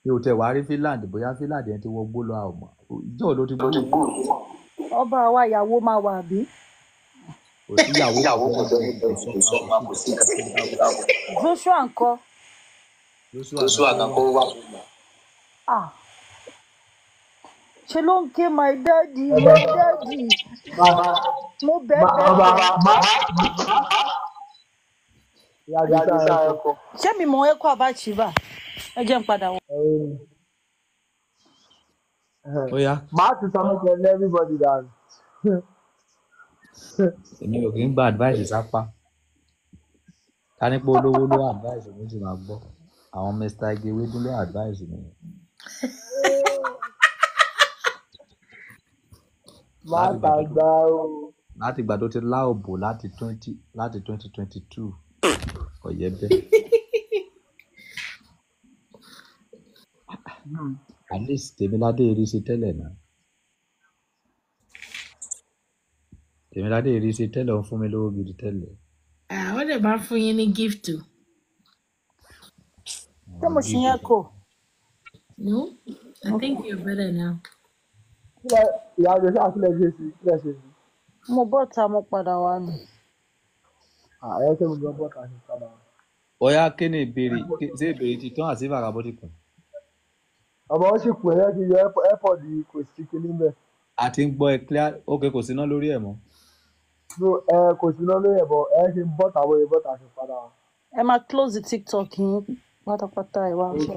[SPEAKER 1] mi ò tẹ̀ wá rí Finland bóyá Finland yẹn ti wọ gbó lọ àwọn ọmọ ìjọ́ ló ti gbó lọ
[SPEAKER 14] ọba àwa ìyàwó máa wà bí.
[SPEAKER 11] kò sí ìyàwó kò sí
[SPEAKER 1] ìyàwó kò sí ìyàwó.
[SPEAKER 14] joshua ńkọ́.
[SPEAKER 1] joshua kankó wà.
[SPEAKER 14] ṣe ló ń ké my daddy my daddy mo bẹ́ẹ̀
[SPEAKER 12] bẹ́ẹ̀.
[SPEAKER 14] ṣé mi mọ ẹkọ àbá chiba ẹ jẹ́ padà wọ.
[SPEAKER 12] Uh-huh. Oh yeah. má
[SPEAKER 14] ti sọ fún everybody
[SPEAKER 12] dànù.
[SPEAKER 1] èmi ò kì í gba advice sápá ká ní pé olówó ló advice mi ti máa gbọ́ àwọn mr igewédú ló advice mi.
[SPEAKER 12] má tàgbà o.
[SPEAKER 1] láti ìgbà tó ti lá òbò láti twenty láti twenty twenty two ọ̀yẹ́ bẹ́ẹ̀. Hmm at least Tèmiládé rí ṣe tẹ́lẹ̀ náà Tèmiládé rí ṣe tẹ́lẹ̀ ó fún mi lówó gidi tẹ́lẹ̀.
[SPEAKER 11] àwọn lè máa fún yín ní gift o. ṣé mo ṣì yẹn kò. no i think you better now. ìyá rẹ̀ ṣáà
[SPEAKER 14] sílẹ̀ ṣe
[SPEAKER 12] sí sílẹ̀ ṣe sí.
[SPEAKER 14] mo bọ́ta mo padà wá nù.
[SPEAKER 12] ààrẹ tẹ́lẹ̀ mo bọ́ta mo padà wá.
[SPEAKER 1] ọ̀ya kí ni ìbéèrè ṣé ìbéèrè ti tán àti bàrà bó ti kàn
[SPEAKER 12] ọmọ ó sì pè é kí yọ airpod kò sí kinní bẹ. a ti ń gbọ́ ẹ clear ok kò síná lórí ẹ̀ mọ́. so ẹ kò síná lórí ẹ̀ mọ́ ẹ ṣe ń bọ́ta wọ́n yẹ bọ́ta ṣe padà.
[SPEAKER 14] ẹ máa close the tiktok yín pátápátá ẹ wá ṣe.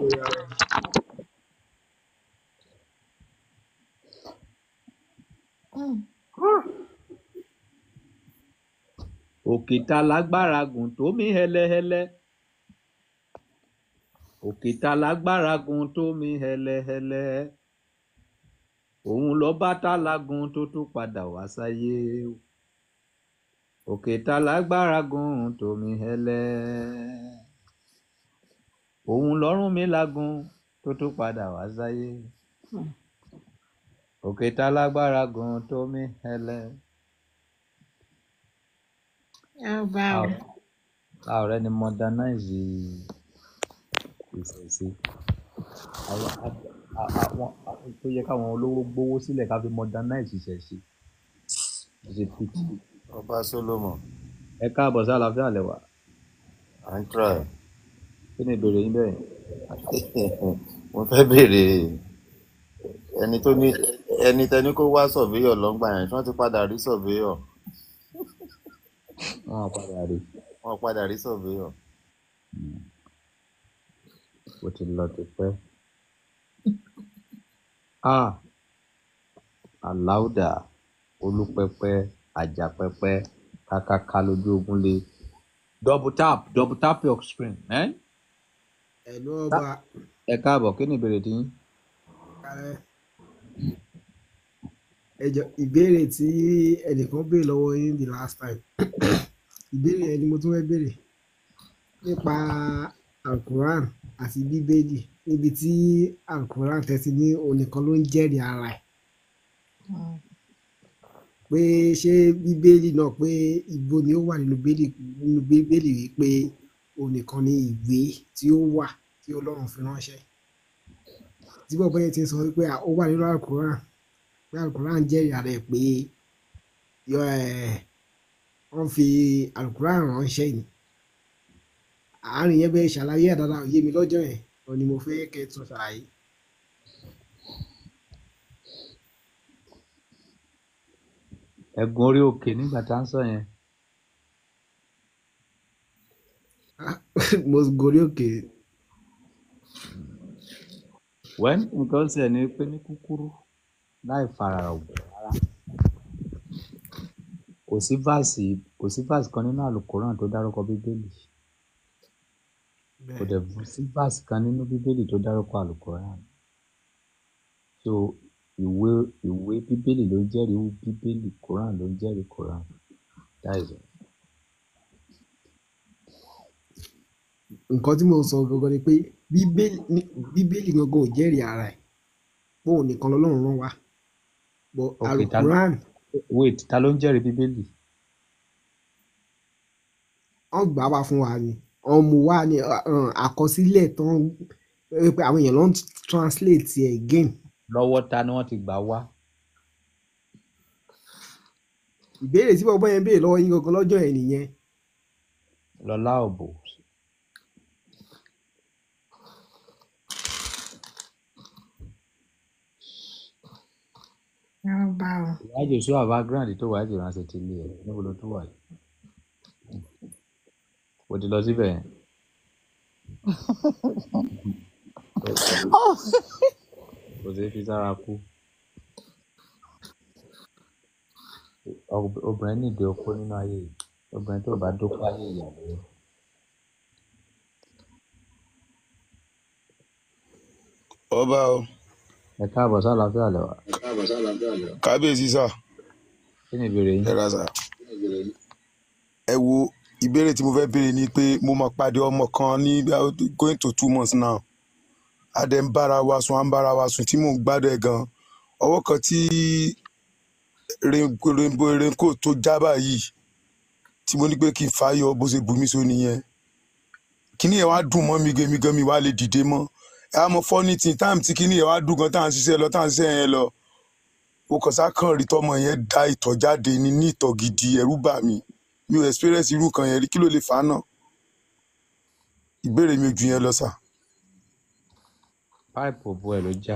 [SPEAKER 1] òkìtà lágbára gùn tó mí hẹlẹhẹlẹ òkìtà lágbára gun tómi hẹlẹhẹlẹ òun lọba tá lagun tó tún padà wá sáyé òkìtà lágbára gun tómi hẹlẹ òun lọ́rùn mi lagun tó tún padà wá sáyé òkìtà lágbára gun
[SPEAKER 6] tómi hẹlẹ.
[SPEAKER 11] ọba
[SPEAKER 1] o. a ọ̀rẹ́ ni modernize pèsè sí. Àwọn, àwọn tó yẹ káwọn olówó gbówó sílẹ̀ ká fi modernize ìṣẹ̀ṣe. Ṣé pìtì? Ọba Solomon. Ẹ káàbọ̀ sí àlàáfíà
[SPEAKER 10] lẹ́wà. À ń tra ẹ̀. Kí ni ìbéèrè yín bẹ́ẹ̀? Mo fẹ́ béèrè ẹni tó ní ẹni tẹni kó wá sọ̀véyọ̀ lọ́ngbà yẹn, ṣé wọ́n ti padà rí sọ̀véyọ̀?
[SPEAKER 1] Wọ́n padà rí.
[SPEAKER 10] Wọ́n padà rí sọ̀véyọ̀
[SPEAKER 1] ó ti lọ tipẹ́. Ah! Àláùdà, Olúpẹpẹ, Àjàpẹpẹ, Kákáká lójú Ògúnlé. Double tap, double tap your screen.
[SPEAKER 6] Eh? Ẹ̀lú ọba. Ẹ káàbọ̀, kí ni ìbéèrè tí yín? Ẹjọ́ ìbéèrè tí ẹnìkan béèrè lọ́wọ́ yín the last time. Ìbéèrè ẹni mo tún fẹ́ béèrè nípa Alkuran àti bíbélì níbi tí alukoran tẹ́tí ní onìkan ló ń jẹ́rìí ara ẹ̀ pé ṣé bíbélì náà pé ìbò ni ó wà nínú bíbélì wípé onìkan ni ìwé tí ó wà tí ọlọ́run fi ránṣẹ́ tí bọ́bọ́ yẹn ti sọ wípé ó wà nínú alukoran pé alukoran jẹ́rìí ara ẹ̀ pé wọ́n fi alukoran ránṣẹ́ yìí àárín yẹn bẹ́ẹ̀ ṣàlàyé ẹ̀ dáadáa òye mi lọ́jọ́ yẹn ò ní mo fẹ́ kẹ́ tún ṣàlàyé.
[SPEAKER 1] ẹ̀gùn orí òkè nígbà tá à ń sọ yẹn.
[SPEAKER 6] mo gorí òkè.
[SPEAKER 1] wẹ́n nǹkan ṣe ni pé ní kúkúrú láì fara ògùn rárá kò sí fásì kò sí fásì kan nínú àlùkòrán tó dárúkọ bíbélì kò dẹ̀ sí verse kan nínú bíbélì tó dárúkọ alukoran so ìwé ìwé bíbélì ló ń jẹ́rìí bíbélì koran ló ń jẹ́rìí koran that is all.
[SPEAKER 6] nǹkan tí mo sọ gangan ni pé bíbélì gangan ò jẹ́rìí ara ẹ̀ bóun nìkan lọ́lọ́run rán wa but alukoran.
[SPEAKER 1] wait ta ló ń jẹ́rìí bíbélì.
[SPEAKER 6] wọ́n gbà wá fún wa ni wọ́n mú wá ní àkọsílẹ̀ tán pé àwọn èèyàn ló ń translate ẹ̀ again.
[SPEAKER 1] lọ́wọ́ ta ni wọ́n ti gbà wá.
[SPEAKER 6] ìbéèrè tí bọ́bọ́ yẹn béèrè lọ́wọ́ yín gangan lọ́jọ́ yẹn nìyẹn.
[SPEAKER 1] lọ́lá òbò. ìwádìí sí àbá grand tó wájú ránṣẹ́ ti lé ẹ̀ níbo ló tún wà yìí o ti de bem oh. kò sí fi sára o obìnrin nìdí opó nínú ayé yìí obìnrin tó bá dópó ayé ìyàwó.
[SPEAKER 9] ọba o. ẹ káàbọ̀ sá àlàáfíà lẹ́wà. kábíyèsí sá. kí ni ìbéèrè yín. ẹ ra sá. ẹ wo ìbéèrè tí mo fẹ́ béèrè ni pé mo mọ̀ pàdé ọmọ kan ní going to two months now adẹ̀ ń bára wa sùn à ń bára wa sùn tí mò ń gbádùn ẹ̀ gan ọwọ́ kan tí rainbow tó já báyìí tí mo ní pé kí n fàáyọ bó ṣe bùnmi so nìyẹn kíní yẹn wá dùn mọ́ mi gan mi wá lè dìde mọ́ ẹ á mọ fọ́nì táàmù tí kíní yẹn wá dùn gan tá à ń ṣiṣẹ́ lọ tá à ń ṣiṣẹ́ yẹn lọ o kàn rí tọmọ yẹn da ìtọ̀ jáde ní ní ìtọ̀ gidi ẹ̀rù bà mí mi ò experience irú kan yẹn rí kí ló lè fà á náà ìbéèrè mi ò ju yẹn lọ sà.
[SPEAKER 1] páìpù òbu ẹ̀ ló já.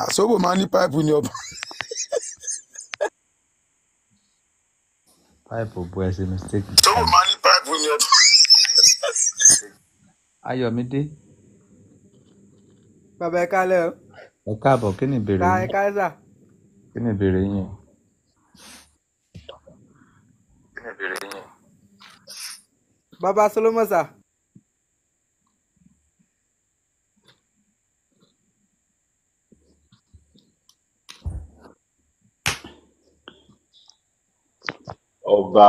[SPEAKER 1] àsọ́bò máa ń ní páìpù ní ọba. páìpù òbu ẹ̀ ṣe mistake. àsọ́bò máa ń ní
[SPEAKER 6] páìpù ní ọba. ayọ̀mídé. bàbá ẹ kálẹ̀ o.
[SPEAKER 1] ẹ káàbọ̀ kí ni ìbéèrè yín. ká ẹ
[SPEAKER 6] ká sà.
[SPEAKER 4] kí ni ìbéèrè yín
[SPEAKER 2] ìbéèrè
[SPEAKER 3] yẹn.
[SPEAKER 5] bàbá solomon sà.
[SPEAKER 1] ọba.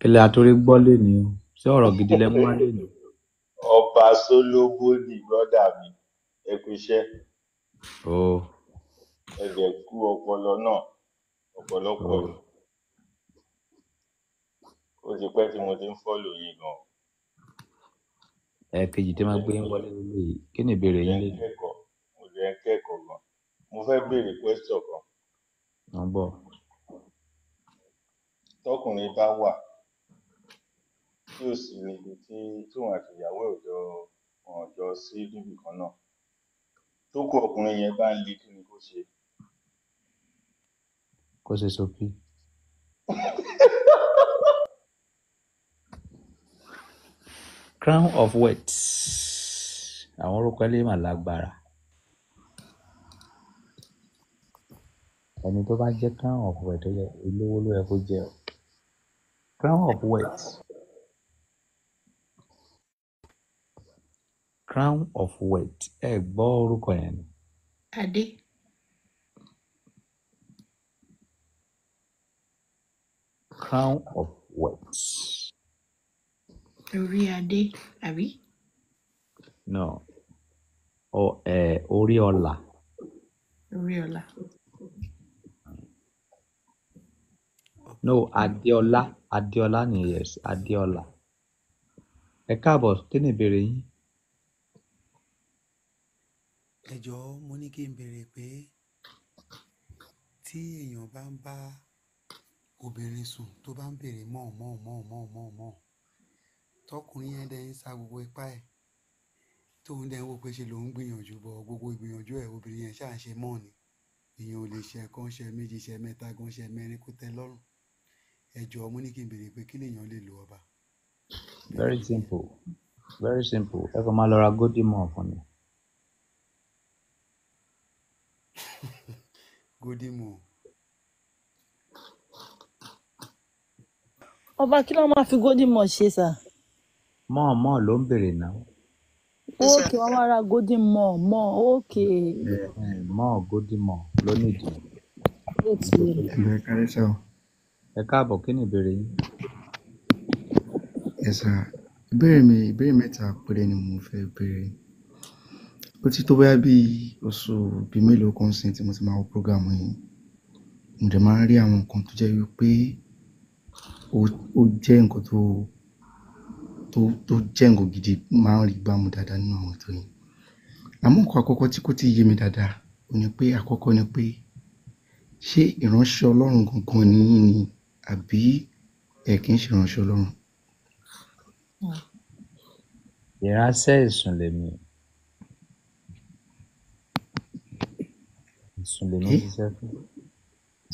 [SPEAKER 1] kílẹ̀ àtúrí gbọ́ lè ní o ṣé ọ̀rọ̀ gidi lẹ mú wá
[SPEAKER 13] lè ní. ọba
[SPEAKER 6] solomoni brọ́dà mi ẹ kú iṣẹ́. Oh. ẹ bẹ̀ kú ọpọlọ náà ọ̀pọ̀lọpọ̀. Oh
[SPEAKER 4] ó ti pẹ́ tí mo ti ń fọ́lò yín gan.
[SPEAKER 1] ẹ̀ẹ̀kejì tí máa gbé yín wọlé nílé yìí kí ni ìbéèrè yín lè
[SPEAKER 4] dé. mo lè ń kẹ́kọ̀ọ́ gan mo fẹ́ béèrè question kan. wọ́n bọ̀. tọkùnrin
[SPEAKER 9] bá wà tí ó sì níbi tí tóun àti ìyàwó ẹ̀ jọ wọn jọ sí níbì kan náà tó kọ ọkùnrin yẹn bá ń le kí ni kó ṣe.
[SPEAKER 1] kó ṣe sọ pé. crown of wealth àwọn orúkọ ilé mà lágbára ẹni tó bá jẹ́ crown of wealth ó yẹ olówó ló yẹ kó jẹ́ o crown of wealth crown of wealth ẹ gbọ́ orúkọ yẹn ni.
[SPEAKER 11] adé. crown of wealth orí adé àbí.
[SPEAKER 1] no o ẹ orí ọlà.
[SPEAKER 11] orí
[SPEAKER 14] ọlà.
[SPEAKER 1] no adéọlá adéọlá ni yes adéọlá ẹ káàbọ̀ kí ni ìbéèrè yín.
[SPEAKER 5] ẹ jọ̀ọ́ mo ní kí n béèrè pé tí èèyàn bá ń bá obìnrin sùn tó bá ń béèrè mọ́ tọkùnrin yẹn dẹ̀ sa gbogbo ipá ẹ̀ tóun dẹ̀ ń wò pé ṣe lòun gbìyànjú bọ̀ gbogbo ìgbìyànjú ẹ̀ obìnrin yẹn ṣáà ṣe mọ́ ni èèyàn ò lè ṣe kan ṣe méjì ṣe mẹ́ta gan ṣe mẹ́rin kó tẹ́ lọ́rùn ní kí n pé lo
[SPEAKER 1] ọba. very simple very simple ẹ
[SPEAKER 12] kàn lọ ra
[SPEAKER 6] fún
[SPEAKER 12] mi.
[SPEAKER 14] ọba kí ló fi mọ ṣe
[SPEAKER 1] mọ̀ọ́mọ̀ ló ń bèrè náà.
[SPEAKER 14] ókè wọn wá ra golden mọ̀ mọ̀ ókè.
[SPEAKER 1] mọ̀ golden mọ̀ ló nìdí. ẹ káàbọ̀ kí ni ìbéèrè
[SPEAKER 5] yín. ẹ ìbéèrè mi ìbéèrè mẹ́ta péré ni mo fẹ́ béèrè ó ti tó bóyá bíi oṣù bíi mélòó kan sí tí mo ti máa wọ program yìí mo dẹ̀ máa ń rí àwọn nǹkan tó jẹ́ wípé ó jẹ́ nǹkan tó tó tó jẹ́ nǹkan gidi máa ń rí gbámú dáadáa nínú àwọn ètò yìí àmọ́ nǹkan àkọ́kọ́ tí kò ti yé mi dáadáa ò ní pé àkọ́kọ́ ni pé ṣé ìránṣẹ́ ọlọ́run gangan ni yín ni àbí ẹ kì í ṣe ìránṣẹ́ ọlọ́run.
[SPEAKER 1] ìránṣẹ́ ìsùn lèmi ìsùn lèmi eh? ṣiṣẹ́ fún.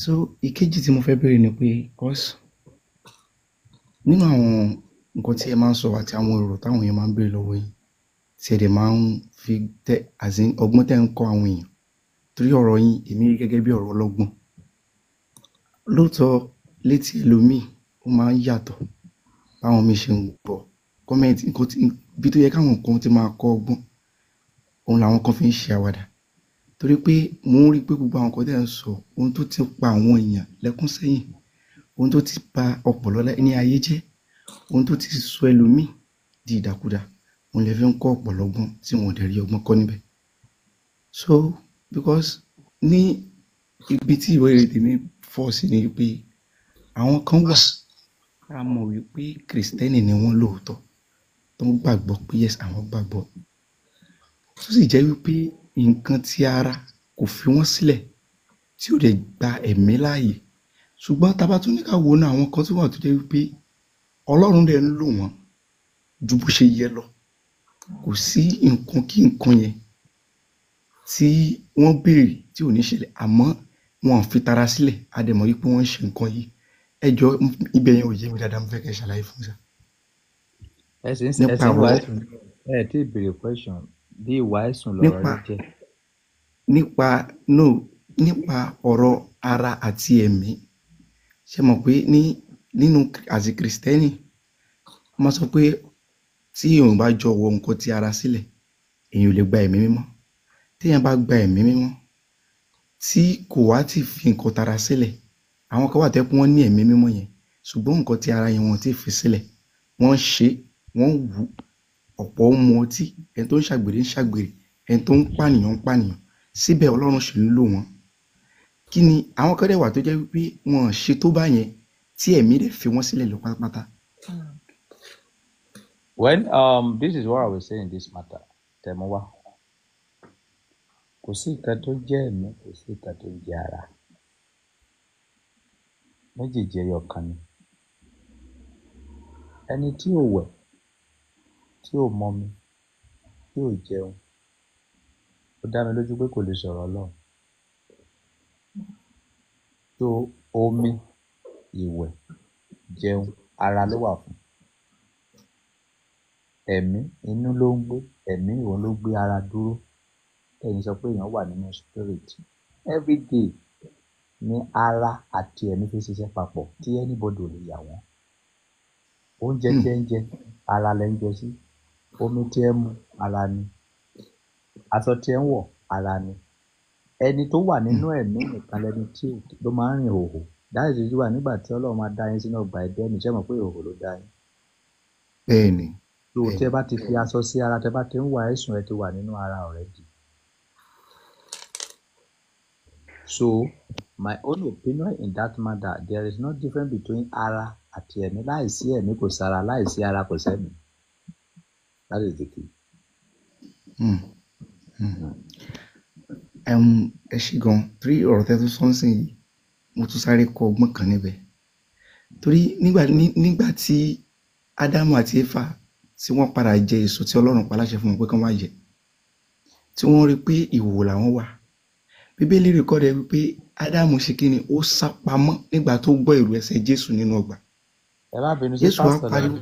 [SPEAKER 5] so ìkejì tí mo fẹ́ béèrè ni pé nínú àwọn nǹkan tí ẹ máa ń sọ àti àwọn ọ̀rọ̀ táwọn èèyàn máa ń béèrè lọ́wọ́ yín tí ẹ dẹ̀ máa ń fi tẹ́ as in ọgbọ́n tẹ́ ń kọ́ àwọn èèyàn torí ọ̀rọ̀ yín èmi rí gẹ́gẹ́ bí ọ̀rọ̀ ọlọ́gbọ́n lóòótọ́ létí ẹlòmíì ó máa ń yàtọ̀ báwọn míì ṣe ń gbọ́ kọ́mẹ́ǹtì nǹkan tí ibi tó yẹ káwọn kan ti máa kọ́ ọgbọ́n òun làwọn kan fi ń ṣe àwàdà torí pé mò ń rí i pé gbogbo àwọn kan tẹ́ ń sọ ohun tó ti pa àwọn èèyàn lẹ́kún sẹ́yìn ohun tó ti pa ọ̀pọ̀lọ́ ní ayé jẹ́ ohun tó ti sọ ẹlòmíì di ìdàkudà òun lẹ fi ń kọ́ ọ̀pọ̀ lọ́gbọ́n tí wọn ò dẹ̀ rí ọgbọ́n kọ́ níbẹ̀. So because ní ibi tí ìbéèrè tèmi fọ́ sí ni pé àwọn kan wà a mọ̀ wípé kìrìsìtẹ́nì ni wọ́n lóòótọ́ tó ń gbàgbọ́ pé yes àwọn gbàgbọ́ tó sì jẹ́ wípé nǹkan ti ara kò fi wọ́n sílẹ̀ tí ò dẹ̀ gba ẹ̀mí láàyè ṣùgbọ́n tá a bá tún ní ká wo náà àwọn kan tó wà tó jẹ́ wípé ọlọ́run dẹ̀ ń lò wọ́n ju bó ṣe yẹ lọ kò sí nǹkan kí nǹkan yẹn tí wọ́n béèrè tí ò ní ṣẹlẹ̀ àmọ́ wọn ò fi tara sílẹ̀ a dẹ̀ mọ̀ wípé wọ́n ń ṣe nǹkan yìí ẹ jọ ibẹ̀ yẹn ò yé mi dáadáa mo fẹ́ kẹ́ ṣàlàyé fún mi. ẹ sì ń sẹ ẹ sì ń wá ẹsùn ẹ tí
[SPEAKER 1] ì question bí ìwà ẹsùn lọ̀rọ̀ rẹ jẹ.
[SPEAKER 5] nípa no nípa ọ̀rọ̀ ara àti ẹ̀mí ṣe mọ̀ pé ní nínú àsìn kìrìsìtẹ́nì wọ́n máa ń sọ pé tí èèyàn bá jọ̀wọ́ nǹkan ti ara sílẹ̀ èèyàn ò lè gba ẹ̀mí mímọ́ téèyàn bá gba ẹ̀mí mímọ́ tí kò wá tíì fi nǹkan tara sílẹ̀ àwọn kan wà tó jẹ́ pé wọ́n ní ẹ̀mí mímọ́ yẹn ṣùgbọ́n nǹkan ti ara yẹn wọn ò fi sílẹ̀ wọ́n ń ṣe wọ́n ń wù ú ọ̀pọ̀ ń mu ọtí ẹni tó ń ṣàgbèrè ń ṣàgbèrè ẹni tó ń pànìyàn ń pànìyàn síbẹ̀ Ọlọ́run ṣì ń lò wọ́n kí ni àwọn kan dẹ̀ wà tó jẹ́ wípé wọn ò ṣe tó báyẹn tí ẹ̀mí rẹ̀ fi wọ́n sílẹ̀ lọ pátápátá.
[SPEAKER 1] When um, this is what I was saying in this matter tẹ̀mọ́wá kò sí nǹkan tó jẹ́ ẹ̀mí kò sí nǹkan tó jẹ́ ara méjèèjì ẹyọ kan ni ẹni tí ò wẹ̀ tí ò mọmi tí ò jẹun ó dá mi lójú pé kò lè sọ̀rọ̀ Ọlọ́run tó omi. Mm -hmm ìwẹ̀, jẹun, ara ló wà fún. Ẹ̀mí, inú ló ń gbé, ẹ̀mí òun ló gbé ara dúró. Kẹ́yin sọ pé èèyàn wà nínú spirit. Everyday ni ara àti ẹ̀mí fi ń ṣiṣẹ́ papọ̀ tí anybody ò lè yà wọ́n. Oúnjẹ tí ẹ ń jẹ, ara lẹ ń jẹ sí. Omi tí ẹ ń mu, ara ni. Aṣọ tí ẹ ń wọ̀, ara ni. Ẹni tó wà nínú ẹ̀mí nìkan lẹni tí ló máa ń rìn hòhò láti ṣe wà nígbà tí Ọlọ́run máa dá yín sínú ọgbà ẹ̀dẹ́ ni ṣé mọ̀ pé ìhòòhò ló dá yín. bẹ́ẹ̀ni. tó o tẹ bá ti fi aṣọ sí ara tẹ bá ti ń wà ẹ̀sùn ẹ ti wà nínú ara ọ̀rẹ́ di. so my own opinion in that matter there is no difference between ara àti ẹ̀mí láìsí ẹ̀mí kò sára láìsí ara kò sẹ́mi that is the key.
[SPEAKER 5] Hmm, hmm. ẹ ṣí gan-an torí ọ̀rọ̀ tẹ́ tó sọ́nsìn yìí mo tún sáré kọ́ ọgbọ́n kan níbẹ̀ torí nígbà nígbà tí ádámù àti éfà tí wọ́n padà jẹ èso tí ọlọ́run paláṣẹ fún wọn pé kán má jẹ tí wọ́n rí pé ìwò làwọn wà bíbélì rìkọ́dẹ̀ wípé ádámù ṣe kí ni ó sá pamọ́ nígbà tó gbọ́ ìrù ẹsẹ̀ jésù nínú ọgbà
[SPEAKER 1] jésù á pariwo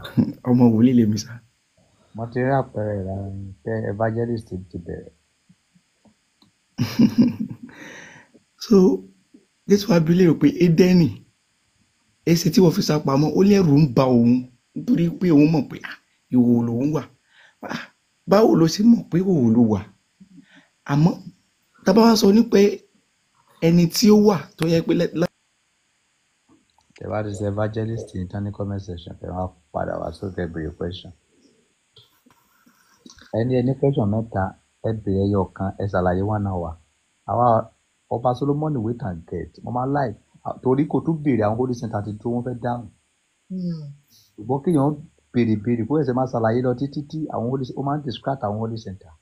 [SPEAKER 5] ọmọ wòlíì lèmi
[SPEAKER 3] sá.
[SPEAKER 1] mo ti rí àpẹẹrẹ ìlànà tẹ evangelist ti bẹ̀rẹ̀.
[SPEAKER 5] so jésù wá bi léèrè pé édẹ́nì èsì tí wọ́n fi sá pamọ́ ó lẹ́rù ń ba òun nítorí pé òun mọ̀ pé ah, ìwò lòun wà ah, báwo ló ṣe mọ̀ pé ìwò ló wà àmọ́ tábà wá sọ ní pé ẹni tí ó wà tó yẹ pé lẹ́tọ́.
[SPEAKER 1] tẹ bá ti ṣe evangelist ní tán ní comment section tẹ wọn padà wá sókè béèrè question ẹni ẹni
[SPEAKER 2] question mẹ́ta
[SPEAKER 1] ẹ bèrè ẹyọ kan, ẹ ṣàlàyé one hour. Àwa Ọba Solomon wait and get. Mo máa like torí kò tún bèrè àwọn holy center ti tó wọ́n fẹ́ dáhùn. Hmm. Ṣùgbọ́n kí èèyàn bèrè bèrè kó ẹsẹ̀ máa ṣàlàyé lọ títí tí àwọn holy center ó máa ń distract àwọn holy center.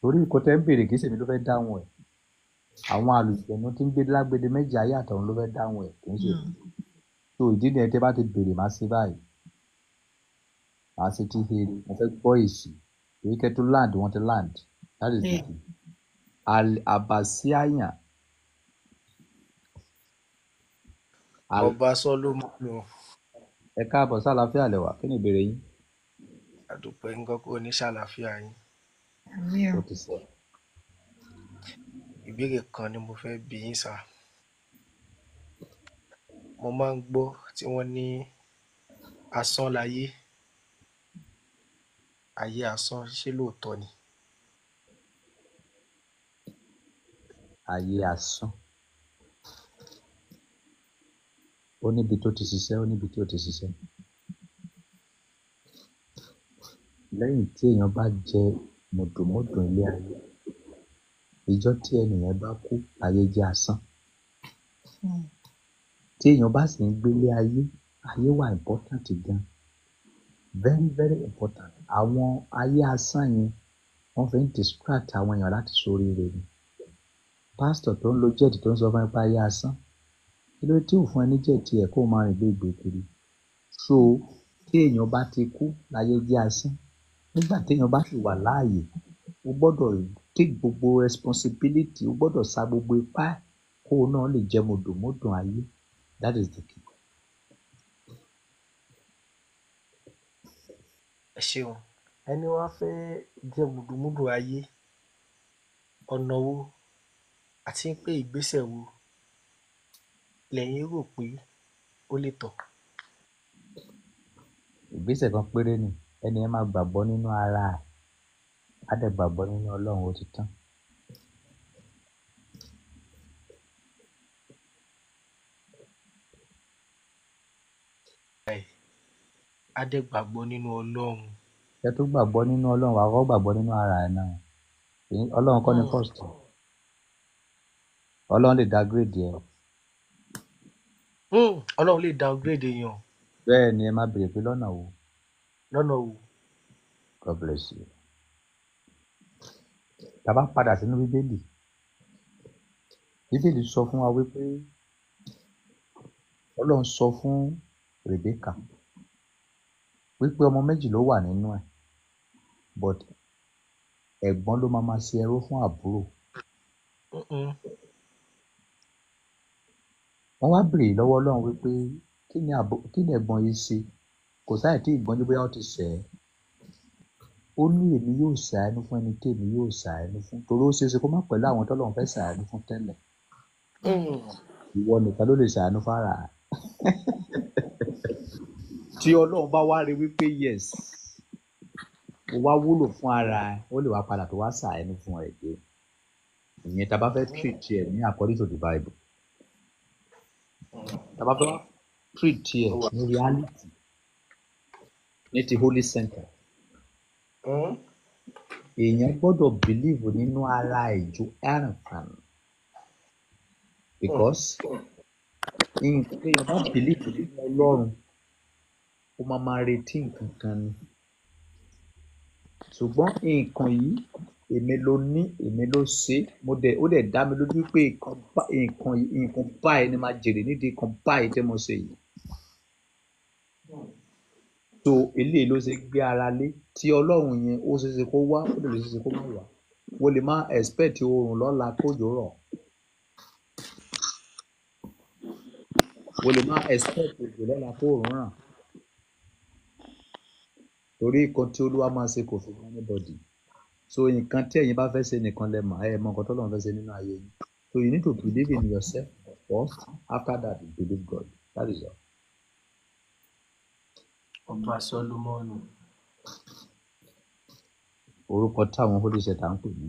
[SPEAKER 1] Torí nǹkan tẹ́ ń bèrè kì í ṣèmi ló fẹ́ dáhùn ẹ̀. Àwọn àlùjẹ̀nu tí ń gbé lágbede méjì ayé àtọ̀run ló fẹ́ dáhùn ẹ̀ kì í ṣe. So ìdí nìyẹn tẹ́ bá ti bèrè máa ṣe báyìí. Màá ṣe tí here, mo fẹ́ gbọ́ èsì we get to land want to land that is yeah. the key al abasiayan
[SPEAKER 6] ọba sọlọmọnù.
[SPEAKER 1] ẹ káàbọ̀ sálàáfíà lẹ́wà kí ni ìbéèrè yín.
[SPEAKER 6] àdùpẹ́ ń kọ́kọ́ ní sálàáfíà yín. ìbéèrè kan ni mo fẹ́ bi yín sá. mo máa ń gbọ́ tí wọ́n ní asán láyé ayé asán ṣé lóòótọ́ ni.
[SPEAKER 1] ayé asán ó níbi tó ti ṣiṣẹ́ ó níbi tó ti ṣiṣẹ́ lẹ́yìn tí èèyàn bá jẹ mọ̀dùmọ́dùn ilé ayé ìjọ tí ènìyàn bá kú ayé jẹ́ asán hmm. tí èèyàn bá sì ń gbélé ayé ayé wà important gan very very important àwọn ayé asán yẹn wọ́n fi ń distract àwọn èèyàn láti ṣoríire ni pásítọ̀ tó ń lo jẹ́ẹ̀tì tó ń sọ fún ẹ pé ayé asán kí ló tí ò fún ẹ ní jẹ́ẹ̀tì ẹ̀ kó o máa rìn gbégbé kiri so tí èèyàn bá ti kú láyé jẹ́ asán nígbà téèyàn bá sì wà láàyè o gbọ́dọ̀ take gbogbo responsibility o gbọ́dọ̀ sa gbogbo ipá kó o náà lè jẹ́ mọ̀dùmọ́dùn ayé
[SPEAKER 6] that is the key. Ẹ ṣeun. Ẹní wá fẹ́ jẹ́ mùdùnmúdùn ayé, ọ̀nà wo àti ń pé ìgbésẹ̀ wo lẹ̀yin rò pé ó lè tọ̀? Ìgbésẹ̀ kan
[SPEAKER 1] péré ni, ẹnìyẹn máa gbàgbọ́ nínú ara ẹ̀, á dẹ̀ gbàgbọ́ nínú Ọlọ́run ó ti tán.
[SPEAKER 6] á dẹ̀ gbàgbọ́ nínú Ọlọ́run.
[SPEAKER 1] Kẹ́ tó gbàgbọ́ nínú Ọlọ́run, wàá kọ́ gbàgbọ́ nínú ara ẹ̀ náà. Ọlọ́run kọ́ ni hmm. first. Ọlọ́run lè downgrade ẹ.
[SPEAKER 6] Hmm, Ọlọ́run lè downgrade èèyàn.
[SPEAKER 1] Bẹ́ẹ̀ ni ẹ máa béèrè pé lọ́nà wo. Lọ́nà wo. God bless you. Tàbá padà sínú Bíbélì. Bíbélì sọ fún wa wípé Ọlọ́run sọ fún Rèbékà wípé ọmọ méjì ló wà nínú ẹ̀ but ẹ̀gbọ́n ló máa máa ṣe ẹrú fún àbúrò. wọ́n wá bèrè lọ́wọ́ ọlọ́run wípé kí ni àbò kí ni ẹ̀gbọ́n yìí ṣe kò sáì tí ìgbọ́njú bóyá ó ti ṣẹ̀ ẹ́ ó ní èmi yóò ṣàánú fún ẹni tí èmi yóò ṣàánú fún torí ó ṣeéṣe kó má pẹ̀lú àwọn tọ́lọ́run fẹ́ ṣàánú fún tẹ́lẹ̀ mm. ìwọ nìkan ló lè ṣàánú fára tí ọlọ́run bá wá rí wípé yes o wá wúlò fún ara ẹ ó lè wá padà tó wá ṣàánú fún ẹ dé ìyẹn tá a bá fẹ́ mm. treat ẹ ní according to the bible tá a bá fẹ́ treat ẹ mm. ní reality ní ti holy center mm. èèyàn gbọ́dọ̀ believe nínú ara ẹ̀ ju ẹ̀rìnfàn because nǹkan èèyàn bá believe nínú ọlọ́run ó máa máa retí nǹkan kan ni ṣùgbọ́n nǹkan yìí èmi ló ní èmi ló ṣe é mo dẹ̀ ó dẹ̀ dá mi lójú pé nǹkan yìí nǹkan báyìí ni màá jèrè nídìí nǹkan báyìí tí mo ṣe yìí so eléyìí ló ṣe gbé ara lé tí ọlọ́run yẹn ó ṣeéṣe kó wá ó dẹ̀ lè ṣeéṣe kó má wá wọ́n lè má expect oòrùn lọ́la kójò rọ̀ wọ́n lè má expect òjò lọ́la kóòrùn ràn torí nǹkan tí olúwa máa ṣe kò fún anybody so nǹkan tí ẹ̀yin bá fẹ́ ṣe nìkan lẹ mọ̀ ẹ mọ̀ nǹkan tọ́lọ́run fẹ́ ṣe nínú ayé yín so you need to believe in yourself first after that you believe God that is all.
[SPEAKER 6] ọba solomoni.
[SPEAKER 1] orúkọ táwọn holy set à ń pè ní.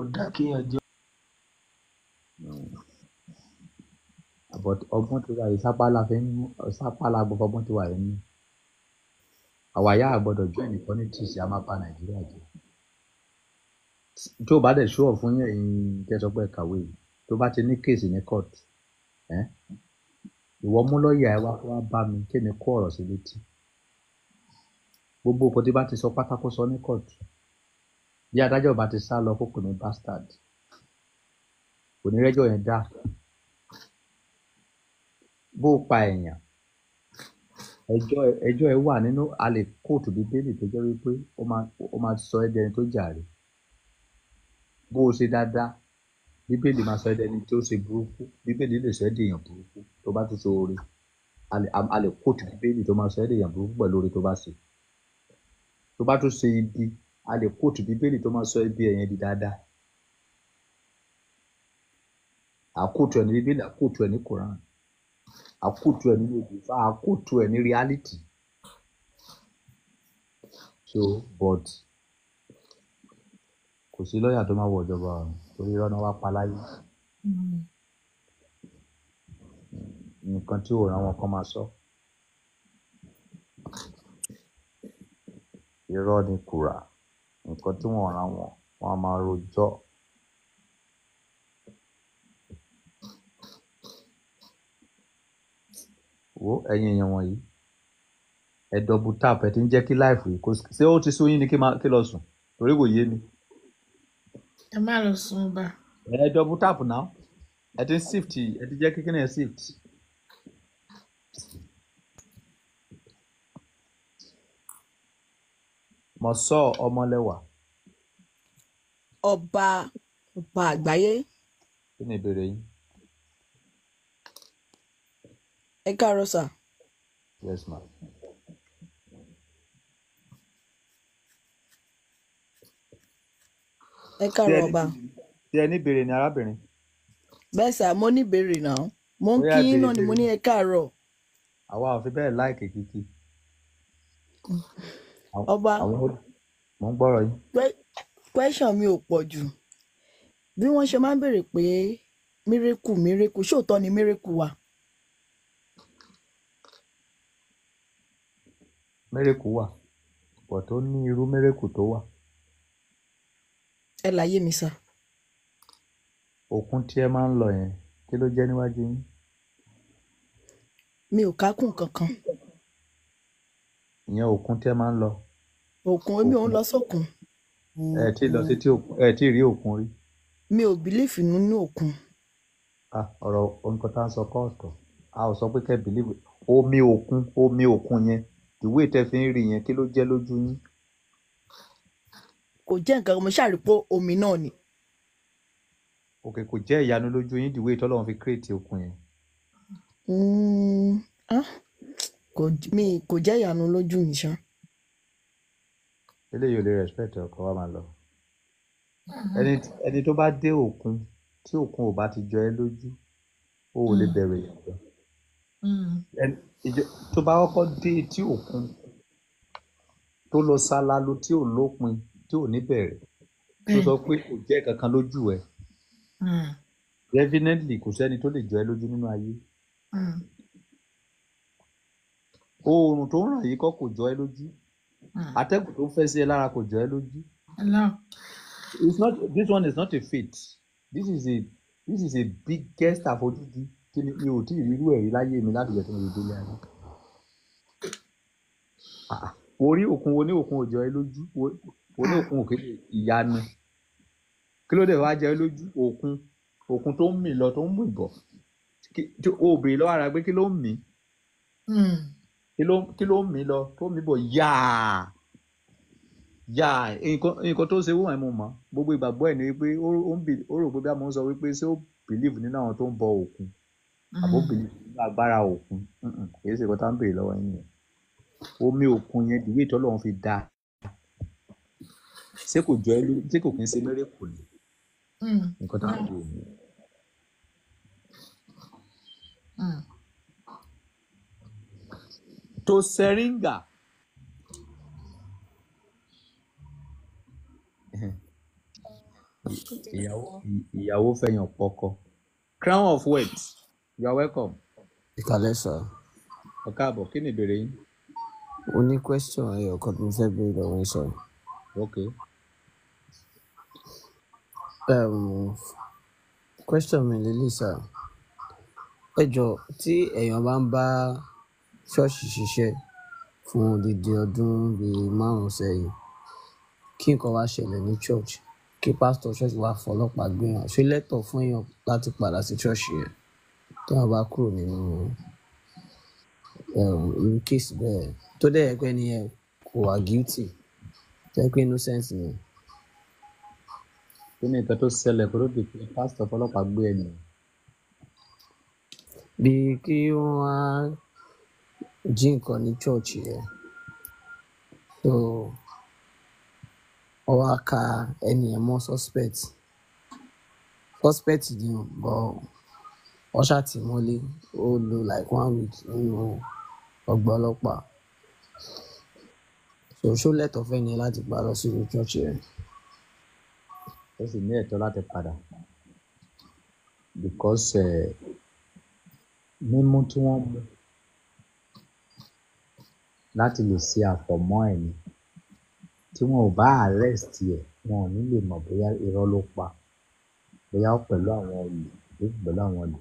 [SPEAKER 6] ó dá kéèyàn jẹ́
[SPEAKER 1] but ọgbọ́n tiwa yìí sápá la fi ń mú sápá la gbọ́ fọgbọ́n tiwa yìí mú àwa yà gbọ́dọ̀ join ní politics a máa pa nàìjíríà jẹ tó o bá dẹ̀ show off fún yẹn kẹsọpẹ́ kàwé tó bá ti ní kéèsì ní court ìwọ mú lọ́ọ̀yà ẹ wá wá bá mi kémi kó ọ̀rọ̀ sí létí gbogbo nǹkan tí bá ti sọ pátákó sọ ní court bí adájọ́ bá ti sá lọ kó pè mí bastard kò ní rẹ́jọ́ yẹn dáa bó pa èèyàn ẹjọ́ ẹjọ́ ẹ wà nínú a lè kóòtù bíbélì tó jẹ́ wípé ó máa ó máa sọ ẹ́ dẹni tó jàre bó o ṣe dáadáa bíbélì máa sọ ẹ́ dẹni tó ṣe burúkú bíbélì lè sọ ẹ́ dèèyàn burúkú tó bá tún ṣe oore a lè kóòtù bíbélì tó máa sọ ẹ́ dèèyàn burúkú pẹ̀lú oore tó bá ṣe tó bá tún ṣe ibi a lè kóòtù bíbélì tó máa sọ ibi ẹ̀yẹn di dáadáa àkóòtù ẹ̀ ní bíbélì àkóòtù ẹ̀ ní akóòtù ẹ nínú èdè fa akóòtù ẹ ní reality so but kò sí lọ́ọ̀yà tó máa wọ ìjọba ọ̀run torí irọ́ náà wá pa láyé nǹkan tí ò ràn wọn kan máa sọ
[SPEAKER 10] irọ́ ni kùrà nǹkan tí wọ́n ràn wọn wọ́n á máa rojọ́.
[SPEAKER 1] wo ẹ̀yin èèyàn wọ̀nyí ẹ dọ̀bù tap jẹ́ kí láìfù yìí kò ṣé ti sún yín ni kí lọ torí kò yé mi.
[SPEAKER 11] ẹ má lọ
[SPEAKER 1] tap sift sift.
[SPEAKER 11] ọba ọba àgbáyé.
[SPEAKER 15] ẹ káàárọ̀ sà. yes ma. ẹ káàárọ̀ ọba.
[SPEAKER 1] ṣé ẹ ní ìbéèrè ni arábìnrin.
[SPEAKER 15] bẹ́ẹ̀ sà mo ní ìbéèrè náà mo ń kí náà ni mo ní ẹ káàárọ̀. àwa ò bẹ́ẹ̀ láìkè kíkì. ọba mo ń gbọ́rọ̀ yín. question mi ò pọ̀ jù bí wọ́n ṣe máa ń béèrè pé mírèkù mírèkù ṣóòótọ́ ni mírèkù wà.
[SPEAKER 12] miracle wà but ó ní irú miracle tó wà.
[SPEAKER 15] ẹ láyé mi sá.
[SPEAKER 12] òkun
[SPEAKER 1] tí ẹ máa ń lọ yẹn kí ló jẹ́ níwájú yín.
[SPEAKER 15] mi ò kákùn kankan.
[SPEAKER 1] ìyẹn òkun tí ẹ máa ń lọ.
[SPEAKER 15] òkun èmi ò ń lọ sókun. ẹ ti lọ sí
[SPEAKER 1] ti rí òkun rí.
[SPEAKER 15] mi ò bìlífì nínú òkun.
[SPEAKER 1] Ah, ọ̀rọ̀ nǹkan tá a sọ kọ́ ọ̀tọ̀ a ò sọ pé kẹ́ bìlífì omi òkun omi òkun yẹn ìwé tẹ́ fi ń rí yẹn kí ló jẹ́ lójú yín.
[SPEAKER 15] kò jẹ́ nǹkan kan mo ṣáà rí pé omi náà ni.
[SPEAKER 1] òkè kò jẹ́ ìyanu lójú yín ìwé tọ́lọ́run fi kírètì òkun yẹn.
[SPEAKER 15] Hmm, ah, kò jẹ́ ìyanu lójú mi ṣá.
[SPEAKER 1] eléyìí ò lè respect ọkọ wa máa lọ. ẹni tó bá dé òkun tí òkun ò bá ti jọ ẹ lójú ó lè hmm. bẹ̀rẹ̀ ìyàtọ̀. Mm. tó bá kọ́kọ́ dé etí òkun tó lọ ṣalalo tí ò lópin tí ò ní bẹ̀rẹ̀ tó sọ pé kò jẹ́ kankan lójú ẹ̀ mm. definitely kò sẹ́ni tó lè jọ ẹ́ lójú nínú ayé mm. oòrùn tó ń ràn yìí kọ́ kò jọ ẹ́ lójú atẹ́gùn tó ń fẹ́ sí ẹ lára kò jọ ẹ́ lójú it's not this one is not a fate this is a this is a biggest àfojúdi kíni mi ò tí ì rí irú ẹ̀rí láyé mi láti ìgbà tí mo lè délé ayé ah, ah. orí òkun wo ní òkun òjọ ẹ lójú wo ní òkun òkè ìyanu kí ló dé wá jẹ lójú òkun òkun tó ń mì lọ tó ń mì bọ̀ obìnrin lọ́wọ́ ara gbé kí ló ń mì hmm. kí ló ń mì lọ tó ń mì bọ̀ yáà yáà nǹkan tó ṣe wọ́n ẹ̀ mo mọ̀ gbogbo ìgbàgbọ́ ẹ̀ ni wípé ó rò pé bí a mọ̀ ń sọ wípé ṣé ó bìlíìfù nínú àwọn tó ń bọ òkun àbóbìnrin mm-hmm. nígbà agbára òkun èyí sì kọ́ tá ń béèrè lọ́wọ́ yín nìyẹn omi òkun yẹn dìwé ìtọ́lọ́run fi da ṣé kò jọ ẹ lórí ṣé kò kí ń ṣe mẹ́rẹ̀ mm. mm. mm. kò ní nǹkan tá ń béèrè nìyẹn. to seringa ìyàwó fẹ̀yàn pọkọ crown of wealth you are welcome. ìkàlẹ̀ sà. ọ̀ka àbọ̀ kí ni ìbéèrè yín.
[SPEAKER 2] o ní question ayọ̀ kan tó fẹ́ béèrè lọ́wọ́ sọ. ok. Um, question mi lè lè sà. ẹ jọ tí èèyàn bá ń bá ṣọ́ọ̀ṣì ṣiṣẹ́ fún odidi ọdún bíi márùn sẹ́yìn kí nǹkan wá ṣẹlẹ̀ ní church kí pásítọ̀ ṣọ́ọ̀ṣì wá fọlọ́pàá gbé hàn ṣé lẹ́tọ̀ fún èèyàn láti padà sí ṣọ́ọ̀ṣì yẹn tó a bá kúrò nínú ehm, irú kéèsì bẹ́ẹ̀ tó dẹ̀ yẹ pé ẹni yẹn kò wá guilty jẹ́ pé innocent ni.
[SPEAKER 1] kí ni nǹkan tó ṣẹlẹ̀ kó ló dé pé pásítọ̀ ọlọ́pàá gbé
[SPEAKER 2] ẹni. bí kí wọ́n á jí nǹkan ní chọ́ọ̀chì yẹn so ọ wá ka ẹni yẹn mọ́ suspect suspect ni o wọ́n ṣàtìmọ́lé ó lo like one week nínú ọgbà ọlọ́pàá so ṣó lẹ́tọ̀ọ́ fẹ́ yẹn láti gbà lọ sínú church rẹ̀
[SPEAKER 1] ó sì ní ẹ̀tọ́ láti padà because eh,
[SPEAKER 12] mímú tí wọ́n mú
[SPEAKER 1] láti lè ṣe àfọ̀mọ́ ẹ̀ ni tí wọn ò bá arrest ẹ̀ wọn ò ní lè mọ̀ bóyá irọ́ ló pa bóyá pẹ̀lú àwọn olè pẹ̀lú àwọn olè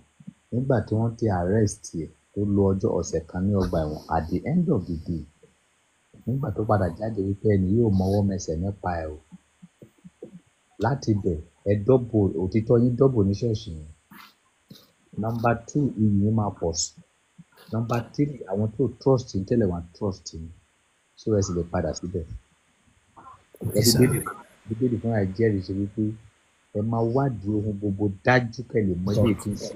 [SPEAKER 1] nígbà tí wọ́n tẹ àrẹ́sítì ẹ̀ tó lo ọjọ́ ọ̀sẹ̀ kan ní ọgbà ẹ̀wọ̀n at the end of the day nígbà tó padà jáde wípé ẹni yóò mọwọ́ mẹsẹ̀ nípa ẹ̀ o láti bẹ̀ ẹ dọ́bò òtítọ́ yín dọ́bò ní ṣọ́ọ̀ṣì yẹn nọmba two iyì yín máa pọ̀ sí nọmba three àwọn tó trust yín tẹ́lẹ̀ wọn trust yín so ẹ sì lè padà síbẹ̀ ẹ sì bíbélì fúnra ẹ jẹ́rìí ṣe wípé ẹ máa wádìí ohun gbogbo dájú kẹ́ lè
[SPEAKER 2] mọ ilé tí ń ṣe.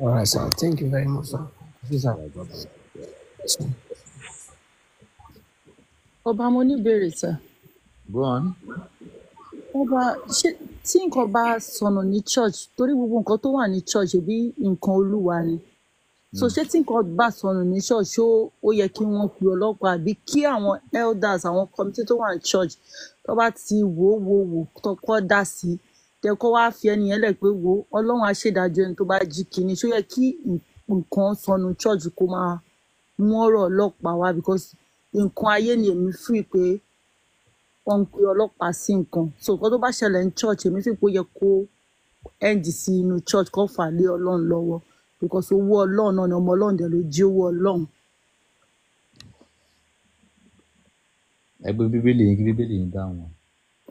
[SPEAKER 2] All right, sir. Thank you very much, sir. Thank you, sir. ọba mo ní
[SPEAKER 14] ìbéèrè sir. Go on. ọba ṣé tí nǹkan bá sọnù ní church torí gbogbo nǹkan tó wà ní church bí nǹkan olúwa ni so hmm. ṣé tí nǹkan bá sọnù ní church ó ó yẹ kí wọ́n pe ọlọ́pàá àbí kí àwọn elders àwọn committee tó wà ní church tó bá ti wò wò wò tó kọ́ dá sí i tẹ kọ́ wá fi ẹni yẹn lẹ̀ pé wo ọlọ́run aṣèdájọ́ ẹni tó bá jí kínní ṣó yẹ kí nǹkan sọnù church kó máa mú ọ̀rọ̀ ọlọ́pàá wá because nǹkan ayé ni èmi fún pé wọ́n ń pe ọlọ́pàá sí nǹkan so nǹkan tó bá ṣẹlẹ̀ ní church èmi fi pé ó yẹ kó end sí inú church kó fà lé ọlọ́run lọ́wọ́ because owó ọlọ́run náà ni ọmọ ọlọ́run dẹ̀ ló jí owó ọlọ́run.
[SPEAKER 1] ẹgbẹ́ bíbélì yẹn bíbélì yẹn dáhùn.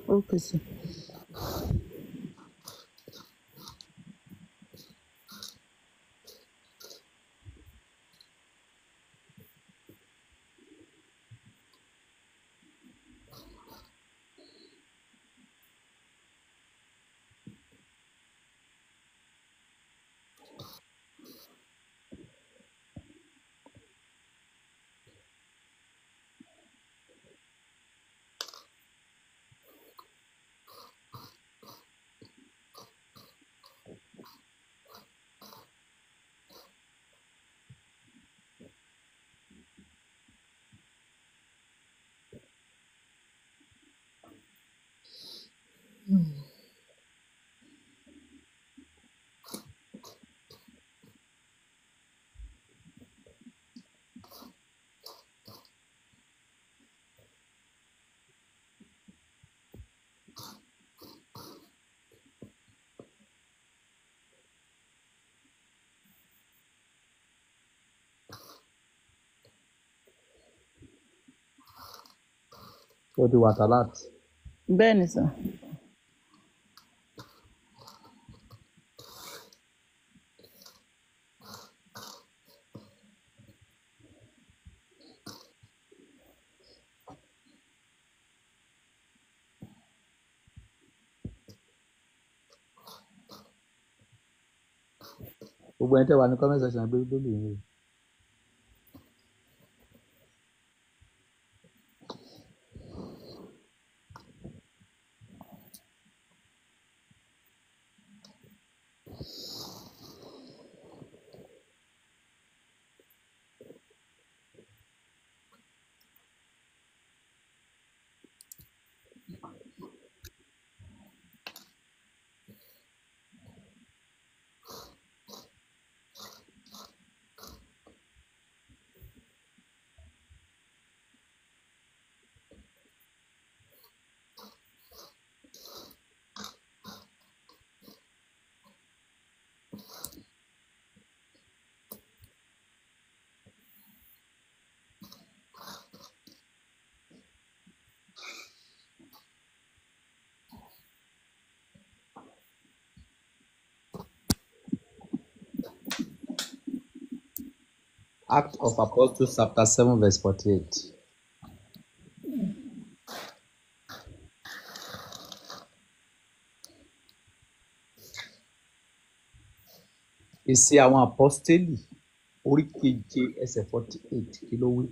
[SPEAKER 1] ó pèsè. ó ti wà talat. bẹ́ẹ̀ ni sà. gbogbo ẹni tẹ́ wà ní comment section gbé bíbélì Act of Apostles, chapter 7, verse 48. Ìṣe àwọn apọ́stélì orí keje ẹsẹ̀ forty eight kí ló wí.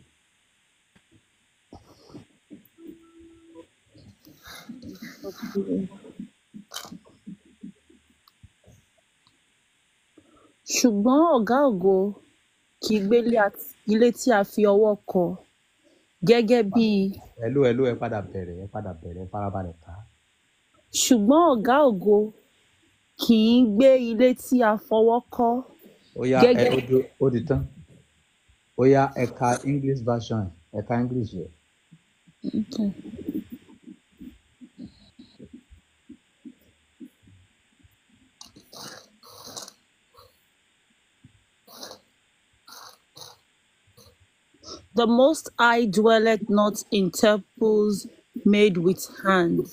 [SPEAKER 11] ṣùgbọ́n ọ̀gá ògo kì
[SPEAKER 14] í gbé ilé tí a fi ọwọ́ kọ́ gẹ́gẹ́ bí.
[SPEAKER 1] ẹlò ẹlò ẹ padà bẹ̀rẹ̀ ẹ padà bẹ̀rẹ̀ ẹ farabalẹ̀ ká.
[SPEAKER 14] ṣùgbọ́n ọ̀gá ògo kì í gbé ilé tí a fọwọ́ kọ́. ó yá
[SPEAKER 1] ó di tán ó yá ẹ̀ka English version ẹ̀ka English yẹ.
[SPEAKER 14] Okay. The Most High dwelleth not in temples made with hands.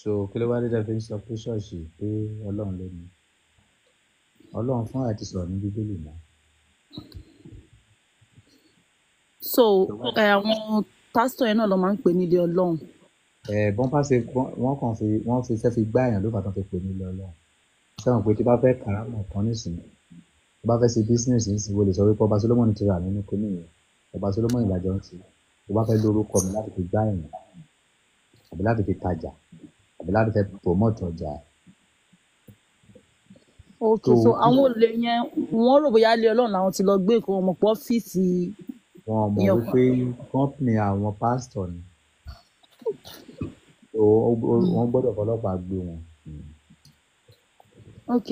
[SPEAKER 1] so kí ló wá dé dàbí sọ pé ṣọ́ọ̀ṣì pé ọlọ́run ló ní ọlọ́run fún àti sọ̀rọ̀ ní bíbélì náà.
[SPEAKER 14] so àwọn pásítọ̀ yẹn náà ló máa ń pè nílé ọlọ́run.
[SPEAKER 1] ẹ bọ́n pàṣẹ wọ́n kàn fi wọ́n fi fẹ́ fi gbá èèyàn ló fà tán fi pè nílé ọlọ́run sẹ́wọ̀n pé tí bá fẹ́ kàrámọ̀ kan nísìnyí tí bá fẹ́ ṣe bísíǹsì nísìnyí wo lè sọ wípé ọba Solomoni ti rà nínú kínní yẹn ọba solomoni làjọ ń ṣe tó bá fẹ́ lórúkọ mi láti fi gbá èèyàn àbí láti fi tajà àbí láti fẹ́ promote ọjà
[SPEAKER 14] ok so àwọn olè yẹn wọ́n rò bóyá ilé ọlọ́run làwọn ti lọ gbé nǹkan ọmọ pọ̀ ọ́fíìsì.
[SPEAKER 1] wọn mọ̀ wípé kọ́ńpìnì àwọn pásítọ̀ ni wọ́n gbọ́dọ̀ fọlọ́pàá gbé wọn.
[SPEAKER 14] ok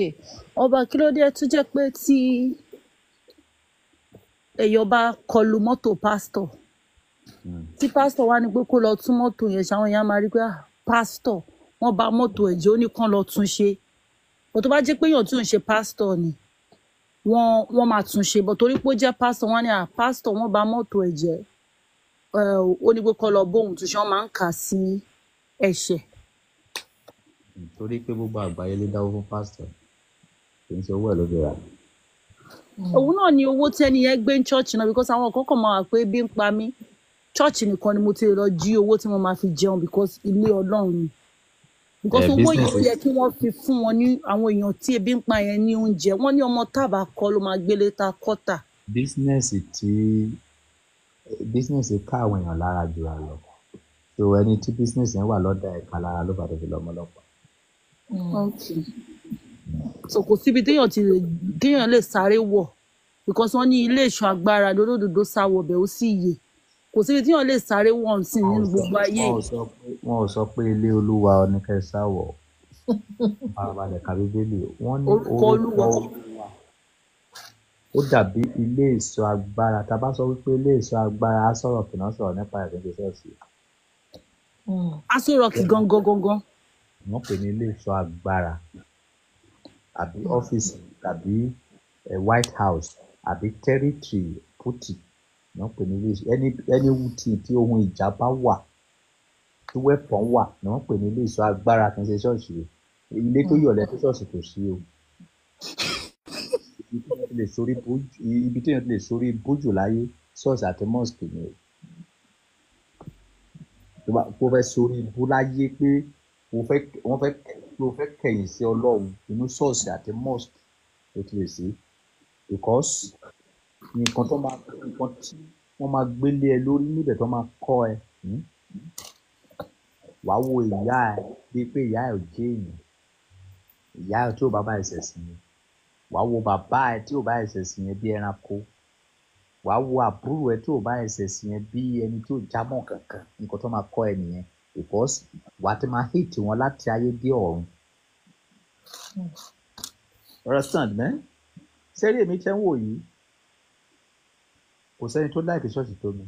[SPEAKER 14] ọba kí ló dé tó jẹ́ pé tí èèyàn bá kọlu mọ́tò pásítọ̀ hmm. tí pásítọ̀ wá ní pé kó lọ tún mọ́tò yẹn ṣáwọn èèyàn máa rí pé ah, pásítọ̀ wọ́n bá mọ́tò ẹ̀jẹ̀ ó ní kán lọ tún ṣe bó tó bá jẹ́ pé èèyàn tí ò ń ṣe pásítọ̀ ni wọ́n wọ́n máa tún ṣe bó torí pé ó jẹ́ pásítọ̀ wọ́n ní à ah, pásítọ̀ wọ́n bá mọ́tò ẹ̀jẹ̀ ó ní pé kán lọ bóun tún ṣe wọ́n máa ń kà sí ẹ̀ṣẹ̀.
[SPEAKER 1] Hmm, torí pé gbogbo àgbáyé ló dáwọ́ fún pásítọ̀ kì í ṣe owó ẹ̀ ló fi rà
[SPEAKER 14] Mm. òun náà ni owó tẹ́ni yẹn gbé ní church náà because àwọn kọ́kọ́ máa wà pé ebi ń pa mí church nìkan ni mo ti lọ jí owó tí mo máa fi jẹun because ilé ọlọ́run ni because eh, owó yìí yẹ kí wọ́n fi fún wọn ní àwọn èèyàn tí ebi ń pa yẹn ní oúnjẹ wọ́n ní ọmọ tábà kọ́ ló máa gbélé ta kọ́tà.
[SPEAKER 1] bísínẹ́sì tí bísínẹ́sì ká àwọn èèyàn lára jù á lọ so ẹni tí bísínẹ́sì yẹn wà lọ́dà ẹ̀ka lára ló bá tẹ̀lé lọ́mọlọ́pàá.
[SPEAKER 11] ok
[SPEAKER 14] so kò síbi téèyàn ti lè kéèyàn lè sáré wọ̀ because wọ́n ní ilé ìṣọ́ agbára lólódodo sá wọ̀bẹ̀ ó sì yè kò síbi tíyàn lè sáré wọ̀ sí nínú gbogbo ayé.
[SPEAKER 1] wọn ò sọ pé ilé olúwa ni kẹ́ sá wọ̀ farabalẹ̀ ka bíbélì wọ́n ní orúkọ olúwa ó dàbí ilé ìṣọ́ agbára tá sọ wípé ilé ìṣọ́ agbára á sọ̀rọ̀ kìnnà sọ̀rọ̀ nípa ẹ̀sìn ti ṣọ́ọ̀ṣì.
[SPEAKER 14] á sọ̀rọ̀ kì gangan gangan.
[SPEAKER 1] wọ́n pè ní ilé ìṣọ́ agbára àbí ọ́fíìsì tàbí eh, White House àbí tẹ́rítìrì Putin náà ń pè ní ilé ẹni ẹni tí ohun ìjà bá wà tí wẹ́pọ̀n wà náà ń pè ní ilé ìṣọ́ agbára kì í ṣe ṣọ́ọ̀ṣì o ilé tó yọ̀lẹ́ tó ṣọ́ọ̀ṣì kò sí o ibi tí èèyàn ti lè sórí bójú láyé ṣọ́ọ̀ṣì àti mọ́ọ̀sì ni o tó fẹ́ sórí ibú láyé pé wọ́n fẹ́ kẹ̀yìn sí ọlọ́run inú ṣọ́ọ̀ṣì àti mọ́ọ̀sì ó ti lè ṣe because nǹkan tó máa nǹkan tí wọ́n máa gbélé ẹ lórí níbẹ̀ tó máa kọ́ ẹ hmm? wàá wo ìyá ẹ bíi pé ìyá ẹ ò jẹ́ èèyàn ìyá ẹ tí ò bá bá ẹsẹ̀ sí ni wàá wo bàbá ẹ tí ò bá ẹsẹ̀ sí yẹn bí ẹranko wàá wo àbúrò ẹ tí ò bá ẹsẹ̀ sí yẹn bí ẹni tí ò jámọ́ kankan nǹkan tó máa kọ́ ẹ nìyẹn because wàá ti máa hate wọn láti ayé dé ọ̀run understand mẹ́ sẹ́rí èmi tẹ́ ń wò yìí kò sẹ́ni tó láìpẹ́ ṣọ́ọ̀ṣì tó mi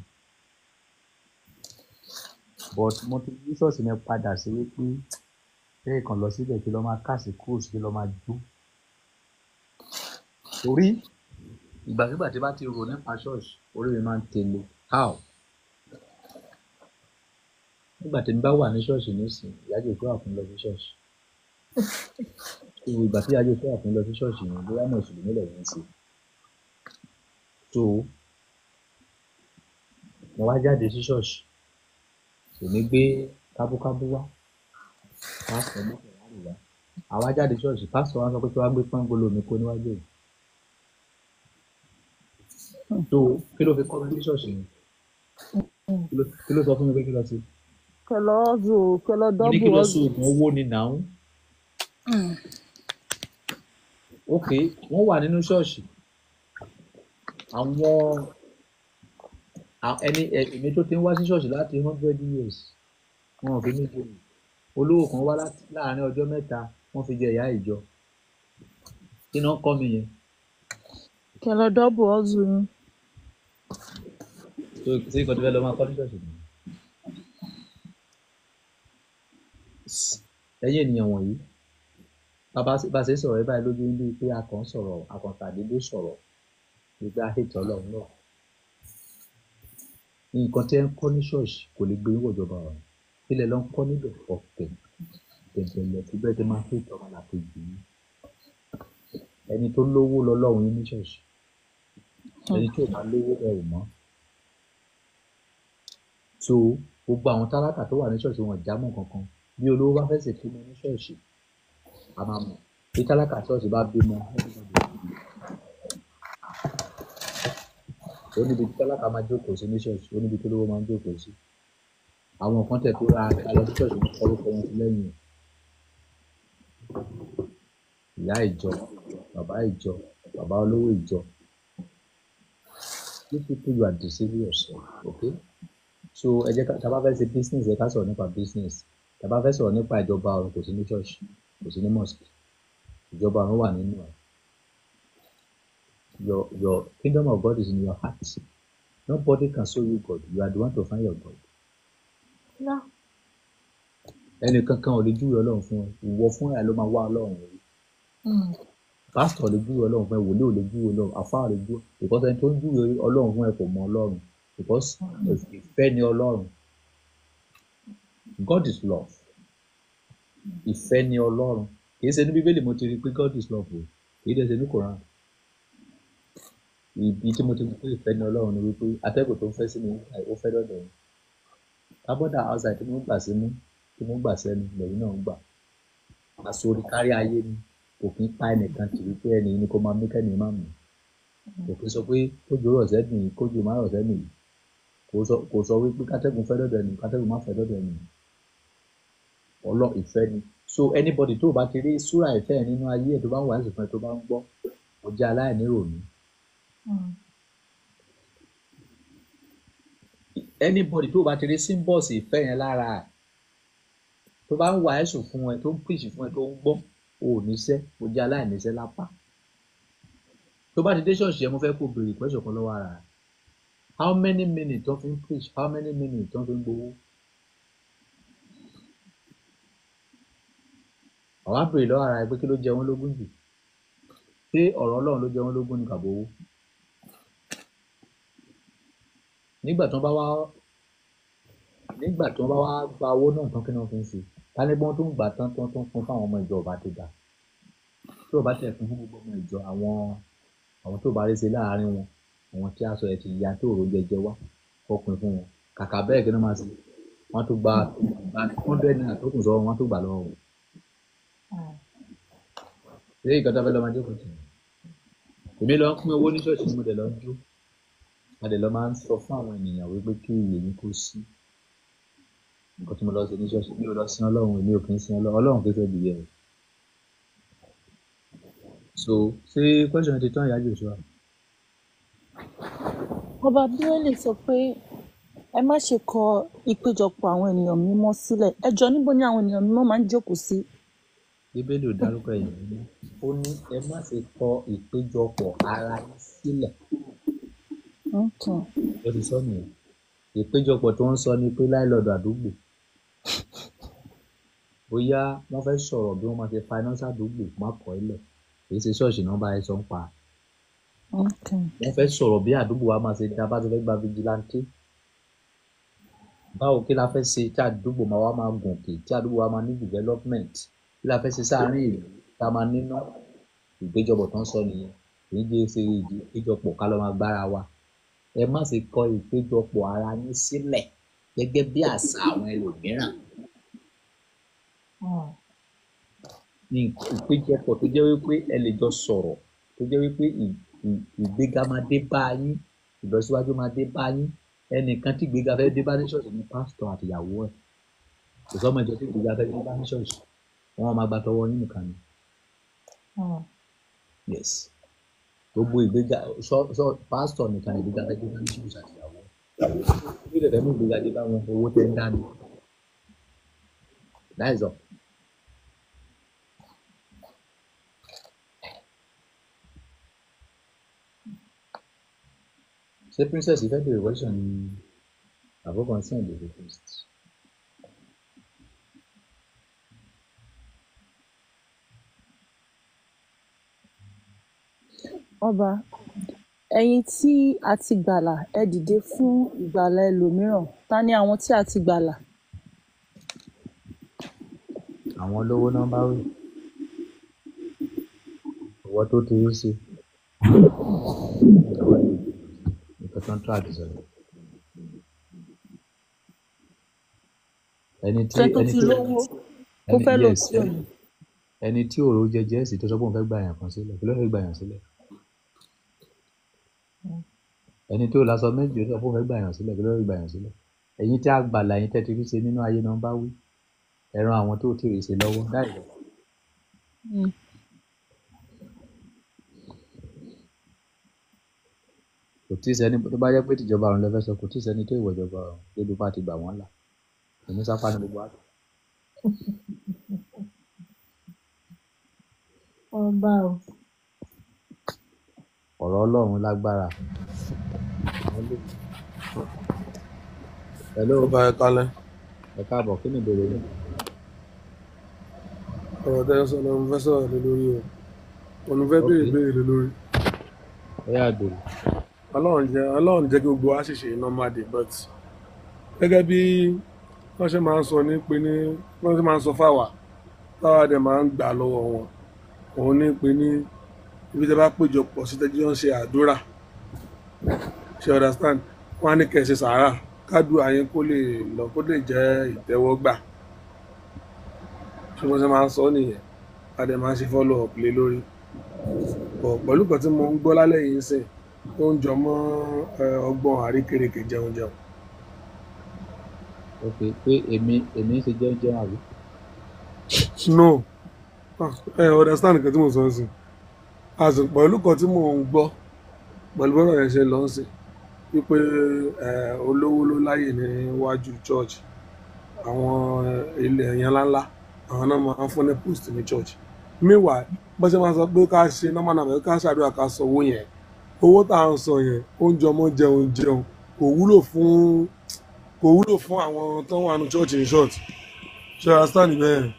[SPEAKER 1] but mo ti yí ṣọ́ọ̀ṣì mi padà sí wípé bẹ́ẹ̀ kan lọ síbẹ̀ kí lọ́ máa káàsì kúròsì kí lọ́ máa jó torí ìgbàkigbà tí bá ti rò nípa ṣọ́ọ̀ṣì orí mi máa ń tẹ̀lé how nígbà tí n bá wà ní ṣọ́ọ̀ṣì nísìnyí ìyá jẹ́ ìgbọ́ àkùnlọ sí ṣọ́ọ̀ṣì. ìwò ìgbà tí ajé sọ́wà fún lọ sí ṣọ́ọ̀ṣì yẹn bóyá mùsùlùmí lẹ́yìn ń ṣe so mo wá jáde sí ṣọ́ọ̀ṣì èmi gbé kábúkábú wá pásítọ̀ gbọ́dọ̀ wá rè wá àwa jáde ṣọ́ọ̀ṣì pásítọ̀ wá sọ pé kí wá gbé pọ́ńgolo mi kó níwájú yìí so kí ló fi kọ́ mi ní ṣọ́ọ̀ṣì yẹn kí ló sọ fún mi pé kí lọ sí.
[SPEAKER 14] kẹlọ ọzọ kẹlọ dọbù ọzọ ní kí lọ sí oògùn owó ni nàá. Hmm
[SPEAKER 1] ok wọ́n wà nínú ṣọ́ọ̀ṣì àwọn ẹni èmi tó ti ń wá sí ṣọ́ọ̀ṣì láti hundred years wọn ò fi mí jòyè olówó kan wá láàrin ọjọ́ mẹ́ta wọ́n fi jẹ ìyá ìjọ kí ni wọ́n kọ́ mi yẹn.
[SPEAKER 11] kẹlẹ dọ́bù ọ́zù ni.
[SPEAKER 1] ṣé ìkọ́ni fẹ́ lọ máa kọ́ ní ṣọ́ọ̀ṣì ni. ẹ̀yin ènìyàn wọ̀nyí bá ṣe sọ̀rọ̀ báyìí lójú bíi pé a kàn sọ̀rọ̀ tàdédé sọ̀rọ̀ gbígbá ètò ọlọ́run náà nǹkan tí ń kọ́ ní ṣọ́ọ̀ṣì kò lè gbé wọ̀jọba ọ̀run ilẹ̀ ló ń kọ́ níbẹ̀ ọ̀kẹ́ tẹ̀tẹ̀lẹ̀ tí bẹ́ẹ̀ tí máa fi tọ́ka láti jù yín ẹni tó lówó lọ́lọ́run yín ní ṣọ́ọ̀ṣì
[SPEAKER 6] ẹni tí ò bá lówó ẹ ò mọ́
[SPEAKER 1] gbogbo àwọn tálákà tó wà ní ṣọ́ọ̀ṣì wọn ò kankan bí olówó bá fẹ́ ṣèkí mi ní ṣọ́ọ̀ṣì a máa mọ̀ bí tálákà ṣọ́ọ̀ṣì bá bímọ ó níbi tí tálákà máa jókòó sí ní ṣọ́ọ̀ṣì ó níbi tí olówó máa ń jókòó sí àwọn kan tẹ̀ tó ra alọ́ sí ṣọ́ọ̀ṣì wọn kọ́ ló kọ́ wọn sí lẹ́yìn ìyá ìjọ bàbá ìjọ bàbá olówó ìjọ people you are deceiving yourself okay so ẹ jẹ́ ká tá a bá fẹ́ ṣe business ẹ ká sọ̀rọ̀ nípa business tá a bá fẹ́ sọ̀rọ̀ nípa ìjọba ọ̀run kò sí ní ṣọ́ọ̀ṣì kò sí ní mosque ìjọba ọ̀run wà nínú ẹ̀ your your kingdom of God is in your heart nobody can show you God you are the one to find your God. No. ẹnì kankan ò lè júwe ọlọ́run fún ẹ ìwọ fún ẹ ló máa wá ọlọ́run rẹ hmm. pásítọ̀ lè júwe ọlọ́run fún ẹ wòlíì ò lè júwe ọlọ́run àfáà lè júwe because ẹni tó ń júwe ọlọ́run fún ẹ kò mọ ọlọ́run because hmm. ìfẹ́ ni ọlọ́run God is love ìfẹ́ ni ọlọ́run kì í ṣe ní bíbélì mo ti rí pé God is love o kì í dẹ̀ ṣe ní koran ibi tí mo ti rí pé ìfẹ́ ni ọlọ́run ni wípé atẹ́gùn tó ń fẹ́ sí mi ó fẹ́ dọ̀dọ̀ yìí abọ́dà outside tí mo ń gbà sí mú tí mo ń gbà sẹ́nu lẹ́yìn náà ń gbà àsorí kárí ayé ni kò kí ń pa ẹnìkan tì wípé ẹni ni kò máa mú kẹ́ni má mú kò kí sọ pé kójú rọ̀ sẹ́nu yìí kójú má rọ̀ sẹ́nu yìí kò sọ wípé kátẹ́gùn fẹ́ dọ̀dọ̀ ẹni kátẹ́gùn má fẹ́ dọ̀dọ̀ ẹni yìí ọlọ́ ìfẹ́ ni so anybody tó bá ti rí súrà ìfẹ́ nínú ayé ẹ̀ tó bá ń wà lásìkò tó bá ń gbọ́ ó jẹ́ aláìní ìrònú. Hmm. anybody tó bá ti rí symbols ìfẹ́ yẹn lára ẹ̀ tó bá ń wà ẹ̀sùn fún ẹ tó ń preach fún ẹ tó ń gbọ́ ò níṣẹ́ ó jẹ́ aláìníṣẹ́ lápá tó bá ti dé ṣọ́ọ̀ṣì ẹ mo fẹ́ kó béèrè pẹ́sọ̀ kan lọ́wọ́ ara rẹ̀ how many minutes tó fi preach how many minutes tó fi gbowó àwa béèrè lọ́wọ́ ara rẹ pé kí ló jẹ wọ́n lógún jù ṣé ọ̀rọ̀ ọlọ́run ló jẹ wọ́n lógún ni kàbọ̀ owó nígbà tí wọ́n bá wá nígbà tí wọ́n bá wá gba owó náà tán kí ni wọ́n fi ń ṣe ta ni wọ́n tún gbà tán tán tán fún fáwọn ọmọ ìjọ ọba ti gbà tí ọba tẹ̀ fún gbogbo ọmọ ìjọ àwọn àwọn tó bá rí ṣe láàárín wọn àwọn tí aṣọ ẹ̀ ti ya tó òrò jẹjẹ wá ọkùnrin fún wọn kàkà bẹ́ẹ̀ kí ni wọ́n máa ṣe wọ́n tún gba hundred naira tó kù sọ́wọ́ wọ́n tún gbà lọ́wọ́ wọn ṣé ìgbà tó fẹ́ lọ máa jókòó tì èmi lọ ń
[SPEAKER 12] pín owó ní ṣọ́ọ̀ṣì mo dẹ̀ lọ ń jó
[SPEAKER 1] a dẹ̀ lọ máa ń sọ fún àwọn ènìyàn wípé kí iye mi kó sí nǹkan tí mo lọ ṣe ní ṣọ́ọ̀ṣì mi ò lọ sin ọlọ́run èmi ò kì í sin ọlọ́run ọlọ́run kì í fẹ́ bìyẹ rẹ̀ so ṣé question ti tán ìyá Joshua.
[SPEAKER 14] ọba abdulayi sọ pé ẹ má ṣe kọ ìpéjọpọ̀ àwọn ènìyàn mímọ́ sílẹ̀ ẹ níbo ni àwọn ènìyàn mímọ́ máa ń jókòó sí
[SPEAKER 1] bíbélì ò dárúkọ ẹ̀yìn mímọ́ ó ní ẹ má ṣe kọ ìpéjọpọ̀ ara yín sílẹ̀ ó ti sọ nìyẹn ìpéjọpọ̀ tó ń sọ ni pé láìlọ́dọ̀ àdúgbò bóyá wọ́n fẹ́ sọ̀rọ̀ bí wọ́n máa ṣe finance àdúgbò má kọ́ ilẹ̀ kì í ṣe ṣọ́ọ̀ṣì náà bá ẹ sọ ń pa wọ́n fẹ́ sọ̀rọ̀ bí àdúgbò wa máa ṣe dá bá ti fẹ́ gba vigilante báwo kí la fẹ́ ṣe tí àdúgbò máa máa gòkè tí àdúgbò wa máa ní development kí la fẹ́ ṣe sáàárín ìlú tá a máa níná ìgbéjọpọ̀ tó ń sọ nìyẹn kì í jẹ́ ṣe ìgbéjọpọ̀ ká lọ́ máa bára wa ẹ má ṣe kọ ìpéjọpọ̀ ara yín sílẹ̀ gẹ́gẹ́ bí àṣà àwọn ẹlòmíràn.
[SPEAKER 11] Hmm.
[SPEAKER 12] ìpéjọpọ̀
[SPEAKER 1] tó jẹ́ wípé ẹ lè jọ sọ̀rọ̀ tó jẹ́ wípé ìgbéga máa dé bá yín ìlọsíwájú máa dé bá yín ẹnìkan tí ìgbéga fẹ́ dé bá ní ṣọ́ọ̀ṣì ni pásítọ̀ àtìyàwó ẹ̀ kò sọ́mọ ìjọ tí ìgbéga fẹ́ dé bá ní ṣọ́ọ̀ṣì wọ́n máa gba tọwọ́ yín nìkan ni. Hmm. yes gbogbo ìgbéga sọ sọ pásítọ̀ nìkan ìgbéga tẹ́gbẹ́ náà ṣì ń ṣàtìyàwó bí dẹ̀dẹ̀ mú ìgbéga dé báwọn owó tẹ́ ń dání. that is all. ṣé princess ìfẹ́ bèrè wẹ́sàn ni àbúkọ̀ sí ìdìbò first.
[SPEAKER 14] ọba ẹ̀yin tí a ti gbàlà ẹ dìde fún ìgbàlà ẹlòmíràn ta ni àwọn tí a ti gbàlà
[SPEAKER 10] àwọn olówó náà bá wí
[SPEAKER 1] ìwọ tó ti rí sí nǹkan tó ń tó àdìsọ rẹ ẹni tí fẹ́ tó ẹni ti tó lówó kó ẹni- sí ẹni tí òró jẹjẹ sì tó sọ pé òun fẹ́ gbà yàn kan sílẹ̀ kí ló fẹ́ gbà yàn sílẹ̀ ẹni tó lasọ méjì sọ fún fẹ́ gbà yàn sílẹ̀ lórí gbà yàn sílẹ̀ ẹ̀yin tí àgbàlá yín tẹ́tí rí ṣe nínú ayé náà bá wí ẹran àwọn tó ti rí ṣe lọ́wọ́ láì lọ. Mm. kò tí ì sẹ́ni tó bá jẹ́ pé tìjọba ọ̀run lẹ́fẹ́ sọ kò tí ì sẹ́ni tó ìwọ̀jọba ọ̀run débi bá ti gbà wọ́n là èmi sápá ní gbogbo àgbà.
[SPEAKER 11] ọba o.
[SPEAKER 4] Ọ̀rọ̀ Ọlọ́run lágbára. Hello. Ọba ẹ kalẹ̀. Ẹ káàbọ̀, kí ni ìbéèrè yín? Ọ̀rọ̀ tẹ́lẹ̀ sọ̀rọ̀ mo fẹ́ sọ̀rọ̀ lé lórí o. Òun fẹ́ béèrè ìbéèrè lé lórí. Ẹ yà béèrè. Ọlọ́run jẹ́ Ọlọ́run jẹ́ kí gbogbo wa ṣèṣe normal day but gẹ́gẹ́ bí wọ́n ṣe máa ń sọ ní pé ní wọ́n ṣe máa ń sọ fáwa táwa dẹ̀ máa ń gbà lọ́wọ́ wọn. Òun ní pé ní ibi tẹ́ bá péjọ pọ̀ sí tẹ́jú ń ṣe àdúrà ṣe understand wọn á ní kẹ́ ẹ ṣe sàárà kádùá yẹn kó lè lọ kó lè jẹ́ ìtẹ́wọ́gbà ṣé mo ṣe máa ń sọ nìyẹn a máa ń ṣe follow up lé lórí pọ̀ pẹ̀lú kan tí mo ń gbọ́ lálẹ́ yìí ń sìn tó ń jọ mọ́ ọgbọ́n àríkèrèkè jẹun jẹun. ok pé èmi èmi ń ṣe jẹun jẹun àbí. no ah, ẹ understand nǹkan tí mo sọ ń sìn àsùn pẹ̀lú kan tí mò ń gbọ́ pẹ̀lú bọ́rọ̀ yẹn ṣe lọ sí wípé olówó ló láyè níwájú church àwọn ilẹ̀ yẹn ńláńlá àwọn náà máa ń fún ní post ní church meanwhile bó ṣe máa sọ pé ká ṣe normal normal ká ṣàdúrà ká sọ owó yẹn owó tá à ń sọ yẹn oúnjẹ ọmọ jẹun jẹun kò wúlò fún kò wúlò fún àwọn tó wà ní church in short ṣe understand bẹ́ẹ̀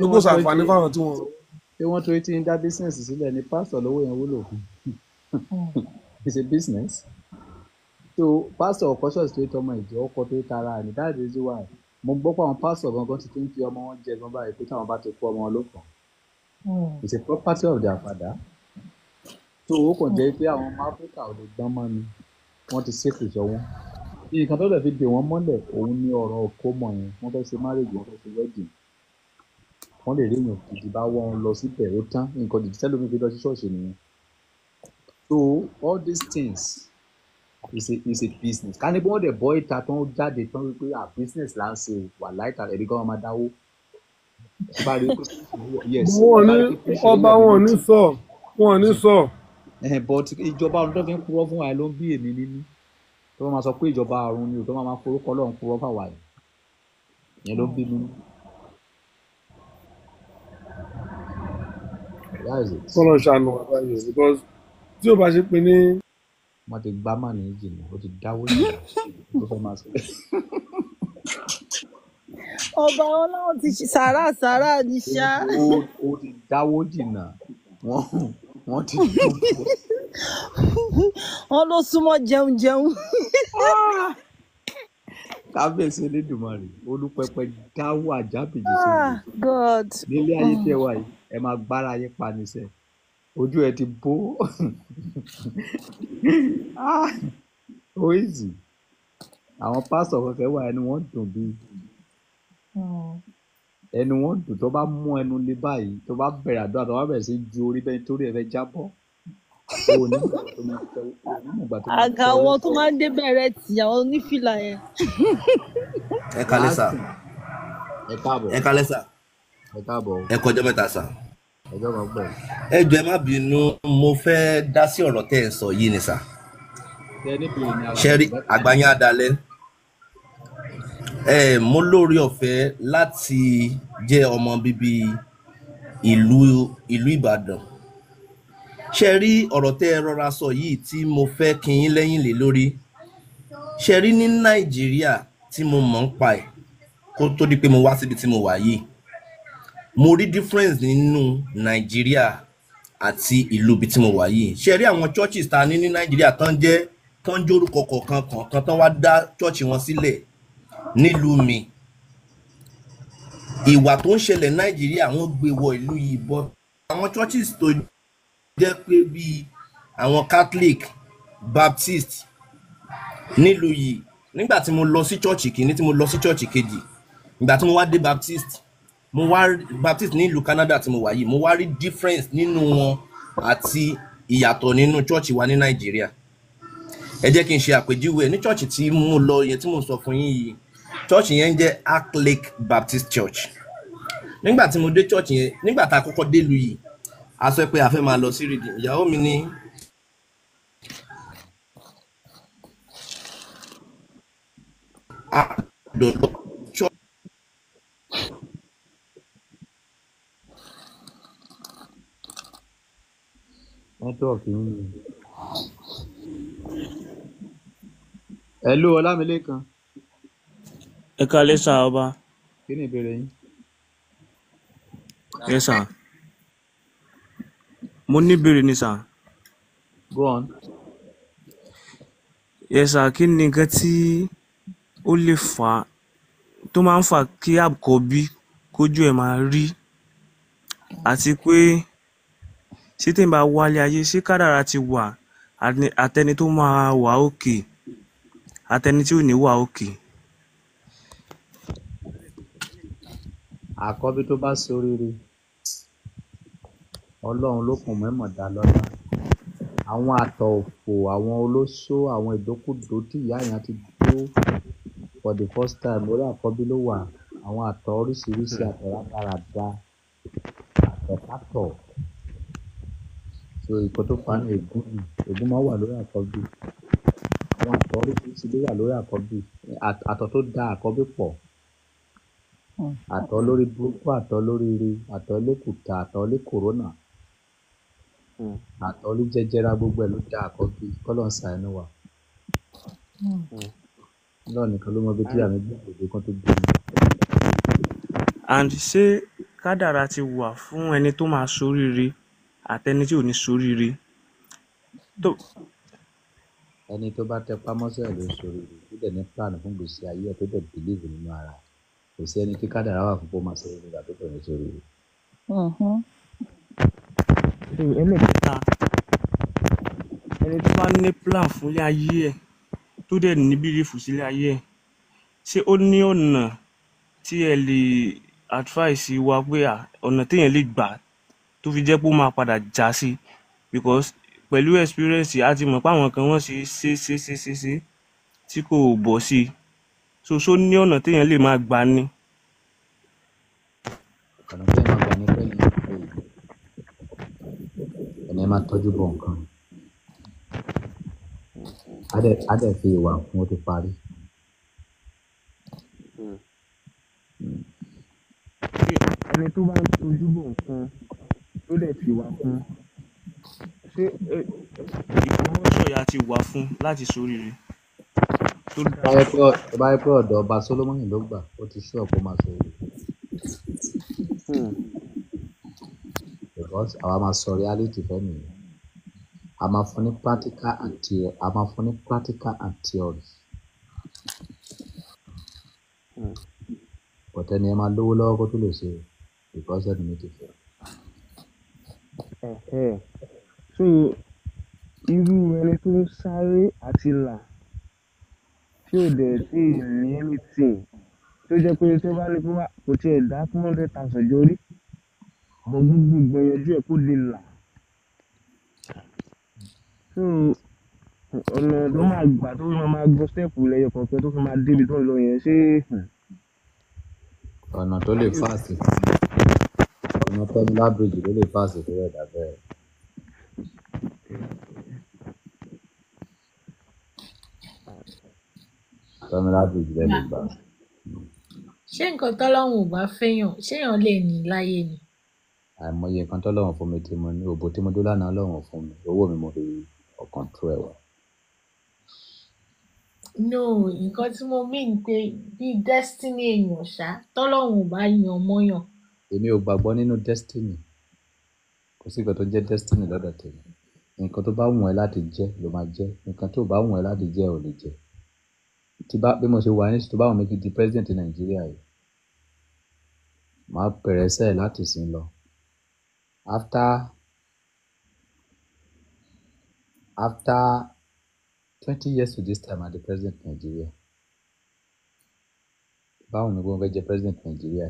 [SPEAKER 4] ló kó ṣàǹfààní fáwọn tí wọ́n
[SPEAKER 12] pé wọ́n
[SPEAKER 1] torí ti ń dá bísíǹsì sílẹ̀ ní pásítọ̀ lówó yẹn wúlò fún hmm.
[SPEAKER 4] it's a business
[SPEAKER 1] so pásítọ̀ ọ̀kọ́ ṣọ́ọ̀ṣì torí tọmọ ìjọ ọkọ̀ torí tara ẹ̀ ní that is why mo gbọ́ pé àwọn pásítọ̀ gangan ti ń fi ọmọ wọn jẹ gan báyìí pé táwọn bá ti kó ọmọ ọlọ́kọ̀ hmm. it's a property of their father so ó kàn jẹ́ pé àwọn ọmọ áfíríkà ò lè gbọ́n mọ́ ni wọ́n ti ṣèkù sọ wọ́n nǹkan tó lè fi dè wọ́n mọ́lẹ̀ òun ni ọ̀rọ̀ òkómọ yẹn wọ́n fẹ́ ṣe marriage wọ́n fẹ́ ṣe wedding kán lè rí èèyàn gidi bá wọ́n lọ síbẹ̀ ó tán nǹkan gidi tẹ́lómi fi lọ sí ṣọ́ọ̀ṣì nìyẹn so all these things is a is a business ká ní pé wọ́n dẹ̀ bọ́ ìta tán jáde tán wípé ah business là ń ṣe wà láìta rẹ̀ bí kí wọ́n máa dáwó ọba wọn ò ní sọ wọn ò ní sọ. but ìjọba ọ̀run tó fi ń purọ́ fún wa ló ń bí èmi nínú tó máa sọ pé ìjọba ọ̀run ni ò tó máa forúkọ Ọlọ́run purọ́ fáwa yìí
[SPEAKER 4] ìyẹn ló ń bí nínú. kọ́lọ́ ṣàánú àbáyé because tí o bá ṣe pé ní. wọ́n ti gbá màní jìnnà ó ti dáwọ́ jìnnà ó fẹ́ máa sọ.
[SPEAKER 14] ọba ọlọ́run ti ṣe sàrà sàrà ní ṣá. ó ti dáwọ́ jìnnà wọ́n ti dúró. wọ́n ló súnmọ́ jẹun jẹun kábíyèsí Elédùmarè
[SPEAKER 1] olúpẹpẹ dáwọ́ àjábìjì sílẹ̀ ah, nílé ayé tẹwàá yìí ẹ máa gbára yín panisẹ ojú ẹ ti bó ah, ó ìzì àwọn pásọ kọkẹ wà ẹnu wọn dùn bí hmm. ẹnu wọn dùn tó bá mú ẹnu lé báyìí tó bá bẹ̀rẹ̀ àdúrà tó bá bẹ̀rẹ̀ sí ju orí bẹ́ẹ̀ torí ẹ fẹ́ jábọ́
[SPEAKER 14] àga àwọn tó máa ń dé bẹ̀rẹ̀ tì àwọn onífìlà yẹn.
[SPEAKER 16] ẹ kálẹ́ sà
[SPEAKER 10] ẹ káàbọ̀ ẹ kálẹ́ sà ẹ káàbọ̀ ẹ kọjá mẹ́ta sà ẹjọ́ kan pẹ̀lú.
[SPEAKER 16] ẹ jọ̀ọ́ ẹ má bínú mo fẹ́ dá sí ọ̀rọ̀ tẹ́ ẹ sọ yìí ni sà.
[SPEAKER 1] ṣẹ́rí àgbáyé
[SPEAKER 16] adalẹ́ ẹ mo lórí ọ̀fẹ́ láti jẹ́ ọmọ bíbí ìlú ìlú Ìbàdàn ṣe rí ọ̀rọ̀ ẹ rọra sọ yìí tí mo fẹ́ kí yín lẹ́yìn lé lórí ṣe ní Nàìjíríà tí mo mọ̀ ń pa ẹ̀ kó tó di pé mo wá síbi tí mo wà yìí mo rí difference nínú nàìjíríà àti ìlú ibi tí mo wà yìí ṣe rí àwọn churches ta ní ní nàìjíríà tán jẹ́ tán jórúkọ kọ̀ọ̀kan kọ̀ọ̀kan tán wá dá church wọn sílẹ̀ nílùú mi ìwà tó ń ṣẹlẹ̀ nàìjíríà wọ́n gbé wọ ìlú yìí bọ́ àwọn churches tó jẹ́ pé bíi àwọn catholic baptist nílùú yìí nígbà tí mo lọ sí church kìíní tí mo lọ sí church kejì ìgbà tí mo wá dé baptist mo wá baptist ní ìlú Canada tí mo wà yìí mo wá rí difference nínú wọn àti ìyàtọ̀ nínú church wa ní Nàìjíríà ẹ jẹ́ kí n ṣe àpèjúwe ní church tí mo lọ yẹn tí mo sọ fún yín yìí church yẹn ń jẹ́ Ark Lake Baptist Church nígbà tí mo dé church yẹn nígbà tá a kọ́kọ́ délu yìí a sọ pé a fẹ́ máa lọ sí reading ìyàwó mi ní a ah, dọ̀dọ̀
[SPEAKER 3] nẹ́tíwọ̀kì yín ni. hello ọlámilékan. ẹ kálẹ́ sá ọba.
[SPEAKER 1] kí ni ìbéèrè yín.
[SPEAKER 3] ẹ sá mo ní ni sá. go on. ẹ sá kí ni nǹkan tí ó lè fà á tó máa ń fà kí àkọ́bí kójú ẹ̀ máa rí àti pé. Kwe Ṣé tí èèyàn bá wálé ayé, ṣé kádàrá ti wà? Àtẹni tó máa wà okay, àtẹni tí ò ní wà okay.
[SPEAKER 1] Àkọ́bí tó bá ṣoríire, Ọlọ́run ló kàn mọ̀ọ́mọ̀ dá Àwọn àtọ̀ òfò, àwọn olóṣó, àwọn ìdókúdó tí ìyá yẹn ti dó for the first time, orí àkọ́bí ló wà. Àwọn àtọ̀ oríṣiríṣi àtọ̀ rádaràda, àtọ̀pàtọ̀ so nǹkan tó fa ègún ni mm, ègún máa ń wà lórí àkọ́bí àwọn àtọ̀ oríṣiríṣi ló wà lórí àkọ́bí àtọ̀ tó da àkọ́bí pọ̀ àtọ̀ lórí burúkú àtọ̀ lórí ire àtọ̀ lẹ́kùtà àtọ̀ lé kòrónà àtọ̀ lé jẹjẹrẹ gbogbo ẹ̀ ló da àkọ́bí kọ́lọ̀ ń ṣàánú wa náà nìkan ló mọ bí tí àmì gbọ́dọ̀ dé kán tó gbé mi.
[SPEAKER 3] and ṣé kádàrá ti wà fún ẹni tó máa ṣoríire àtẹni tí ò ní soríire. ẹni
[SPEAKER 1] tó bá tẹpá mọ́ṣẹ́ ló ń soríire tó dẹ̀ ní plan fún gbèsè ayé ẹ̀ tó dẹ̀ believe nínú ara kò sí ẹni tí kádàrá wà fún kó máa ṣe ìrora tó tẹ̀lé soríire.
[SPEAKER 14] Mm-hmm.
[SPEAKER 11] ẹlẹ́kẹta
[SPEAKER 3] ẹni tó bá ní plan fúnlé ayé ẹ̀ tó dẹ̀ ní bírífù sílé ayé ẹ̀ ṣé ó ní ọ̀nà tí ẹ lè advice wa pé ọ̀nà téèyàn lè gbà tó fi jẹ́ pé ó máa padà já sí because pẹ̀lú experience a ti mọ̀ pé àwọn kan wọ́n ṣe ṣe ṣe ṣe ṣe ṣe tí kò bọ́ sí i so so ní ọ̀nà téèyàn lè máa gbà ni.
[SPEAKER 12] ọ̀nà téèyàn máa gbà ni
[SPEAKER 1] pé ẹni máa tọ́jú bọ̀ nǹkan á dẹ̀ fi ìwà fún ó ti parí.
[SPEAKER 6] Hmm. Hmm. ẹni tó bá ń tọ́jú bọ̀ nǹkan tó dẹ̀ ti wà fún,
[SPEAKER 3] ṣé Ògbómọ̀ṣọ́ yẹn á ti wà fún láti
[SPEAKER 1] ṣoríire. Tó bá jẹ́ pé, tó bá jẹ́ pé ọ̀dọ̀ Ọba Solomoni ló gbà, ó ti sure pé ó máa ṣoríire. Because àwa máa sọ reality fẹ́mi yẹn. A máa fún ní practical and theory, a máa fún ní practical and theory. Hmm. But ẹni yẹn máa lówó lọ́wọ́ kó tó lè ṣe because ẹni mi ti fẹ́.
[SPEAKER 3] Ẹ̀hẹn.
[SPEAKER 6] So irú ẹni tó ń sáré àti là tí ó dẹ̀ tí
[SPEAKER 3] ní anything,
[SPEAKER 6] tó jẹ́ pé tí ó bá ní pé wá kò tí è dá fún hundred thousand jọ rí, gbogbo ìgbìyànjú ẹ̀ kó le là. So ọ̀nà tó máa gbà tó fi máa ma gun step lẹyọ kọ̀ọ̀kan tó fi máa dé ibi tó ń lọ yẹn ṣé.
[SPEAKER 1] Ọ̀nà tó lè fast ọ̀nà Tẹ́mi Lábìrìgì ló lè pass irú ẹ̀dá bẹ́ẹ̀. Tẹ́mi Lábìrìgì lè lè gbà.
[SPEAKER 11] ṣé nǹkan tọ́lọ́run ò bá fẹ́yàn ṣéyàn lè ní láyé ni.
[SPEAKER 1] àìmọye nǹkan tọ́lọ́run fún mi tí mo ní òbò tí mo dó lánàá Ọlọ́run fún mi owó mi mo fi ọkàn tú ẹ̀ wá.
[SPEAKER 11] no nǹkan tí mo mí ni pé bí destiny èèyàn ṣá tọ́lọ́run ò bá yan mọ́yàn
[SPEAKER 1] èmi ò gbàgbọ́ nínú destiny. Kò sí ǹkan tó jẹ́ destiny lọ́dọ̀ tèmi. Ǹkan tó bá wù ẹ́ láti jẹ́ ló máa jẹ́. Ǹkan tó bá wù ẹ́ láti jẹ́ ò lè jẹ́. Tí bá, bí mo ṣe wà nísìnyí, tó bá wù mí kí n di president Nàìjíríà yìí, màá pẹ̀rẹ̀sẹ̀ láti ìsìn lọ.
[SPEAKER 2] After, after twenty
[SPEAKER 1] years to this time, I'm the president Nigeria. Báwo ni mo fẹ́ jẹ́ president Nàìjíríà?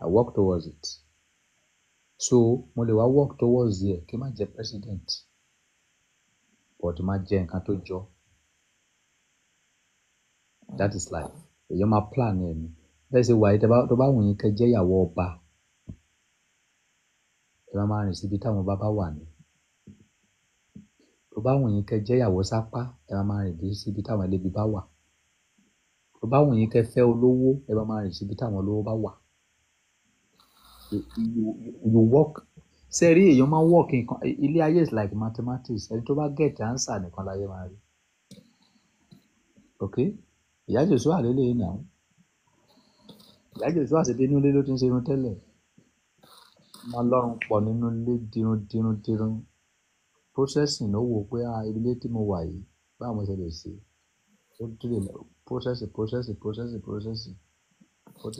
[SPEAKER 1] I work towards it. So mo lè wá work towards ẹ̀ kí n má jẹ́ president but má jẹ́ nǹkan tó jọ. That is life. Èèyàn máa plan ẹ̀ ni. Bẹ́ẹ̀ ṣe wà yìí tó bá wù yín kẹ́ jẹ́ ìyàwó ọba. Ẹ máa rìn síbi táwọn ọba bá wà ni. Tó bá wù yín kẹ́ jẹ́ ìyàwó sápá, ẹ máa rìn síbi táwọn ẹlẹ́bi bá wà. Tó bá wù yín kẹ́ fẹ́ olówó, ẹ máa rìn síbi táwọn olówó bá wà you work ṣe rí èèyàn máa ń work nǹkan ilé ayé is like mathematics ẹni tó bá get answer nìkan láyé máa rí ok ìyá jésù àlélẹ́ yìí náà ìyá jésù àṣetí inú ilé ló ti ń ṣe irun tẹ́lẹ̀ ọmọ ọlọ́run pọ̀ nínú ilé dirun dirun dirun processing ló wò pé ah, ilé tí mo wà yìí báwo mo ṣe lè ṣe ó dúró processing processing processing processing.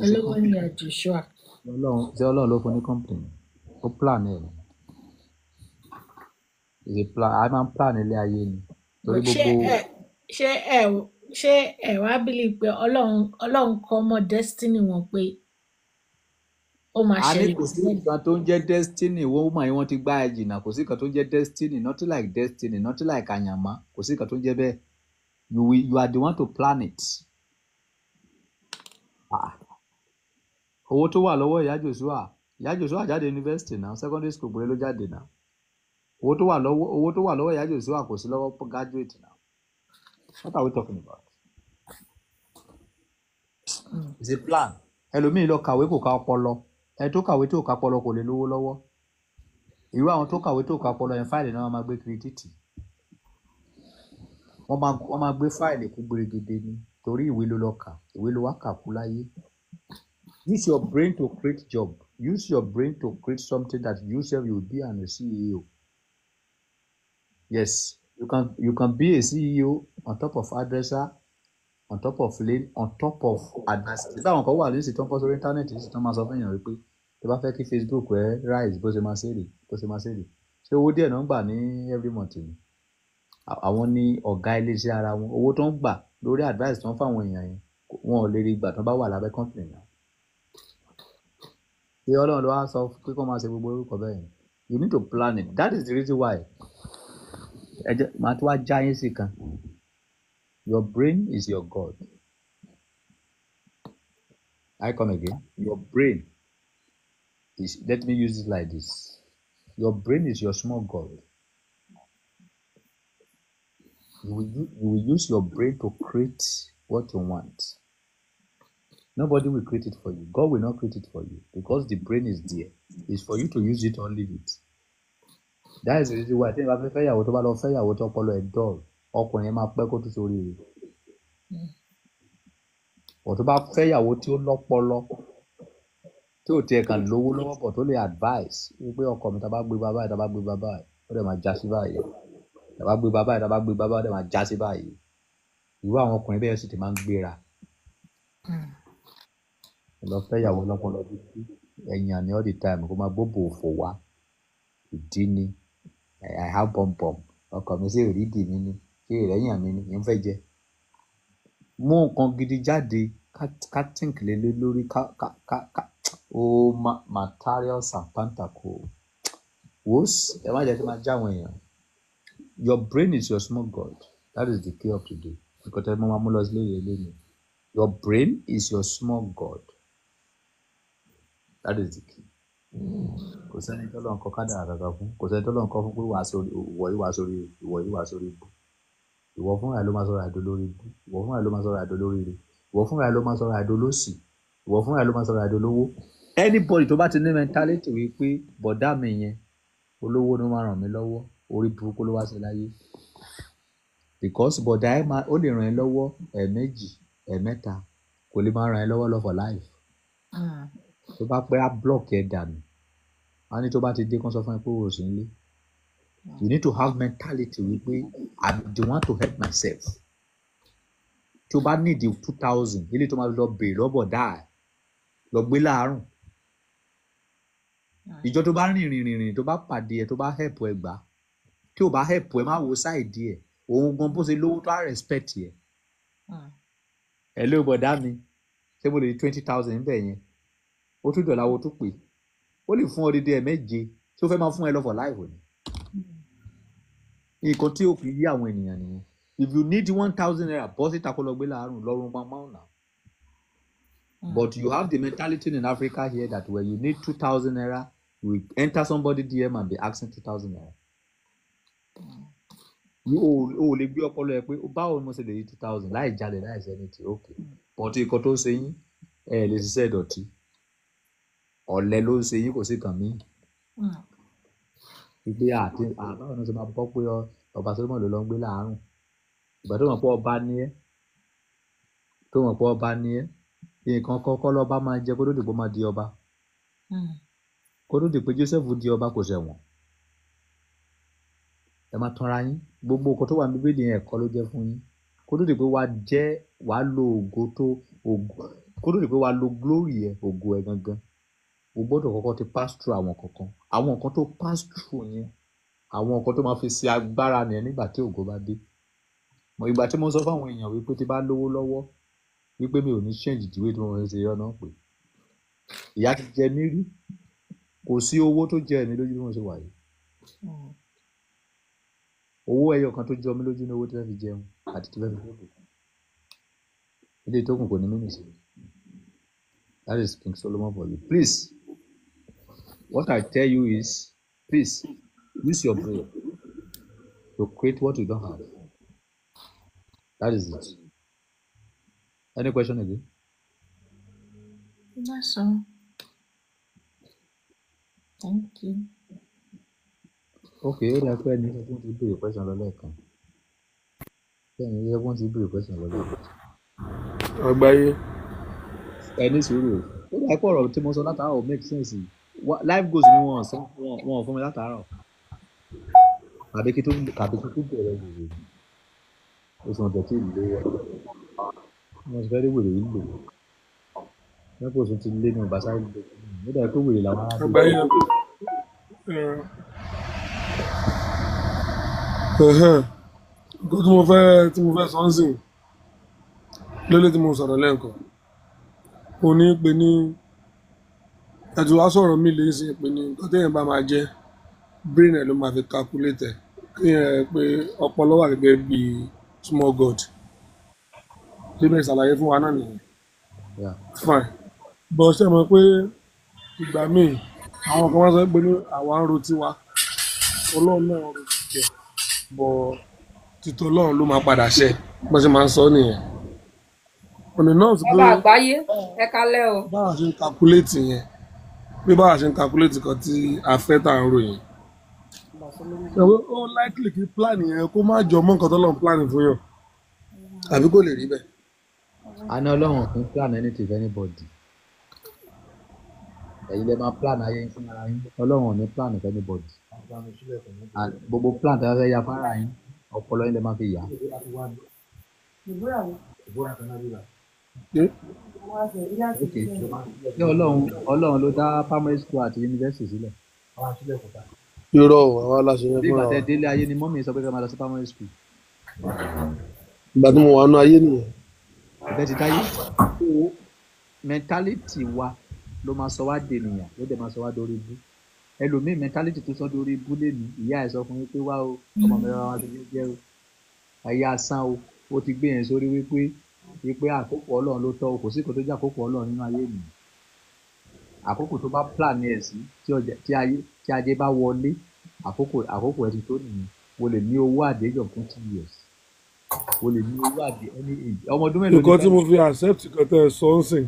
[SPEAKER 1] olówó ni àjòṣọ́ àpò ṣé ọlọ́run ló fún ní company ó plan ẹ̀ ni plan a máa ń plan ilé ayé ni torí gbogbo.
[SPEAKER 11] ṣé ẹ ṣé ẹ wá bílí pé ọlọ́run ọlọ́run kọ́ mọ́ destiny wọn pé ó máa ṣẹlẹ̀. a ní kò
[SPEAKER 1] sí nǹkan tó ń jẹ́ destiny wọ́n mọ̀ wọ́n ti gbá ẹ kò sí nǹkan tó ń jẹ́ destiny nothing like destiny nothing like àyànmọ́ kò sí nǹkan tó ń jẹ́ bẹ́ẹ̀ you are the one to plan it. Ah owó tó wà lọ́wọ́ ìyá Joshua ìyá Joshua jáde yunifásitì náà secondary school gbèrè ló jáde náà owó tó wà lọ́wọ́ owó tó wà lọ́wọ́ ìyá Joshua kò sí lọ́wọ́ graduate náà what are we talking about hmm. is a plan ẹlòmíì lọ kàwé kò ká ọpọlọ ẹ tó kàwé tó ká ọpọlọ kò lè lówó lọ́wọ́ irú àwọn tó kàwé tó ká ọpọlọ yẹn fáìlì náà wọ́n máa gbé kiri títì wọ́n máa wọ́n máa gbé fáìlì kú gbèrègèdè ni torí ìwé ló lọ kà ìwé ló wá kà kú láyé Use your brain to create job. Use your brain to create something that you yourself you be an a CEO. Yes, you can you can be a CEO on top of Adresa, on top of Lane, on top of Adresa. Ṣé táwọn kan wà lóṣì tó ń kọ́ sórí íńtánẹ́ẹ̀tì sí tó máa sọ fún èèyàn wípé tó bá fẹ́ kí Facebook ẹ rise bó ṣe máa ṣe rè bó ṣe máa ṣe rè. Ṣé owó díẹ̀ náà ń gbà ní every month ni? Àwọn ní ọ̀gá iléeṣẹ́ ara wọn. Owó tó ń gbà lórí advice tó ń fáwọn èèyàn yẹn wọn ò lè rí gbà tó bá wà lábẹ́ company náà ṣé ọlọ́run ló wá sọ pé kó máa ṣe gbogbo orúkọ bẹ́ẹ̀ yẹn you need to plan it that is the reason why ẹ jẹ́ màá tún wá já yín sí kan your brain is your god I come again your brain is let me use it like this your brain is your small god you will, you will use your brain to create what you want. Nobody will create it for you. God will not create it for you because the brain is there. It's for you to use it or leave it. That is the reason why I bá fẹ́ fẹ́yàwó tó bá lọ fẹ́yàwó tó ọpọlọ ẹ̀ dọ́ọ̀ ọkùnrin yẹn máa pẹ́ kó tó sórí rẹ̀. Bọ̀ tó bá fẹ́yàwó tí ó lọ́pọlọ tí ò tiẹ̀ kàn lówó lọ́wọ́ bọ̀ tó lè advice wípé ọkọ mi tàbá gbé bàbá ẹ̀ tàbá gbé bàbá ẹ̀ ó dẹ̀ máa já sí báyìí tàbá gbé bàbá ẹ̀ tàbá gbé bàbá ẹ̀ ó dẹ̀ máa já sí báyìí. Ìwé àwọn ọkùnrin bẹ́ẹ̀ sì ti máa ń gbéra lọ fẹ́ ìyàwó lọ́pọ̀lọ́ títí ẹ̀yàn ni all the time kó máa gbóbò òfò wá ìdí ni àhá bọ̀m̀bọ̀m ọkọ mi sì rí ìdí mi ni kí ìrẹ́yìn mi ni ìyẹn fẹ́ jẹ. mú nǹkan gidi jáde ká tíǹkì lé lórí ká ká ká ká o materials and pantako wos ẹ má jẹ́ kí n máa já àwọn èèyàn your brain is your small god that is the key of today nǹkan tẹ́ mo máa mú lọ sílé yẹn lé your brain is your small god That is lárìsìkì hmm. kò sẹ́ni tọ́lọ́ nǹkan kádà kankan fún kò sẹ́ni tọ́lọ́ nǹkan fún pé ìwọ yìí wá sórí ìwọ yìí wá sórí ibú ìwọ fúnra ló máa sọ̀rọ̀ àdó lórí ibú ìwọ fúnra ló máa sọ̀rọ̀ àdó lórí ire ìwọ fúnra ló máa sọ̀rọ̀ àdó lóṣì ìwọ fúnra ló máa sọ̀rọ̀ àdó lówó. anybody tó bá ti ní mentality wípé bọ̀dá mi yẹn olówó ló máa ràn mí lọ́wọ́ orí burúkú ló wá sí láyé because bọ̀dá ẹ máa ó lè ràn ẹ́ lọ́wọ́ ẹ̀ẹ̀mejì ẹ̀ẹ̀mẹ́ta kò lè máa ràn ẹ́ lọ́wọ́ lọ for life. Hmm tó bá pẹ́ á block ẹ̀ dànù á ní tó bá ti dé kán sọ fún ẹ pé o sì ń lé you need to have mentality wípé I do want to help myself tí o bá need two thousand ilé tó máa lọ bèrè lọ́bọ̀ dáa lọ gbé láàárùn ìjọ tó bá rìn rìn rìn tó bá pàdé ẹ tó bá help ẹ gbà tí o bá help ẹ má wo side ẹ òun gan bó ṣe lówó tó á respect ẹ ẹ ló gbọ́dọ̀ mi ṣé mo lè di twenty thousand bẹ́ẹ̀ yẹn ó tún dọ̀là wo tún pè ó lè fún ọ dédé ẹ̀ méje tí ó fẹ́ máa fún ẹ lọ́fọ̀ láìwò ni. nǹkan tí ó kì í àwọn ènìyàn nìyẹn if you need one thousand naira bọ́ síta kó lọ gbé láàárọ̀ lọ́rùn pamọ́ ọ̀nà. Hmm. but you have the mentality in Africa here that when you need two thousand naira you will enter somebody DM and be asking two thousand naira. o ò lè gbé ọpọlọ ẹ pé báwo ni mo ṣe lè rí two thousand láì jalè láì ṣe ní ti ok hmm. but nǹkan tó ń ṣe yín ẹ lè ṣiṣẹ́ ìdọ̀tí ọ̀lẹ ló ń ṣe yín kò sí kan mí. ìgbé hmm. àti àbáwọn náà ṣe máa bọ́ pé ọba Solomon ló lọ ń gbé láàárùn ìgbà tó mọ̀ pé ọba ní ẹ́ tó mọ̀ pé ọba ní ẹ́ nǹkan kọ́kọ́ lọ́ba máa jẹ kó tó dìpọ́ máa di ọba hmm. kó tó dìpọ́ Joseph di ọba kò ṣẹ̀wọ̀n ẹ máa tanra yín gbogbo nǹkan tó wà ní bíbélì yẹn ẹ̀kọ́ ló jẹ́ fún yín kó tó dìpọ́ wàá jẹ́ wàá lo ògo tó ògo kó tó dìpọ́ wàá lo glory ẹ̀ ògo ẹ̀ gangan o gbọ́dọ̀ kọ́kọ́ ti pass through àwọn kankan àwọn nǹkan tó pass through yẹn àwọn nǹkan tó máa fi ṣe agbára nìyẹn nígbà tí ògo bá dé mo ìgbà tí mo sọ fáwọn èèyàn wípé tí bá lówó lọ́wọ́ wípé mi ò ní change ìdíwé tí mo fẹ́ ṣe ọ̀nà pé ìyá ti jẹ mí rí kò sí owó tó jẹ mí lójú bí mo ṣe wà yìí owó ẹyọ kan tó jọ mí lójú ní owó tí wọ́n fi jẹun àti tí wọ́n fi gbọ́dọ̀ ilé tó kù kò ní mímì sí that is King Solomon for you please What I tell you is, please use your brain to create what you don't have. That is it. Any question again?
[SPEAKER 11] That's all. Thank you.
[SPEAKER 1] Okay, ó dàá pé ẹni to ti béèrè question lọ lẹ́ẹ̀kan. want to ti béèrè question lọ lẹ́ẹ̀kan. Àgbáyé. Ẹni sùúrù. Ó dàá pé ọ̀rọ̀ tí mo sọ látàárọ̀ make sense yìí life goals mi wọn sọ wọn fún mi látàárọ̀ tàbí kí tó tàbí kí tó bẹ̀rẹ̀ wèrè oṣù ọ̀dọ̀ tí ìlú wọ̀ wọn ti fẹ́ẹ́ wèrè yìí lò lẹ́pọ̀ oṣù ti
[SPEAKER 4] lé ní ọ̀básá ìlú ló dàbí pé wèrè làwọn á bí. nǹkan tí mo fẹ́ tí mo fẹ́ sọ ń sìn tí mo sọ̀rọ̀ lẹ́ǹkan òní pe ní ẹtù wá sọ̀rọ̀ mí lè ṣe pé ní nǹkan téèyàn bá máa jẹ brain ẹ̀ ló máa fi calculate ẹ̀ kéèyàn pé ọpọlọ wà gẹ́gẹ́ bí small god ṣé bẹ́ẹ̀ ṣàlàyé fún wa náà nìyẹn fine bọ́ ṣe mọ̀ pé ìgbà míì àwọn kan wá sọ pé ní àwa ń ro tiwa ọlọ́run náà ro tiẹ̀ bọ̀ títọ́ ọlọ́run ló máa padà ṣẹ bọ́n ṣe máa ń sọ nìyẹn ọ̀nà náà sì pé ọba
[SPEAKER 11] àgbáyé ẹ̀ka
[SPEAKER 4] lẹ́ o báwa ṣe ń calculate yẹn pé báwa ṣe ń calculate kan tí a fẹ́ tà ń ròyìn ó likely kí plan yẹn kó má jọ mọ́ nǹkan tó lọ́n plan fún yàn àbí kò lè rí bẹ́ẹ̀. àná ọlọ́run kì í plan anything anybody
[SPEAKER 1] ẹ̀yin lè máa plan ayé yín fún ara yín ọlọ́run ò ní plan for anybody gbogbo plan tí wọ́n fẹ́ ya fara yín ọpọlọ yín lè máa fi yà
[SPEAKER 6] ṣé ọlọ́run
[SPEAKER 1] ọlọ́run ló dá primary school àti university sílẹ̀. irọ́ o
[SPEAKER 4] àwa aláṣẹ yẹn fúnra wa. bí ìgbà tẹ
[SPEAKER 1] délé ayé ni mọ́mí sọ pé ká máa lọ sí primary school.
[SPEAKER 4] ìgbà tí mo wà nù ayé nìyẹn.
[SPEAKER 1] ìbẹ́ ti táyé mentality wa ló máa sọ wá dènìyàn ló dẹ̀ máa sọ wá dórí ibú ẹlòmíì mentality tó sọ dórí ibú lèmi ìyá ẹ̀ sọ fún mi pé wá o ọmọ mi rárá wá ti jẹ́ o ẹ̀yà asán o ó ti gbé yẹn sórí wípé wípé àkókò Ọlọ́run ló tọ́ kò sí kò tó jẹ́ àkókò Ọlọ́run nínú ayé mi àkókò tó bá plan ẹ̀ sí tí ayé tí ajé bá wọlé àkókò àkókò ẹ̀ ti tó nìyẹn mo lè ní owó àdéjọ fún two years mo lè ní
[SPEAKER 4] owó àdé ẹni èjì ọmọ ọdún mélòó ni. nǹkan tí mo fi accept kan tẹ sọ́nsìn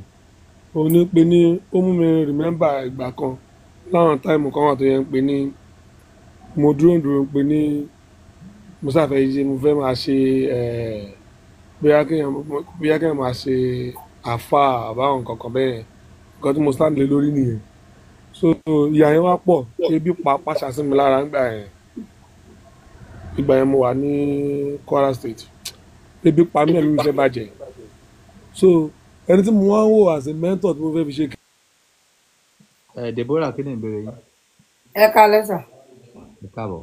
[SPEAKER 4] òun ní pé ní ó mú mi remember ìgbà kan láwọn táìmù kan wà tó yẹn ń pè ní mo dúró dúró ń pè ní mo sáfẹ́ yìí mo fẹ́ máa ṣe ẹ̀ẹ́. Eh, bóyá kéèyàn bóyá kéèyàn máa ṣe àfa àbáwọn kankan bẹ́ẹ̀ nǹkan tí mo stand lé lórí nìyẹn so ìyá yẹn wá pọ̀ ebi pa pàṣà sí mi lára nígbà yẹn ìgbà yẹn mo wà ní Kwara State ebi pa mí ẹ̀mí mi bàjẹ́ so ẹni tí mo wá ń wò as a mentor tí mo fẹ́ fi ṣe kí. ẹ Deborah kí ni ìbéèrè yìí.
[SPEAKER 11] ẹ ká lẹ́sà.
[SPEAKER 1] ẹ káàbọ̀.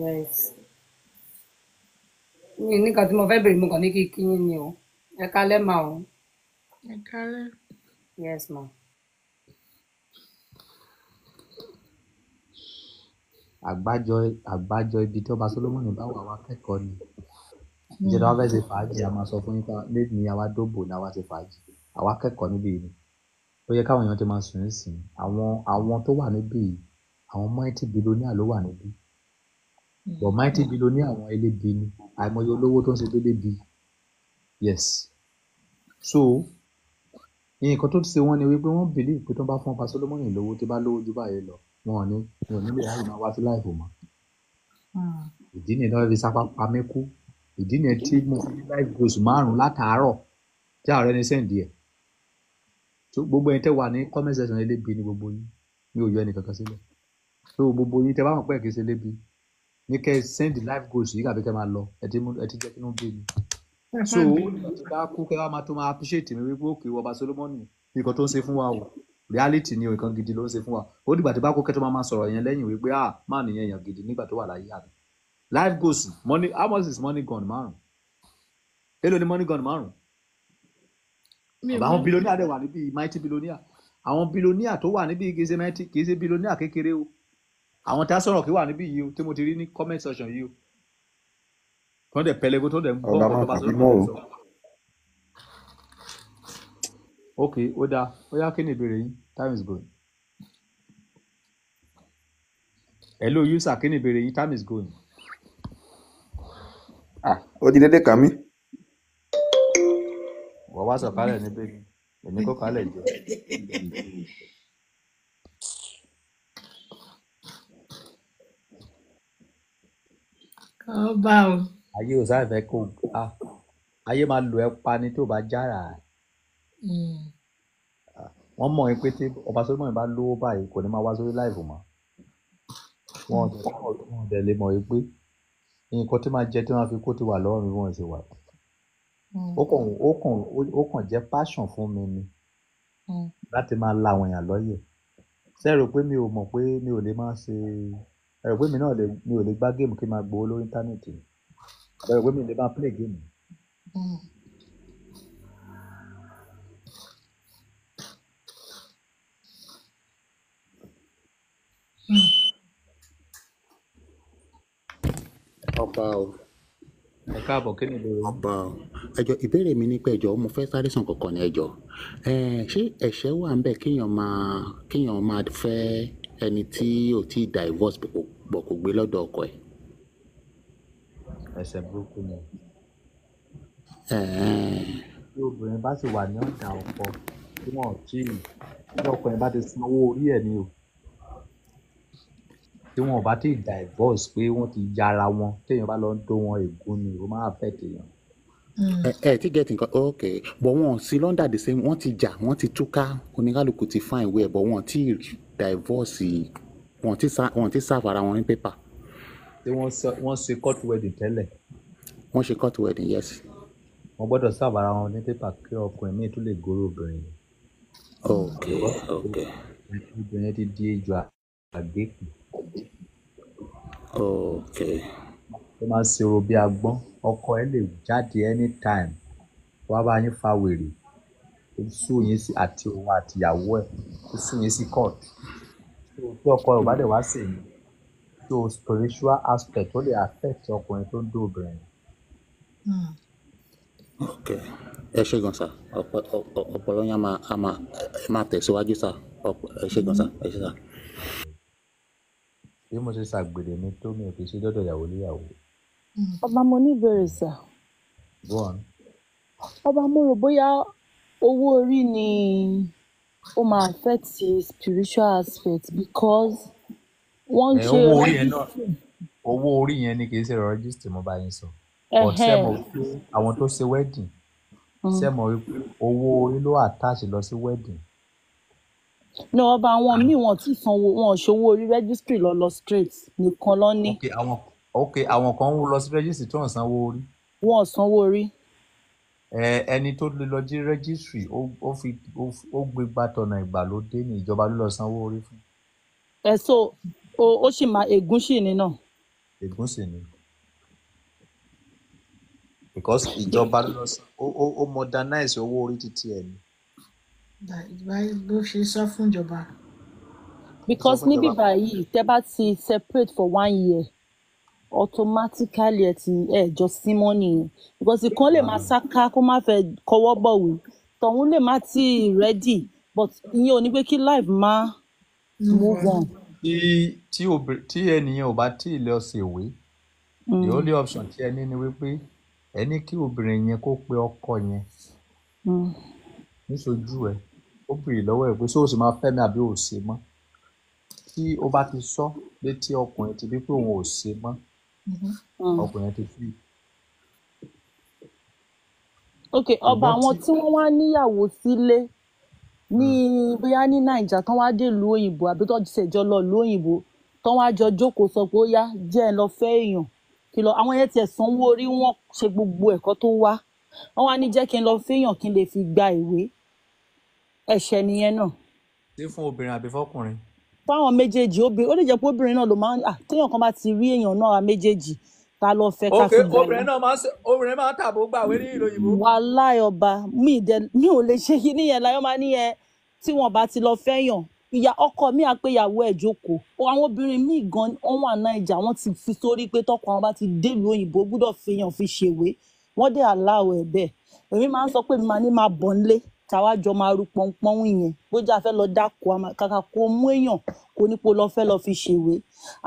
[SPEAKER 14] nice. Ni nìkan tí mo fẹ́ bèrè mo kàn ní kí kí yín ni o ẹ kálẹ́ mà o. ẹ kálẹ́. yes ma.
[SPEAKER 1] àgbájọ àgbájọ ibi tí ọba solomoni bá wà wá kẹ́kọ̀ọ́ ni ìjọba wa fẹ́ ṣe fàájì a máa sọ fún yín pa lẹ́yìn ni àwa dóbò ni àwa ṣe fàájì àwa kẹ́kọ̀ọ́ níbí yìí ó yẹ káwọn èèyàn ti máa sùn sìn àwọn àwọn tó wà níbí yìí àwọn mighty billionaire ló wà níbí but mighty billionaire àwọn ẹlẹ́bi ni àìmọye olówó tó ń ṣe déédéé bi yes so nǹkan tó ṣe wọ́n ni wípé wọ́n believe pé tó bá fún ọba Solomoni lówó tó bá lówó ju báyìí lọ wọn ò ní wọn ò ní lè ráyè máa wá sí láìpò mọ́ hmm. ìdí nìyẹn tó fẹ́ fi sápá pamí kú ìdí nìyẹn tí mo fi ní life goals márùn látàárọ̀ tí ààrẹ ní sẹ́ǹdì ẹ̀ tó gbogbo ẹni tẹ́ wà ní comment section ẹlẹ́bi ni gbogbo yín mi ò yọ ẹnì kankan sílẹ̀ tó gbogbo yín tẹ́ bá mọ̀ pé ẹ̀kí ṣe ẹlẹ́bi ní kẹ́ send life goals yìí kàbí kẹ́ máa lọ ẹ ti jẹ́ kí ló ń gbé mi. so ti bá kú kẹ́ wá máa tó máa appreciate mi wípé òkè ọba Solomoni nǹkan tó ń ṣe fún wa o reality ni o nǹkan gidi ló ń ṣe fún wa ó dìgbà tí bá kú kẹ́ tó máa máa sọ̀rọ̀ yẹn lẹ́yìn wípé ah máa nìyẹn èèyàn gidi nígbà tó wà láyé àná life goals money how much is money gone márùn èló ni money gone márùn àwọn billionaire dẹ̀ wà níbi mighty billionaire àwọn billionaire tó wà níbi kì í ṣe mighty kì í ṣe billionaire kékeré o àwọn tá a sọ̀rọ̀ kí wà níbí yìí o tí mo ti rí ní comment section yìí o tó ń dẹ̀ pẹlẹgo tó ń dẹ̀ ń bọ́ ọ̀pọ̀ tó bá sọ̀rọ̀ sọ. ok ó dáa ó yá kí ni ìbéèrè yín time is going. hello user kí ni ìbéèrè yín time is going. ah
[SPEAKER 16] ó di dédé kàn mí. wọ́n
[SPEAKER 1] wá sọ̀kalẹ̀ níbẹ̀ èmi kò kalẹ̀ jẹ́.
[SPEAKER 11] ọba o.
[SPEAKER 1] ayé ò sáfẹ́ kó a ayé máa lò ẹ́ pa ni tó bá jára hmm. wọ́n mọ̀ ẹ́ pé tí ọba sọ́dún mọ̀ bá lówó báyìí kò ní máa wá sórí láìfò mọ́ wọn ò dẹ̀ lè mọ̀ ẹ́ pé nǹkan tí máa jẹ tí wọ́n fi kó ti wà lọ́rùn bí wọ́n ṣe wà hmm. ó kàn ó kàn ó kàn jẹ́ passion fún mi ni hmm. láti máa la àwọn èèyàn lọ́yẹ̀ sẹ́rò pé mi ò mọ̀ pé mi ò lè máa ṣe ẹ rò pé mi náà mi ò lè gbá géèmù kí n máa gbowó lórí íńtánẹ́ẹ̀tì ẹ rò pé mi lè máa play géèmù.
[SPEAKER 8] ọba o. ẹ káàbọ̀ kí ni ìbéèrè. ọba o ẹjọ ìbéèrè mi ni pé ẹjọ mo fẹ́ sáré sàn kankan ni ẹjọ ṣé ẹ̀ṣẹ̀ wà ń bẹ̀ kéèyàn máa kéèyàn máa fẹ́ ẹni tí ò tí divorce bọ̀ kò gbé lọ́dọ̀ ọkọ ẹ̀.
[SPEAKER 1] ẹsẹ̀ burúkú ni. tí obìnrin bá sì wà ní ọ̀dà ọkọ tí wọn ò tí ì tí ọkọ yẹn bá ti san owó orí ẹ̀ ni o tí wọn ò bá ti divorce pé wọ́n ti yára wọn téèyàn bá lọ ń dó wọn ègún ni ó máa fẹ́ tèèyàn.
[SPEAKER 12] Mm. ẹ
[SPEAKER 8] ẹ ti get nǹkan ok but wọn sí london the same wọn ti jà wọn ti túká oníkálukú ti fine well but wọn ti divorce wọn ti sa wọn ti serve ara wọn ní paper.
[SPEAKER 1] ṣé wọ́n ṣe court wedding tẹ́lẹ̀.
[SPEAKER 8] wọ́n ṣe court wedding yes.
[SPEAKER 1] wọ́n gbọ́dọ̀ serve ara wọn ní paper kí ọkùnrin míì tún lè gòrò obìnrin.
[SPEAKER 8] ok
[SPEAKER 2] ok.
[SPEAKER 1] obìnrin ti di ejò àgbékù. ok. ó máa ń ṣe orò bí agbọ́n ọkọ ẹ lè jáde anytime wá bá yín fa wèrè ó sùn yín sí àti òun àti ìyàwó ẹ ó sùn yín sí court tó tí ọkọ ẹ ò bá dẹ̀ wá sí yín tó spiritual aspect ó lè affect ọkùnrin tó ń dó obìnrin.
[SPEAKER 8] ok ẹ ṣe gan sa ọpọlọ yẹn a máa tẹ̀síwájú sa ẹ ṣe gan sa ẹ ṣe sa.
[SPEAKER 1] bí mo ṣe ṣàgbèrè mi tó mi ò kì í ṣe dọ́dọ̀ ìyàwó níyàwó.
[SPEAKER 14] Mm. ọba mo ní ìbéèrè sà Go on. ọba mo rò bóyá owó orí ni ó máa affect spiritual aspect because wọ́n ṣe owó orí yẹn náà
[SPEAKER 1] owó orí yẹn ni kì í ṣe rọ́gísítì mo bá yín sọ ọ̀sẹ̀ mọ̀ àwọn tó ṣe wedding mm. ṣe mọ̀ owó orí ló attach lọ sí wedding
[SPEAKER 14] náà ọba àwọn míì wọn ti sanwó wọn ò ṣòwò orí registry lọ lọ straight nìkan lọ ní. ok ok àwọn kan ń lọ sí rẹ́gísítì tó ń sanwó orí. wọ́n sanwó orí.
[SPEAKER 1] ẹni tó lè lọ sí rẹ́gísítì ó fi ó gbé gbàtọ̀nà ìgbàlódé ní ìjọba ló lọ sanwó orí fún.
[SPEAKER 14] ẹ so o ó sì máa ègún sì ni náà.
[SPEAKER 1] ègún sì ni because ìjọba lọ ó ó modernize owó orí títí ẹ ni.
[SPEAKER 14] báyìí ló
[SPEAKER 11] ṣe sọ fún ìjọba.
[SPEAKER 14] because níbí báyìí tẹ́ bá ti separate for one year automatically ẹ ti ẹ jọ símọ́ nìyẹn because ìkan lè máa sáká kó má fẹ́ kọwọ́ bọ̀wé tọ̀hún lè má tí ready but ìyẹn ò ní pé kí life má move on.
[SPEAKER 1] tí tí obìnrin tí ènìyàn ò bá tí ì lọ ṣèwé the mm. only option tí ẹni ni wípé ẹni kí obìnrin yẹn kó pe ọkọ yẹn mm. níṣojú ẹ ó bèrè lọ́wọ́ ẹ̀ pé ṣé o sì máa fẹ́ mi àbí o ò ṣe mọ́
[SPEAKER 5] tí o bá ti sọ
[SPEAKER 1] létí ọkùnrin ti bí pé òun ò ṣe mọ́
[SPEAKER 14] Mm-hmm. Mm.
[SPEAKER 1] ọkùnrin ti fi.
[SPEAKER 14] ok ọba àwọn tí wọ́n wá níyàwó sílé ní mm. bóyá ní Naija, tán wá dé ìlú òyìnbó àbí tó ṣèjọ lọ ìlú òyìnbó tán wá jọ jókòó sọ pé ó yá jẹ́ ẹ lọ fẹ́ èèyàn kí lọ àwọn yẹn tiẹ̀ sanwó orí wọn ṣe gbogbo ẹ̀kọ́ tó wá wọ́n wá ní jẹ́ kí n lọ fẹ́yàn kí n lè fi gba ìwé ẹ̀ṣẹ̀ nìyẹn náà.
[SPEAKER 1] ṣé fún obìnrin àbí fọkùnrin
[SPEAKER 14] fáwọn méjèèjì obìnrin ó lè jẹ́ pé obìnrin náà ló máa ń à téèyàn kan bá ti rí èèyàn náà méjèèjì ta ló fẹ́ ká fi gbà obìnrin
[SPEAKER 1] náà máa obìnrin máa ń tàbó gbà wé ní
[SPEAKER 14] ìlú òyìnbó. wàhálà ọba mi ìdẹ mi ò lè ṣe yín níyẹn láyọ́ máa níyẹn tí wọ́n bá ti lọ fẹ́yàn ìyá ọkọ mi àpéyàwó ẹ̀ jókòó àwọn obìnrin míì gan wọn wà náà ìjà wọn ti fi sórí pé tọkọ àwọn bá ti délùú òyìnbó gbúdọ̀ fi èèyàn fi ṣèwé wọ́n dé àláwọ̀ ẹ̀ bẹ́ẹ̀ èmi máa ń sọ pé mi máa ní máa bọ̀ nílé táwa jọ máa ru pọ́npọ́n yẹn bójú afẹ́ lọ dáko kàkà kó mú èèyàn kó nípo lọ fẹ́ lọ fi ṣèwé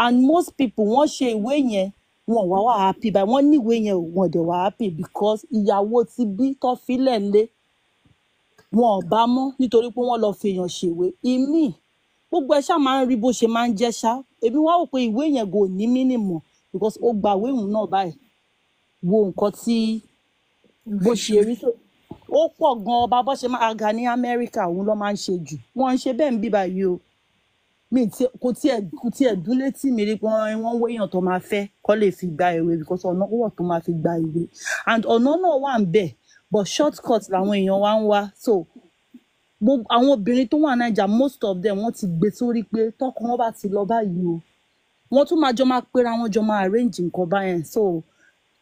[SPEAKER 14] and most people wọ́n ṣe ìwé yẹn wọn wá wá happy báyìí wọ́n ní ìwé yẹn wọ́n dẹ̀ wá happy because ìyàwó ti bí tó filẹ̀ lé wọn ò bá mọ́ nítorí pé wọ́n lọ fi èèyàn ṣèwé ìmíì gbogbo ẹ ṣáà máa ń rí bó ṣe máa ń jẹ́ ṣá èmi wá wò pé ìwé yẹn kò ní mínìmọ̀ because ó gba ìwé ìhùn náà báyìí wo nǹkan tí bó ṣe rí tó ó pọ̀ gan ọba bó ṣe máa ga ní amẹ́ríkà òun ló máa ń ṣe jù wọ́n ń ṣe bẹ́ẹ̀ ń bíbá yìí o mi kò tiẹ̀ kò tiẹ̀ dún létí mi rí pé wọ́n wéyàn tó máa fẹ́ kó lè fi gba ìwé because ọ̀nà wọ̀ tó máa fi gba ìwé and ọ̀nà náà wà ń bẹ̀ but shortcut làwọn èèyàn wa ń wá so àwọn obìnrin tó wà nàìjà most of them wọ́n ti gbé sórí pé tọkàn wọn bá ti lọ báyìí o wọ́n tún máa jọ máa pera wọn jọ máa arrange nǹkan báyẹn so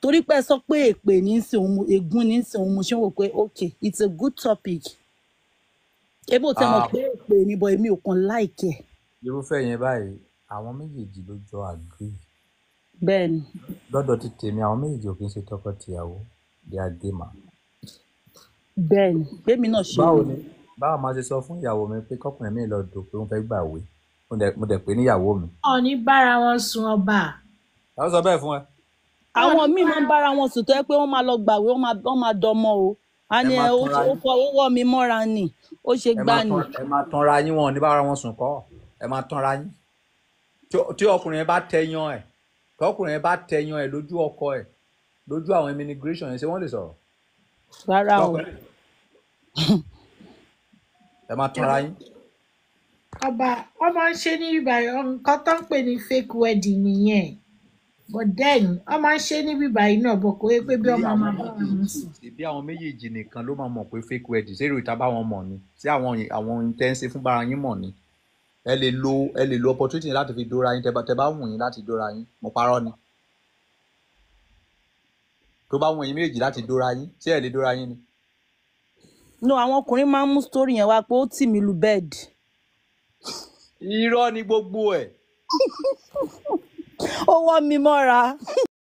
[SPEAKER 14] torí pé ẹ sọ pé èpè ní sin òun ègún ní sin òun mo ṣe ń wò pé okay it's a good topic ebo tẹ mọ̀ ah. pé èpè ní bọ èmi ò kàn láìkẹ.
[SPEAKER 1] irúfẹ́ yẹn báyìí àwọn méjèèjì ló jọ agree. bẹ́ẹ̀ni. lọ́dọ̀ ti tèmi àwọn méjèèjì ò kì í ṣe tọkọ-tìyàwó they are gay man. bẹ́ẹ̀ni bẹ́ẹ̀mi náà ṣe. báwo ni báwo máa ṣe sọ fún ìyàwó mi pé kọkùnrin mi lọ dò pé òun fẹ́ gbàwé mo dẹ̀ pé níyàwó mi.
[SPEAKER 11] ọ̀ ní bára wọn sun ọba.
[SPEAKER 4] àwọn sọ bẹ́ẹ̀ fún ẹ
[SPEAKER 14] àwọn míì máa ń bára wọn sùn tó yẹ pé wọ́n máa lọ gbàwé wọ́n máa dọmọ o a ní ẹ ó fọwọ́ mi mọ́ra ni ó ṣe gbá ni. ẹ
[SPEAKER 4] máa
[SPEAKER 1] tanra yín wọn ò ní bára wọn sùn kọ́ ẹ máa tanra yín tí ọkùnrin yẹn bá tẹyan ẹ tí ọkùnrin yẹn bá tẹyan ẹ lójú ọkọ ẹ lójú àwọn immigration yẹn ṣé wọ́n lè sọ̀rọ̀.
[SPEAKER 11] rárá o.
[SPEAKER 10] ẹ máa tanra yín
[SPEAKER 11] ọba ọmọ ń ṣe ní ibà nǹkan tó ń pè ní fake wedding nìyẹn but then wọ́n máa ń ṣe ní bíbá iná ọ̀bọ kò yẹ pé bí ọmọ máa bá wọn sùn.
[SPEAKER 1] ṣèbí àwọn méjèèjì nìkan ló máa mọ̀ pé fake wedding ṣé èrò ìta bá mọ̀ ni ṣé àwọn àwọn intense fún bára yín mọ̀ ni ẹ lè lo ẹ lè lo opportunity láti fi dóra yín tẹ bá wù yín láti dóra yín mo parọ́ ni tó bá wù yín méjèèjì láti dóra yín ṣé ẹ lè dóra yín ni.
[SPEAKER 14] no àwọn ọkùnrin máa ń mú story yẹn wá pé ó tì mí lu bẹ́ẹ̀dì.
[SPEAKER 1] irọ́ ni gbogbo ẹ̀.
[SPEAKER 14] 我忘密码。